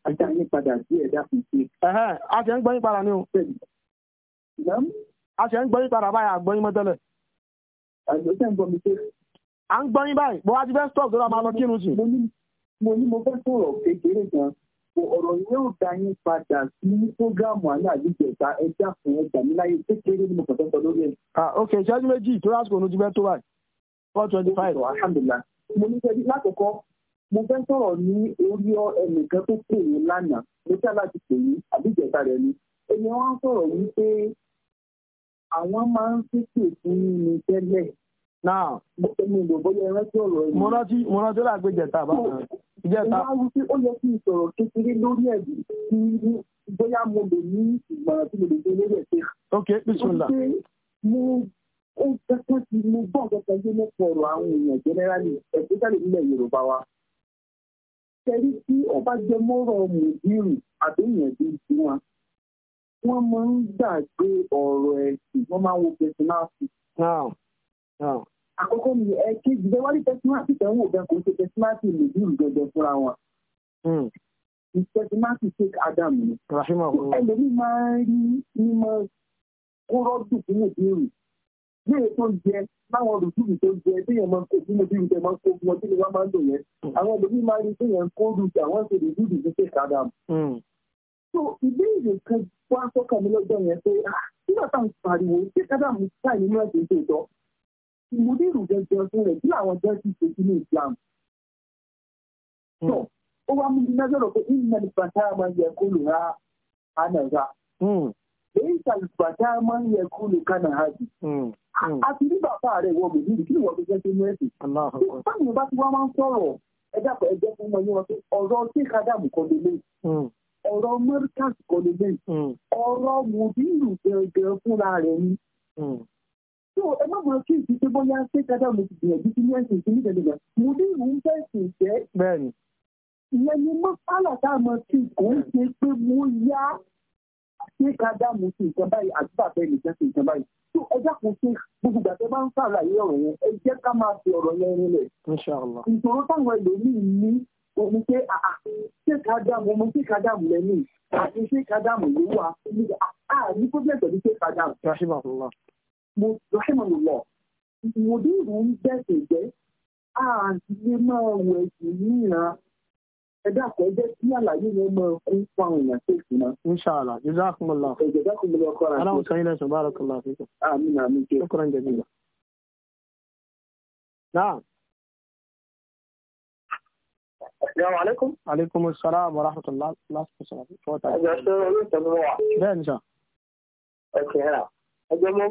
ajá yín padà sí ẹ̀dá fún ṣe. a ti ń gbọ́yìn padà ní o. Ìdám. A ṣe ń gbọ́yìn padà báyìí, àgbọ́yìn mọ́ tẹ́lẹ̀. Àgbẹ̀sẹ̀ ń gbọ́ mi pé. À ń gbọ́yìn báyìí, bó wá ti fẹ́ stop lọ́la máa lọ kírun sí. Mo ní mo fẹ́ sọ̀rọ̀ kékeré kan. Ọ̀rọ̀ yóò dá yín padà sí fógámù aláàbíjẹ̀ ìta ẹja fún ẹja níláyé kékeré ní mo kàn fẹ́ lórí ẹ̀. Ah, ok, ìṣẹ́jú méjì tó lásìkò ní ojúbẹ́ tó báyìí. Four twenty five. Alhamdulillah. Mo ní sẹ́yìn lákòókò mo fẹ́ sọ̀rọ̀ ní orí ẹnìkan tó pè mí lánàá mo ṣáà láti pè mí àbíjẹ̀ta rẹ̀ ni èmi wọn sọ̀rọ̀ wípé àwọn máa ń tètè fún mi tẹ́lẹ̀ náà mi ò bóyá rántí ọ̀rọ̀ yìí. mo rántí mo rántí láàgbé jẹta bá kan jẹta. ó wá wípé ó yẹ kí n sọ̀rọ̀ kékeré lórí ẹ̀bí kí bóyá mo lè ní ìmọ̀ràn tí mo lè gbé lórí ẹ̀sẹ̀. ok bisimilá. mo ó kẹ́kẹ́ sí mo gbọ́ kẹ́kẹ́ yé nípa ọ̀rọ̀ àwọn èèyàn jẹ́nẹ́rálì especially nílẹ̀ Yorùbá wa. kẹ́rí tí ó bá jẹ mọ́rọ̀ mùdírù àbẹ́yẹn bíi tiwọn wọ́n máa ń gbàgbé ọ̀rọ̀ ẹ̀sìn wọ́n máa ń wo pẹ̀sìmáàsì. àkọ́kọ́ mi ẹ kéjì bẹ́ẹ̀ wálé pẹ̀sìmáàsì tẹ̀ ń wò bẹ́ẹ̀ kò ń ṣe pẹ̀sìmáàsì lòdì ìjọba fúnra wọn. Hmm. pẹ̀sìmáàsì Sheikh Adam ni. ẹlòmíì máa ń rí mímọ kúrọ́ dùn fún òbí léè tó jẹ báwọn rùdúrù tó jẹ téèyàn máa ń kó bí mo bí rúdẹ máa ń kó bí wọn tí ni wọn máa ń lò yẹn hmm. àwọn ẹlòmíín máa ń rí téèyàn ń kó rúdẹ àwọn ṣe rùdúrù ní ṣèkádàmù so ìbéèrè kan wá sọ́kà mi lọ́jọ́ yẹn pé ah, nígbà táwọn pariwo ṣé kádàmù ṣáà nínú ẹ̀sìn tó tọ́ ìmúdírù jẹjẹ fún rẹ̀ kí làwọn jẹ́ ti ṣe sínú Islam. Hmm. ó wá mú mi lọ́jọ́rọ̀ pé ìmọ̀ ìpàtà máa ń yẹ kó lù rà á nàìjíríà. èyí ìpàtà máa ń yẹ kó lù ká a àti hmm. ní bàbá rẹ̀ wọ bèbí kí ìwọ jẹjẹ sínú ẹ̀sìn. báwo bá ti wá máa ń sọ̀rọ̀ ẹ dàpọ̀ ẹ jẹ́ fún wọn ní wọn pé ọ̀rọ̀ ṣé kádàmù kọ́ ọ̀rọ̀ mọ́ríkàs kò lè lè hmm. ọ̀rọ̀ mòbílù gẹ̀ẹ́gẹ̀ẹ́ fúnra rẹ̀ ni. tó hmm. ẹ má máa kí ìdíje bóyá ṣé dáadáa mo ti gbìyànjú sí ní ẹ̀sìn ìṣẹ́ nígbàdàgbà mòbílù ń fẹ́ sìn jẹ́. bẹ́ẹ̀ni. ìyẹn ni mọ́sálà tá a máa kí kò ń ṣe pé mo yá ṣé dáadáa mo ti nǹkan báyìí àti bàbá ẹnì kan ṣe nǹkan báyìí. tó ẹ dákun ṣe gbogbo ìgbà tẹ bá ń ṣàlàyé ọ̀rọ̀ yẹn ẹ jẹ́ ká máa fi ọ̀rọ̀ yẹn rinlẹ̀. ìṣòro táwọn ẹlòmíì ní òní pé ah, ah, ṣé kádàmù ọmọ ṣé kádàmù lẹ́nu àti ṣé kádàmù ló wà ní ah, problem pẹ̀lú ṣé kádàmù. mo rahimahullah mo dúró ń bẹ̀sẹ̀ jẹ́ àti lè máa wẹ̀ sí níran ẹ̀dá kan jẹ́ kí àlàyé yẹn máa kún fún àwọn èèyàn tó ìsìn náà. inṣàlá jazakumullah. jazakumullah kọ́ra. aláwọ̀ sanyí lẹ́sùn barakallahu fikum. àmín àmín kẹ́. ṣé kọ́ra ń jẹ nígbà. náà. السلام عليكم عليكم السلام wa الله Last question. Ẹjọ́ ṣé olóòtọ́ ló wà? Bẹ́ẹ̀ni sọ. Ẹ̀kẹ́ rà. Ẹjọ́ mo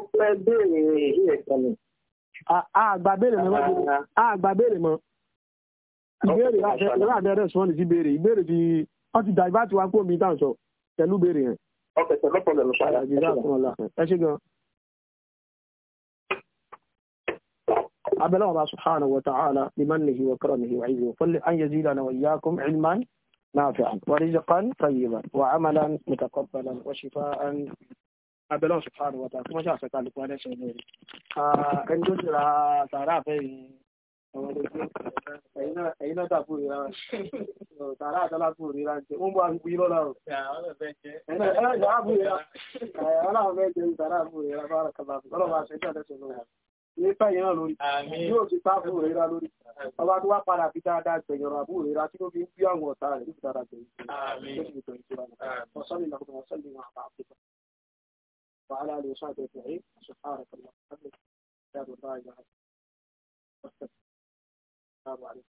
fẹ́ ti béèrè. ti dàgbà tí kó mi dáhùn sọ pẹ̀lú béèrè yẹn. Ọkẹ̀ tẹ̀lé pọ̀lẹ̀ lọ́sọ̀rọ̀. Ẹ ṣe gan. عبد الله سبحانه وتعالى بمنه وكرمه وعزه وفضله أن يزيدنا وإياكم علما نافعا ورزقا طيبا وعملا متقبلا وشفاء عبد الله سبحانه وتعالى كما جاء في ذلك وأنا سيدي إن آه، جزء سارة في أنا أنا nípa ìran lórí yóò ti pa fún òrera lórí ọba tó wá padà fi dáadáa gbẹ̀yàn àbú òrera tí ó fi ń bí àwọn ọ̀tá rẹ̀ nípa dáadáa gbẹ̀yìn ọ̀sán ni lọ́kùnrin ọ̀sán ni àbá àfẹ́fẹ́ wàhálà lè sọ àjọ ìfẹ́ yìí aṣọ ààrẹ pẹ̀lú àbúrò ìyá bàbá ìyá rẹ̀